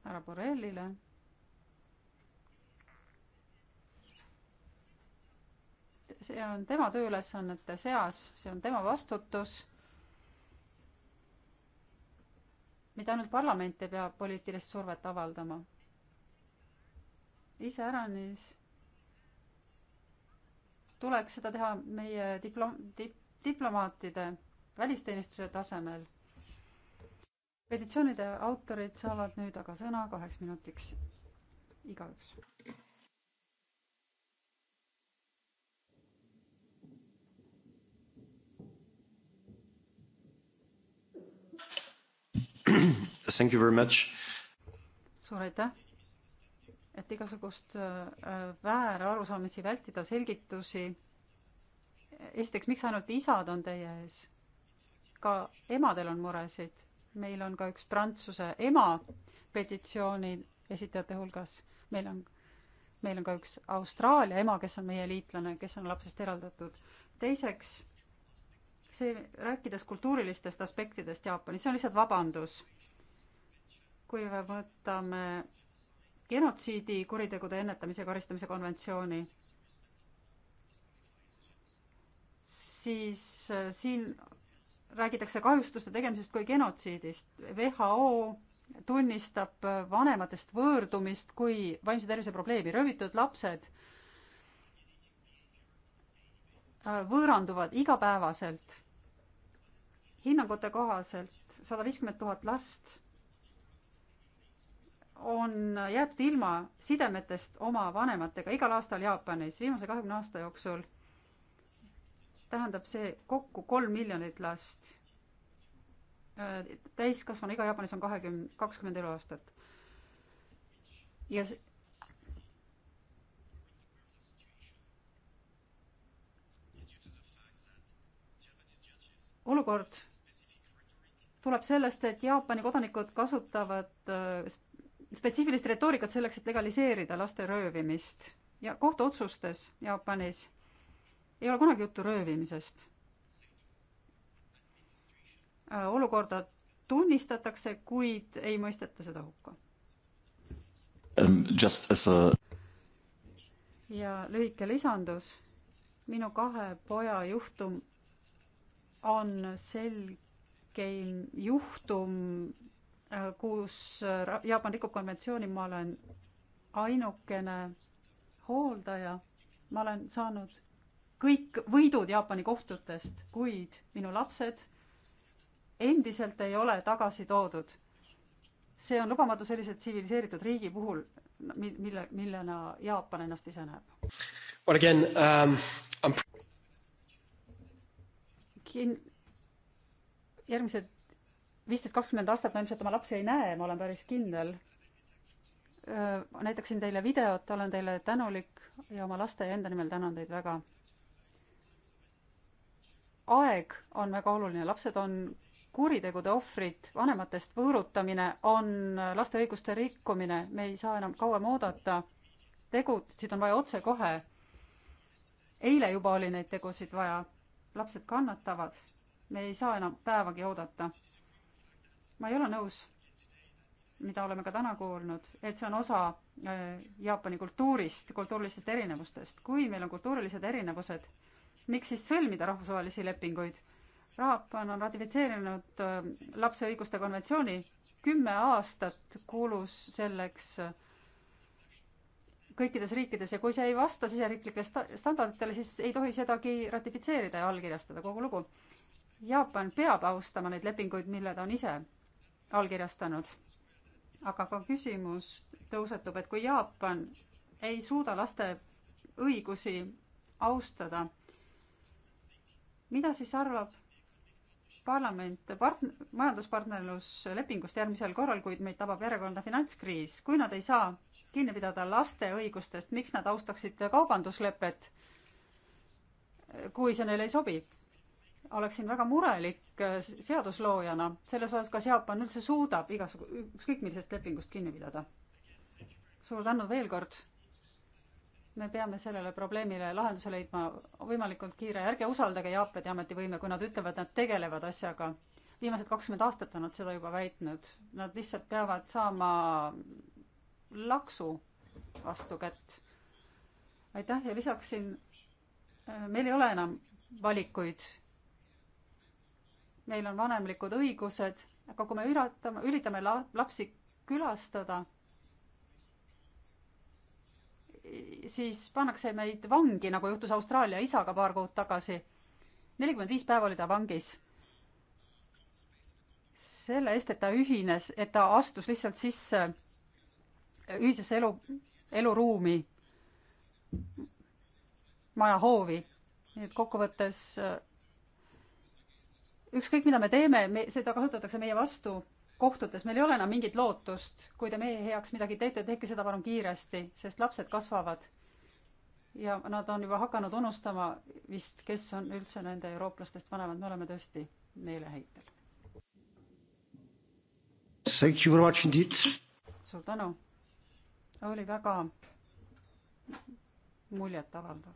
härra Borrellile. see on tema tööülesannete seas, see on tema vastutus. mitte ainult parlament ei pea poliitilist survet avaldama iseäranis tuleks seda teha meie diplo-, dip-, diplomaatide välisteenistuse tasemel. petitsioonide autorid saavad nüüd aga sõna kaheks minutiks igaüks. Thank you very much. suur aitäh et igasugust äh, väärarusaamisi vältida, selgitusi. esiteks, miks ainult isad on teie ees? ka emadel on muresid. meil on ka üks prantsuse ema petitsiooni esitajate hulgas. meil on, meil on ka üks Austraalia ema, kes on meie liitlane, kes on lapsest eraldatud. teiseks, see, rääkides kultuurilistest aspektidest Jaapanis, see on lihtsalt vabandus. kui me võtame genotsiidi kuritegude ennetamise ja karistamise konventsiooni, siis äh, siin räägitakse kahjustuste tegemisest kui genotsiidist. WHO tunnistab äh, vanematest võõrdumist kui vaimse tervise probleemi. röövitud lapsed äh, võõranduvad igapäevaselt hinnangute kohaselt sada viiskümmend tuhat last on jäetud ilma sidemetest oma vanematega igal aastal Jaapanis viimase kahekümne aasta jooksul. tähendab see kokku kolm miljonit last. Äh, täiskasvanu iga Jaapanis on kahekümne, kakskümmend eluaastat. ja see olukord tuleb sellest, et Jaapani kodanikud kasutavad äh, spetsiifilist retoorikat selleks, et legaliseerida laste röövimist ja kohtuotsustes Jaapanis ei ole kunagi juttu röövimisest. Äh, olukorda tunnistatakse, kuid ei mõisteta seda hukka um,. A... ja lühike lisandus. minu kahe poja juhtum on selgeim juhtum Äh, kus äh, Jaapan rikub konventsiooni, ma olen ainukene hooldaja, ma olen saanud kõik võidud Jaapani kohtutest, kuid minu lapsed endiselt ei ole tagasi toodud. see on lubamatu sellise tsiviliseeritud riigi puhul, mille, millena Jaapan ennast ise näeb. But again um,, I m järgmised viisteist, kakskümmend aastat ma ilmselt oma lapsi ei näe, ma olen päris kindel. näitaksin teile videot, olen teile tänulik ja oma laste ja enda nimel tänan teid väga. aeg on väga oluline, lapsed on kuritegude ohvrid, vanematest võõrutamine on laste õiguste rikkumine, me ei saa enam kauem oodata. tegusid on vaja otsekohe. eile juba oli neid tegusid vaja, lapsed kannatavad, me ei saa enam päevagi oodata ma ei ole nõus, mida oleme ka täna kuulnud, et see on osa äh, Jaapani kultuurist, kultuurilistest erinevustest. kui meil on kultuurilised erinevused, miks siis sõlmida rahvusvahelisi lepinguid? Jaapan on ratifitseerinud äh, lapse õiguste konventsiooni, kümme aastat kulus selleks äh, kõikides riikides ja kui see ei vasta siseriiklikele standarditele, siis ei tohi sedagi ratifitseerida ja allkirjastada, kogu lugu. Jaapan peab austama neid lepinguid, mille ta on ise allkirjastanud. aga ka küsimus tõusetub, et kui Jaapan ei suuda laste õigusi austada, mida siis arvab parlament part-, majanduspartnerluslepingust järgmisel korral, kuid meid tabab järjekordne finantskriis, kui nad ei saa kinni pidada laste õigustest, miks nad austaksid kaubanduslepet, kui see neile ei sobi? oleksin väga murelik äh, seadusloojana selles osas, kas Jaapan üldse suudab igasugu, ükskõik millisest lepingust kinni pidada. suur tänu veel kord. me peame sellele probleemile lahenduse leidma võimalikult kiire, ärge usaldage Jaapani ametivõime, kui nad ütlevad, nad tegelevad asjaga. viimased kakskümmend aastat on nad seda juba väitnud, nad lihtsalt peavad saama laksu vastu kätt. aitäh ja lisaksin, äh, meil ei ole enam valikuid neil on vanemlikud õigused, aga kui me üritame, üritame la-, lapsi külastada, siis pannakse meid vangi, nagu juhtus Austraalia isaga paar kuud tagasi. nelikümmend viis päeva oli ta vangis. selle eest, et ta ühines, et ta astus lihtsalt sisse ühisesse elu, eluruumi, maja hoovi. nii et kokkuvõttes ükskõik, mida me teeme, me, seda kasutatakse meie vastu kohtutes, meil ei ole enam mingit lootust. kui te meie heaks midagi teete, tehke seda palun kiiresti, sest lapsed kasvavad. ja nad on juba hakanud unustama vist, kes on üldse nende eurooplastest vanemad, me oleme tõesti meeleheitel. Thank you very much indeed. suur tänu. oli väga muljetavaldav.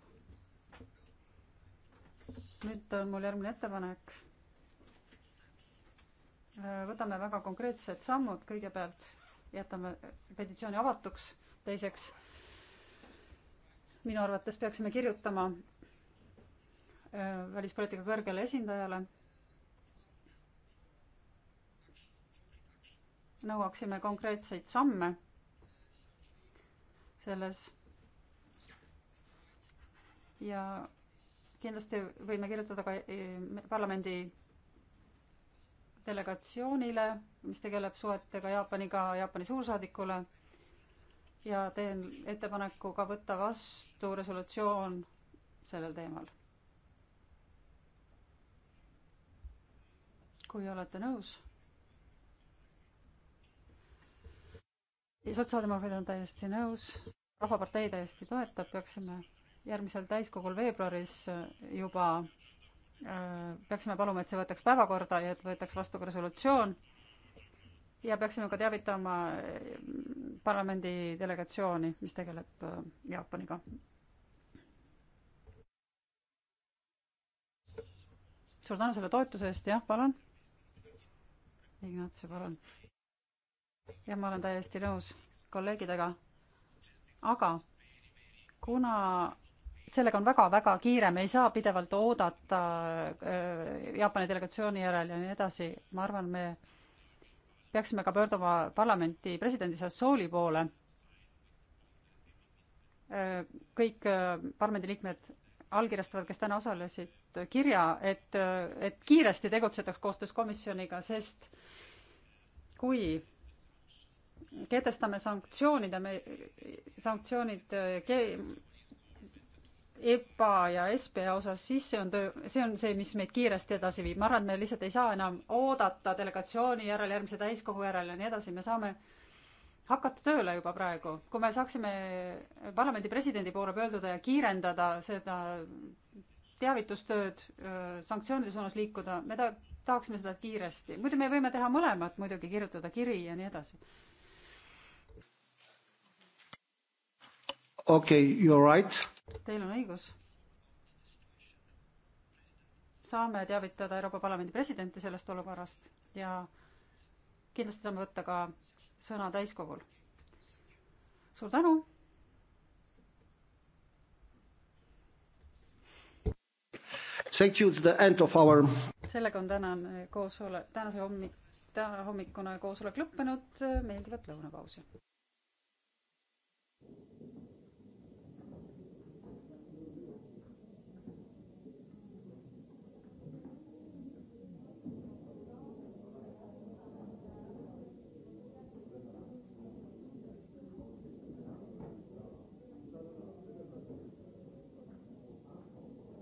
nüüd on mul järgmine ettepanek võtame väga konkreetsed sammud, kõigepealt jätame petitsiooni avatuks, teiseks minu arvates peaksime kirjutama äh, välispoliitika kõrgele esindajale, nõuaksime konkreetseid samme selles ja kindlasti võime kirjutada ka äh, parlamendi delegatsioonile, mis tegeleb suhetega Jaapaniga, Jaapani suursaadikule ja teen ettepaneku ka võtta vastu resolutsioon sellel teemal. kui olete nõus. ja sotsiaaldemokraadid on täiesti nõus, Rahvapartei täiesti toetab, peaksime järgmisel täiskogul veebruaris juba Äh, peaksime paluma, et see võetaks päevakorda ja et võetaks vastu ka resolutsioon. ja peaksime ka teavitama äh, parlamendi delegatsiooni, mis tegeleb äh, Jaapaniga. suur tänu selle toetuse eest, jah, palun. Ignatsio, palun. jah, ma olen täiesti nõus kolleegidega. aga kuna sellega on väga-väga kiire, me ei saa pidevalt oodata äh, Jaapani delegatsiooni järel ja nii edasi, ma arvan, me peaksime ka pöörduma parlamenti presidendi Sassooli poole. Äh, kõik äh, parlamendiliikmed allkirjastavad, kes täna osalesid, kirja, et, et kiiresti tegutsetaks koostöös komisjoniga, sest kui kehtestame sanktsioonide, sanktsioonid EPA ja SBA osas, siis see on töö, see on see, mis meid kiiresti edasi viib. ma arvan, et me lihtsalt ei saa enam oodata delegatsiooni järel, järgmise täiskogu järel ja nii edasi, me saame hakata tööle juba praegu. kui me saaksime parlamendi presidendi poole pöörduda ja kiirendada seda teavitustööd, sanktsioonide suunas liikuda, me ta-, tahaksime seda kiiresti. muidu me võime teha mõlemat, muidugi kirjutada kiri ja nii edasi okei okay,, you are right. Teil on õigus. saame teavitada Euroopa Parlamendi presidenti sellest olukorrast ja kindlasti saame võtta ka sõna täiskogul. suur tänu. Thank you to the end of our. sellega on tänane koosolek, tänase hommik, tänahommikune koosolek lõppenud, meeldivat lõunapausi.